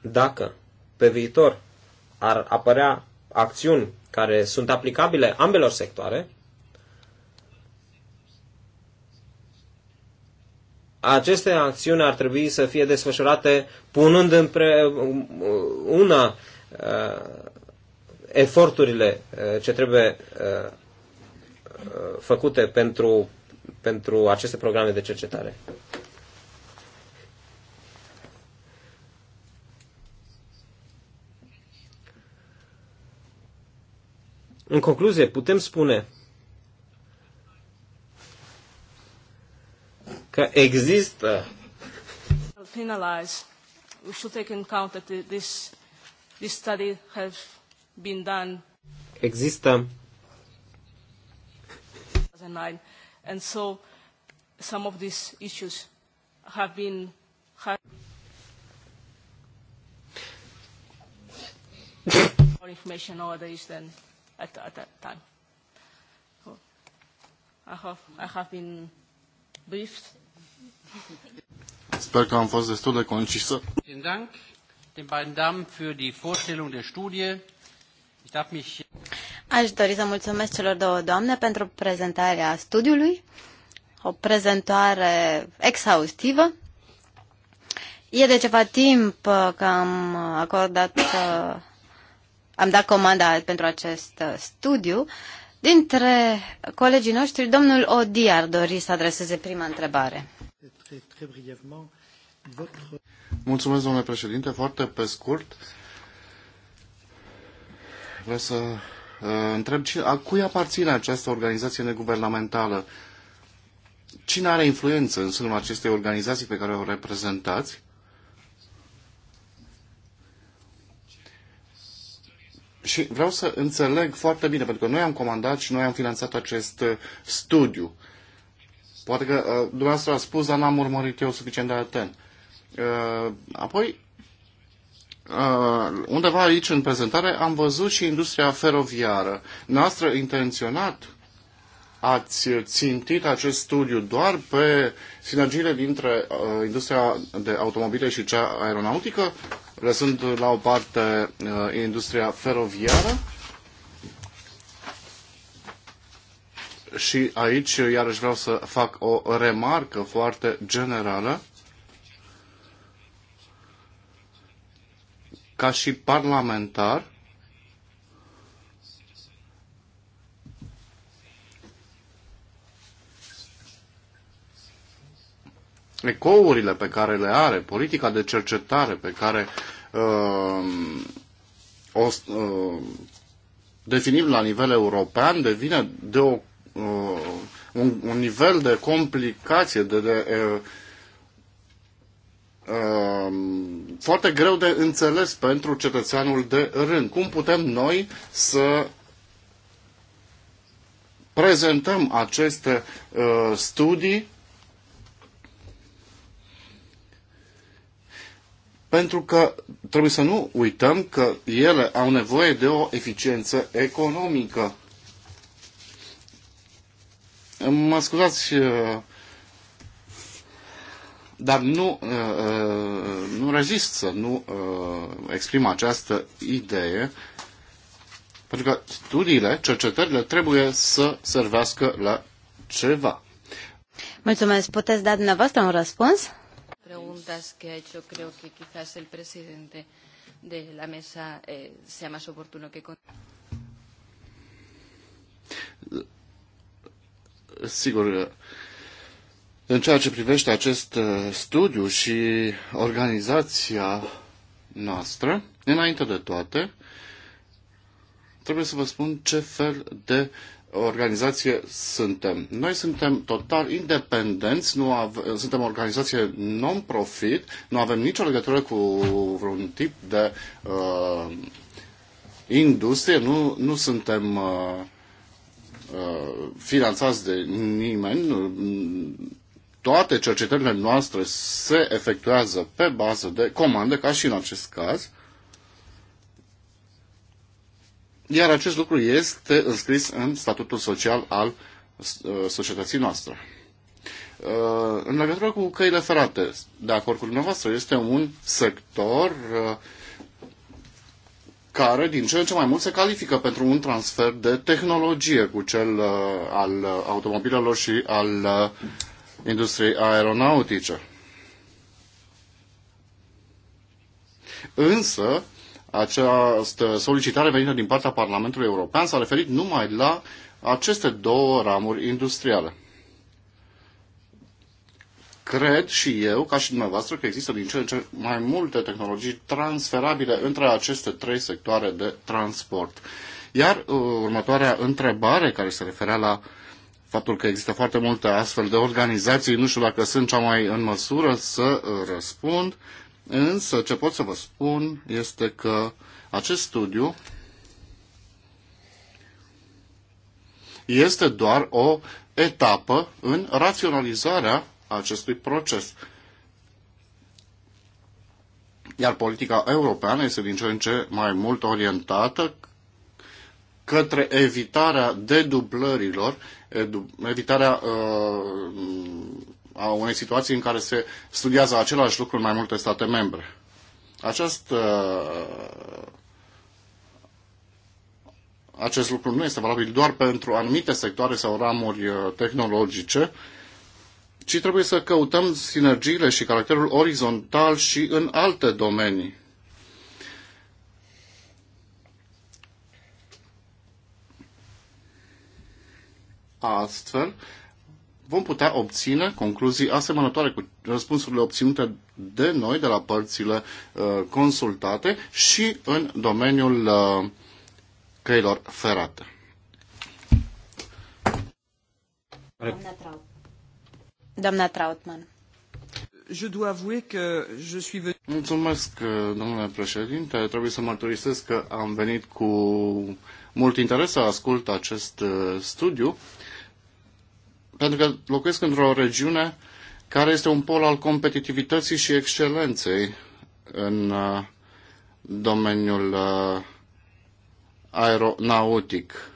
Speaker 3: Dacă pe viitor ar apărea acțiuni care sunt aplicabile ambelor sectoare, aceste acțiuni ar trebui să fie desfășurate punând împre, una uh, eforturile uh, ce trebuie uh, făcute pentru, pentru aceste programe de cercetare. În concluzie, putem spune că există.
Speaker 4: Finalize. We should take in count that this, this study has been done.
Speaker 3: Există.
Speaker 4: And so some of these issues have been more information nowadays than at, at that time. I have, I have been briefed.
Speaker 1: Sper că am fost destul de concisă.
Speaker 2: Aș dori să mulțumesc celor două doamne pentru prezentarea studiului, o prezentare exhaustivă. E de ceva timp uh, că am acordat, uh, am dat comanda pentru acest uh, studiu. Dintre colegii noștri, domnul Odi ar dori să adreseze prima întrebare.
Speaker 1: Mulțumesc, domnule președinte. Foarte pe scurt, vreau să uh, întreb a cui aparține această organizație neguvernamentală? Cine are influență în sânul acestei organizații pe care o reprezentați? Și vreau să înțeleg foarte bine, pentru că noi am comandat și noi am finanțat acest uh, studiu. Uh, Poate că uh, dumneavoastră a spus, dar n-am urmărit eu suficient de atent. Uh, apoi, uh, undeva aici în prezentare am văzut și industria feroviară. Noastră intenționat ați țintit acest studiu doar pe sinergiile dintre uh, industria de automobile și cea aeronautică, lăsând la o parte uh, industria feroviară? Și aici, iarăși vreau să fac o remarcă foarte generală. Ca și parlamentar, ecourile pe care le are, politica de cercetare pe care uh, o uh, definim la nivel european, devine de o un, un nivel de complicație, de, de uh, foarte greu de înțeles pentru cetățeanul de rând. Cum putem noi să prezentăm aceste uh, studii pentru că trebuie să nu uităm că ele au nevoie de o eficiență economică. Mă scuzați, uh, dar nu, uh, uh, nu rezist să nu exprim această idee, pentru că studiile, cercetările trebuie să servească la ceva.
Speaker 2: Mulțumesc. Puteți da dumneavoastră un răspuns?
Speaker 4: Preguntas que ha hecho, creo que quizás el presidente de la mesa eh, sea más oportuno que
Speaker 1: sigur, în ceea ce privește acest uh, studiu și organizația noastră, înainte de toate, trebuie să vă spun ce fel de organizație suntem. Noi suntem total independenți, nu ave- suntem o organizație non-profit, nu avem nicio legătură cu vreun tip de uh, industrie, nu, nu suntem uh, Uh, finanțați de nimeni. Toate cercetările noastre se efectuează pe bază de comandă, ca și în acest caz. Iar acest lucru este înscris în statutul social al uh, societății noastre. Uh, în legătură cu căile ferate, de acord cu dumneavoastră, este un sector uh, care din ce în ce mai mult se califică pentru un transfer de tehnologie cu cel uh, al automobilelor și al uh, industriei aeronautice. Însă, această solicitare venită din partea Parlamentului European s-a referit numai la aceste două ramuri industriale cred și eu, ca și dumneavoastră, că există din ce în ce mai multe tehnologii transferabile între aceste trei sectoare de transport. Iar uh, următoarea întrebare care se referea la faptul că există foarte multe astfel de organizații, nu știu dacă sunt cea mai în măsură să uh, răspund, însă ce pot să vă spun este că acest studiu este doar o etapă în raționalizarea acestui proces. Iar politica europeană este din ce în ce mai mult orientată către evitarea dedublărilor, evitarea uh, a unei situații în care se studiază același lucru în mai multe state membre. Acest, uh, acest lucru nu este valabil doar pentru anumite sectoare sau ramuri uh, tehnologice, uh, ci trebuie să căutăm sinergiile și caracterul orizontal și în alte domenii. Astfel, vom putea obține concluzii asemănătoare cu răspunsurile obținute de noi, de la părțile uh, consultate și în domeniul uh, căilor ferate. Doamna Traut.
Speaker 2: Trautmann.
Speaker 1: Mulțumesc, domnule președinte. Trebuie să mărturisesc că am venit cu mult interes să ascult acest uh, studiu, pentru că locuiesc într-o regiune care este un pol al competitivității și excelenței în uh, domeniul uh, aeronautic.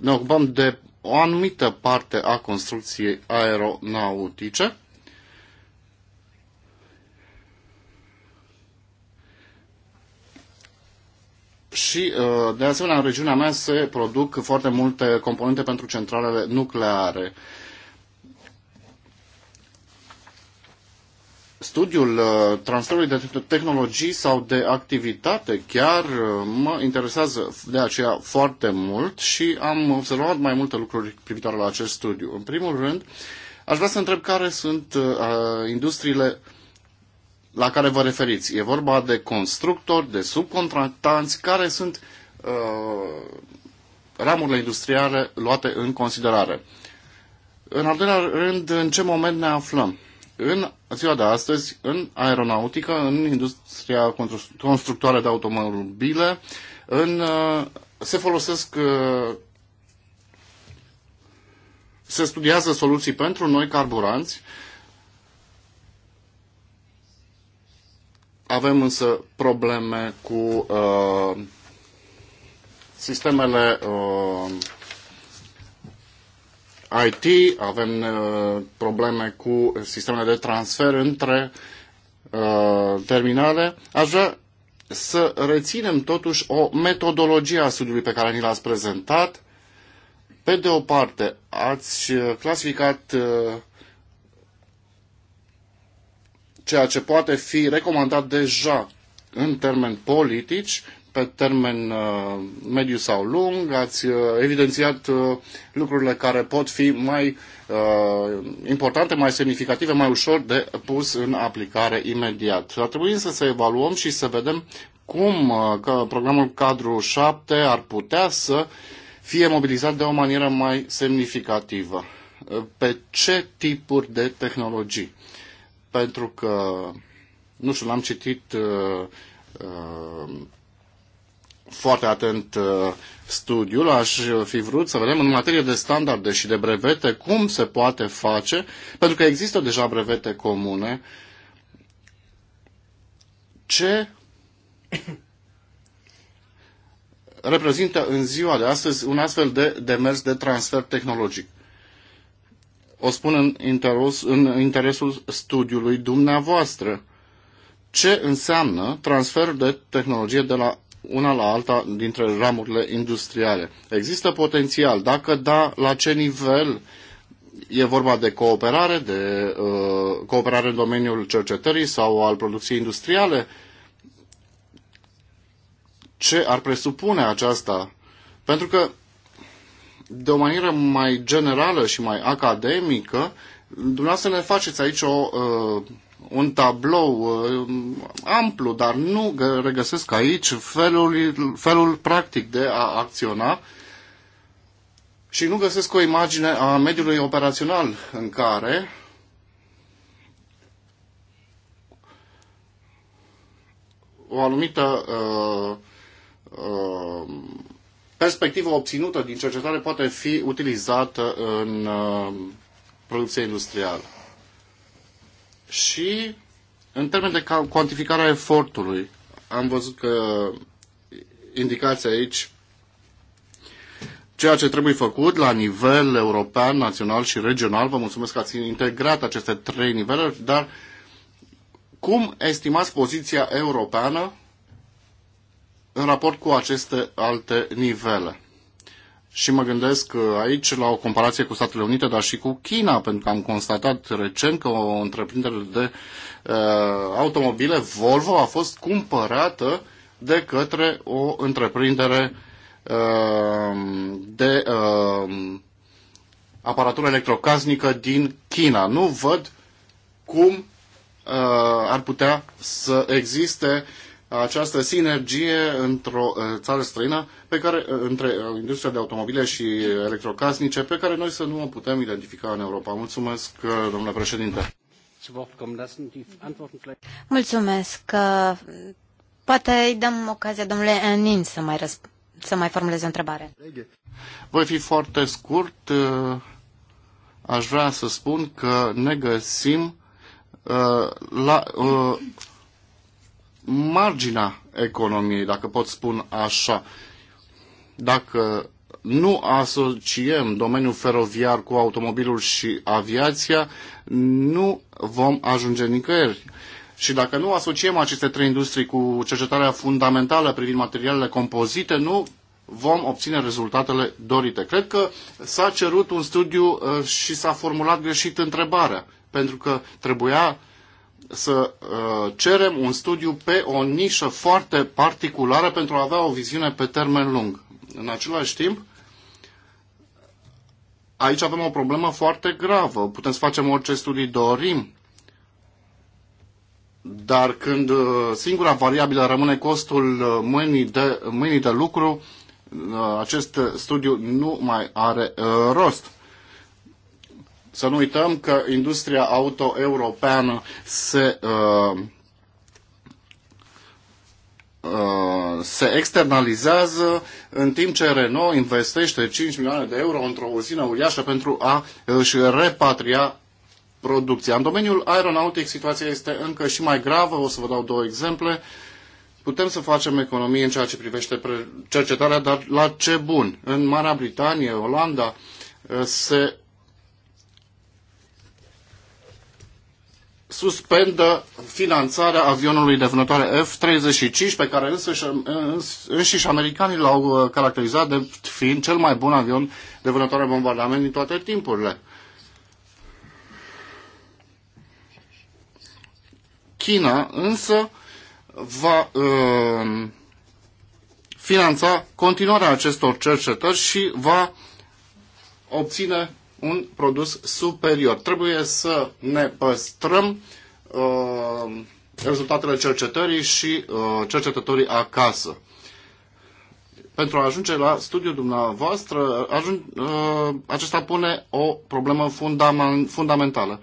Speaker 1: Ne ocupăm de o anumită parte a construcției aeronautice. Și, uh, de asemenea, în regiunea mea se produc foarte multe componente pentru centralele nucleare. studiul uh, transferului de tehnologii sau de activitate chiar uh, mă interesează de aceea foarte mult și am observat mai multe lucruri privitoare la acest studiu. În primul rând, aș vrea să întreb care sunt uh, industriile la care vă referiți. E vorba de constructori, de subcontractanți, care sunt ramurile industriale luate în considerare. În al doilea rând, în ce moment ne aflăm? în ziua de astăzi în aeronautică, în industria constructoare de automobile, în, uh, se folosesc uh, se studiază soluții pentru noi carburanți. Avem însă probleme cu uh, sistemele uh, IT, avem uh, probleme cu sistemele de transfer între uh, terminale. Aș vrea să reținem totuși o metodologie a studiului pe care ni l-ați prezentat. Pe de o parte, ați clasificat uh, ceea ce poate fi recomandat deja în termeni politici pe termen uh, mediu sau lung, ați uh, evidențiat uh, lucrurile care pot fi mai importante, mai semnificative, mai ușor de pus în aplicare imediat. Ar trebui să evaluăm și să vedem cum că programul cadru 7 ar putea să fie mobilizat de o manieră mai semnificativă. Pe ce tipuri de tehnologii? Pentru că, nu știu, l-am citit foarte atent uh, studiul, aș fi vrut să vedem în materie de standarde și de brevete cum se poate face, pentru că există deja brevete comune, ce reprezintă în ziua de astăzi un astfel de demers de transfer tehnologic. O spun în, interos, în interesul studiului dumneavoastră. Ce înseamnă transfer de tehnologie de la una la alta dintre ramurile industriale. Există potențial. Dacă da, la ce nivel e vorba de cooperare, de uh, cooperare în domeniul cercetării sau al producției industriale? Ce ar presupune aceasta? Pentru că, de o manieră mai generală și mai academică, dumneavoastră ne faceți aici o uh, un tablou uh, amplu, dar nu regăsesc aici felul, felul practic de a acționa și nu găsesc o imagine a mediului operațional în care o anumită uh, uh, perspectivă obținută din cercetare poate fi utilizată în uh, producție industrială și în termen de cuantificare a efortului, am văzut că indicația aici ceea ce trebuie făcut la nivel european, național și regional. Vă mulțumesc că ați integrat aceste trei nivele, dar cum estimați poziția europeană în raport cu aceste alte nivele? Și mă gândesc uh, aici la o comparație cu Statele Unite, dar și cu China, pentru că am constatat recent că o întreprindere de uh, automobile, Volvo, a fost cumpărată de către o întreprindere uh, de uh, aparatură electrocasnică din China. Nu văd cum uh, ar putea să existe uh, această sinergie într-o uh, țară străină pe care, uh, între uh, industria de automobile și electrocasnice pe care noi să nu o putem identifica în Europa. Mulțumesc, domnule președinte.
Speaker 2: Mulțumesc. Poate îi dăm ocazia domnule Anin să mai, răsp- să mai formuleze o întrebare.
Speaker 1: Voi fi foarte scurt. Aș vrea să spun că ne găsim la marginea economiei, dacă pot spun așa. Dacă nu asociem domeniul feroviar cu automobilul și aviația, nu vom ajunge nicăieri. Și dacă nu asociem aceste trei industrii cu cercetarea fundamentală privind materialele compozite, nu vom obține rezultatele dorite. Cred că s-a cerut un studiu uh, și s-a formulat greșit întrebarea, pentru că trebuia să uh, cerem un studiu pe o nișă foarte particulară pentru a avea o viziune pe termen lung. În același timp, aici avem o problemă foarte gravă. Putem să facem orice studii dorim, dar când uh, singura variabilă rămâne costul uh, mâinii de, mâinii de lucru, acest studiu nu mai are rost. Să nu uităm că industria auto europeană se, uh, uh, se externalizează în timp ce Renault investește 5 milioane de euro într-o uzină uriașă pentru a își repatria producția. În domeniul aeronautic situația este încă și mai gravă, o să vă dau două exemple. Putem să facem economie în ceea ce privește cercetarea, dar la ce bun? În Marea Britanie, Olanda, uh, se suspendă finanțarea avionului de vânătoare F-35, pe care însă și americanii l-au uh, caracterizat de fiind cel mai bun avion de vânătoare bombardament din toate timpurile. China însă va uh, finanța continuarea acestor cercetări și va obține un produs superior. Trebuie să ne păstrăm uh, rezultatele cercetării și uh, cercetătorii acasă. Pentru a ajunge la studiul dumneavoastră, ajung, uh, acesta pune o problemă fundament, fundamentală.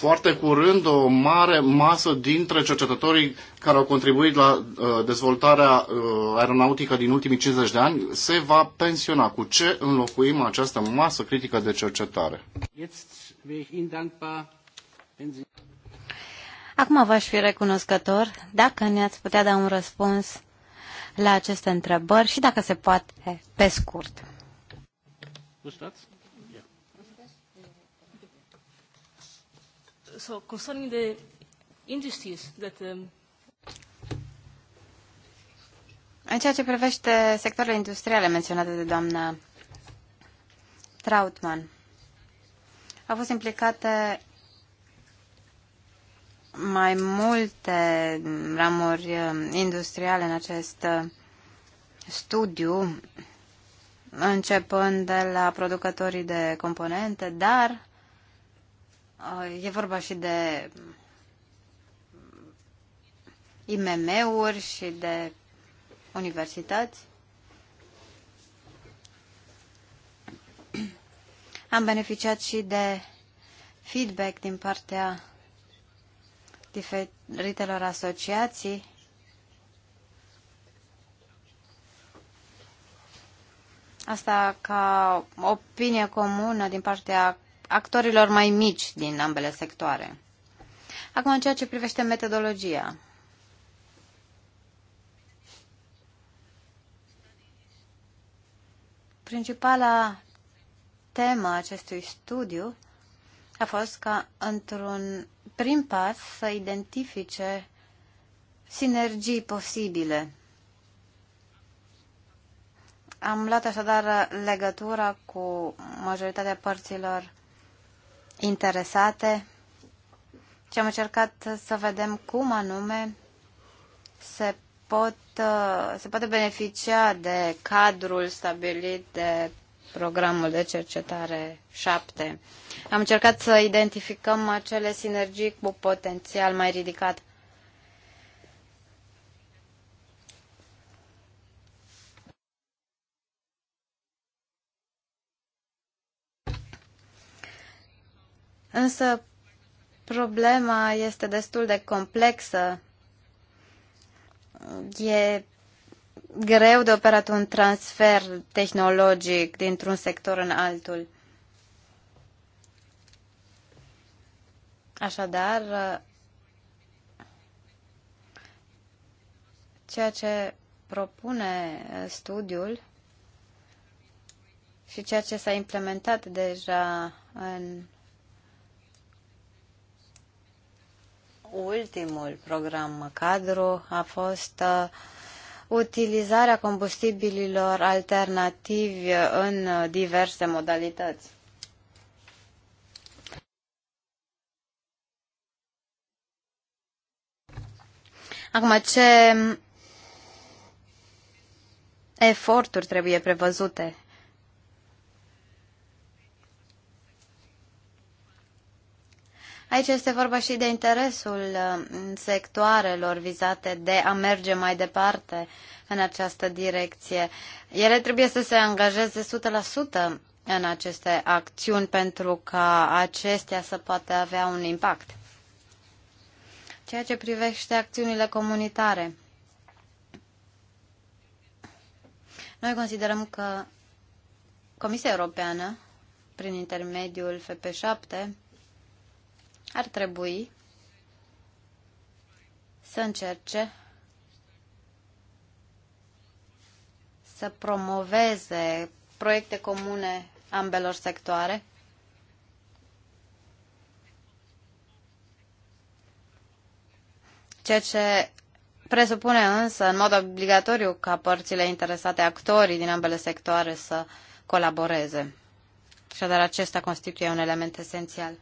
Speaker 1: foarte curând o mare masă dintre cercetătorii care au contribuit la uh, dezvoltarea uh, aeronautică din ultimii 50 de ani se va pensiona. Cu ce înlocuim această masă critică de cercetare?
Speaker 2: Acum v-aș fi recunoscător dacă ne-ați putea da un răspuns la aceste întrebări și dacă se poate pe scurt.
Speaker 4: Gustați? so concerning the industries that um...
Speaker 2: În ceea ce privește sectoarele industriale menționate de doamna Trautmann, au fost implicate mai multe ramuri um, industriale în acest uh, studiu, începând de la producătorii de componente, dar E vorba și de IMM-uri și de universități. Am beneficiat și de feedback din partea diferitelor asociații Asta ca opinie comună din partea actorilor mai mici din ambele sectoare. Acum, în ceea ce privește metodologia, principala temă a acestui studiu a fost ca, într-un prim pas, să identifice sinergii posibile. Am luat așadar legătura cu majoritatea părților interesate și am încercat să vedem cum anume se, pot, uh, se poate beneficia de cadrul stabilit de programul de cercetare 7. Am încercat să identificăm acele sinergii cu potențial mai ridicat. Însă problema este destul de complexă. E greu de operat un transfer tehnologic dintr-un sector în altul. Așadar, ceea ce propune studiul și ceea ce s-a implementat deja în ultimul program cadru a fost uh, utilizarea combustibililor alternativi în diverse modalități. Acum, ce eforturi trebuie prevăzute Aici este vorba și de interesul uh, sectoarelor vizate de a merge mai departe în această direcție. Ele trebuie să se angajeze 100% în aceste acțiuni pentru ca acestea să poată avea un impact. Ceea ce privește acțiunile comunitare. Noi considerăm că Comisia Europeană, prin intermediul FP7, ar trebui să încerce să promoveze proiecte comune ambelor sectoare ceea ce presupune însă în mod obligatoriu ca părțile interesate, actorii din ambele sectoare să colaboreze. Și dar acesta constituie un element esențial.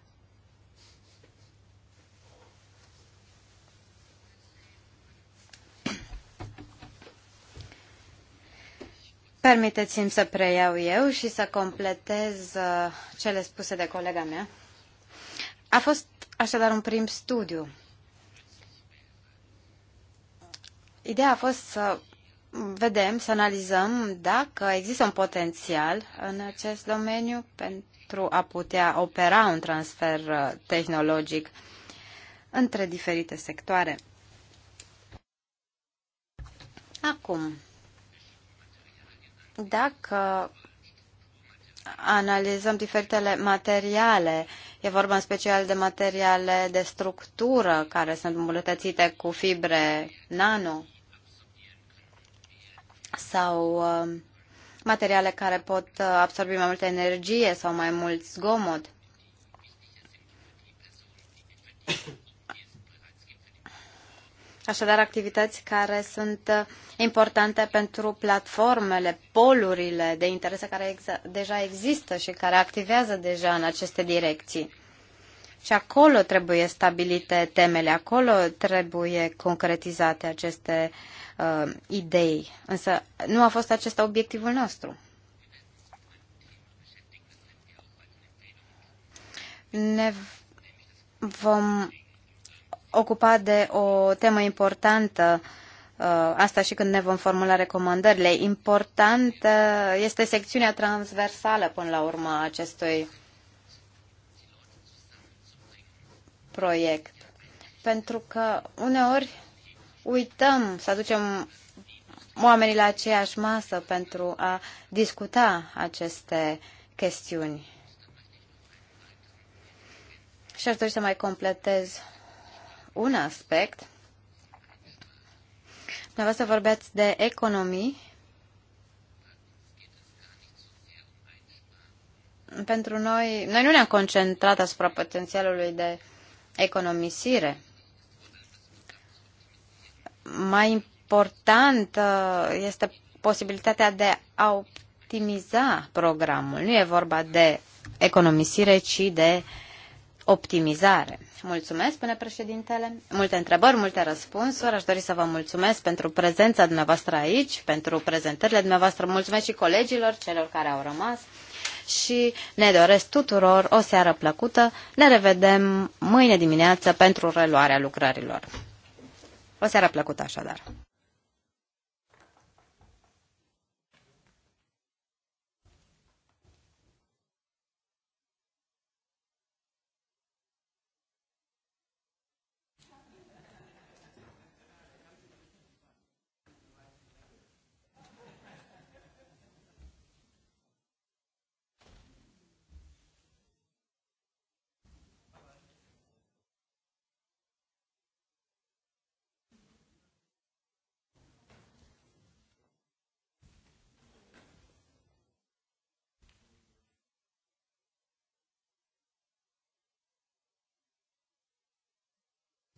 Speaker 2: Permiteți-mi să preiau eu și să completez uh, cele spuse de colega mea. A fost așadar un prim studiu. Ideea a fost să vedem, să analizăm dacă există un potențial în acest domeniu pentru a putea opera un transfer uh, tehnologic între diferite sectoare. Acum, dacă analizăm diferitele materiale, e vorba în special de materiale de structură care sunt îmbunătățite cu fibre nano sau um, materiale care pot uh, absorbi mai multă energie sau mai mult zgomot. Așadar, activități care sunt uh, importante pentru platformele, polurile de interese care deja există și care activează deja în aceste direcții. Și acolo trebuie stabilite temele, acolo trebuie concretizate aceste uh, idei. Însă nu a fost acesta obiectivul nostru. Ne vom ocupat de o temă importantă, uh, asta și când ne vom formula recomandările. Important este secțiunea transversală până la urmă a acestui proiect. Pentru că uneori uităm să aducem oamenii la aceeași masă pentru a discuta aceste chestiuni. Și aș dori să mai completez un aspect. să vorbeați de economii. Pentru noi, noi nu ne-am concentrat asupra potențialului de economisire. Mai important uh, este posibilitatea de a optimiza programul. Nu e vorba de economisire, ci de uh, optimizare. Mulțumesc, spune președintele. Multe întrebări, multe răspunsuri. Aș dori să vă mulțumesc pentru prezența dumneavoastră aici, pentru prezentările dumneavoastră. Mulțumesc și colegilor, celor care au rămas și ne doresc tuturor o seară plăcută. Ne revedem mâine dimineață pentru reluarea lucrărilor. O seară plăcută așadar.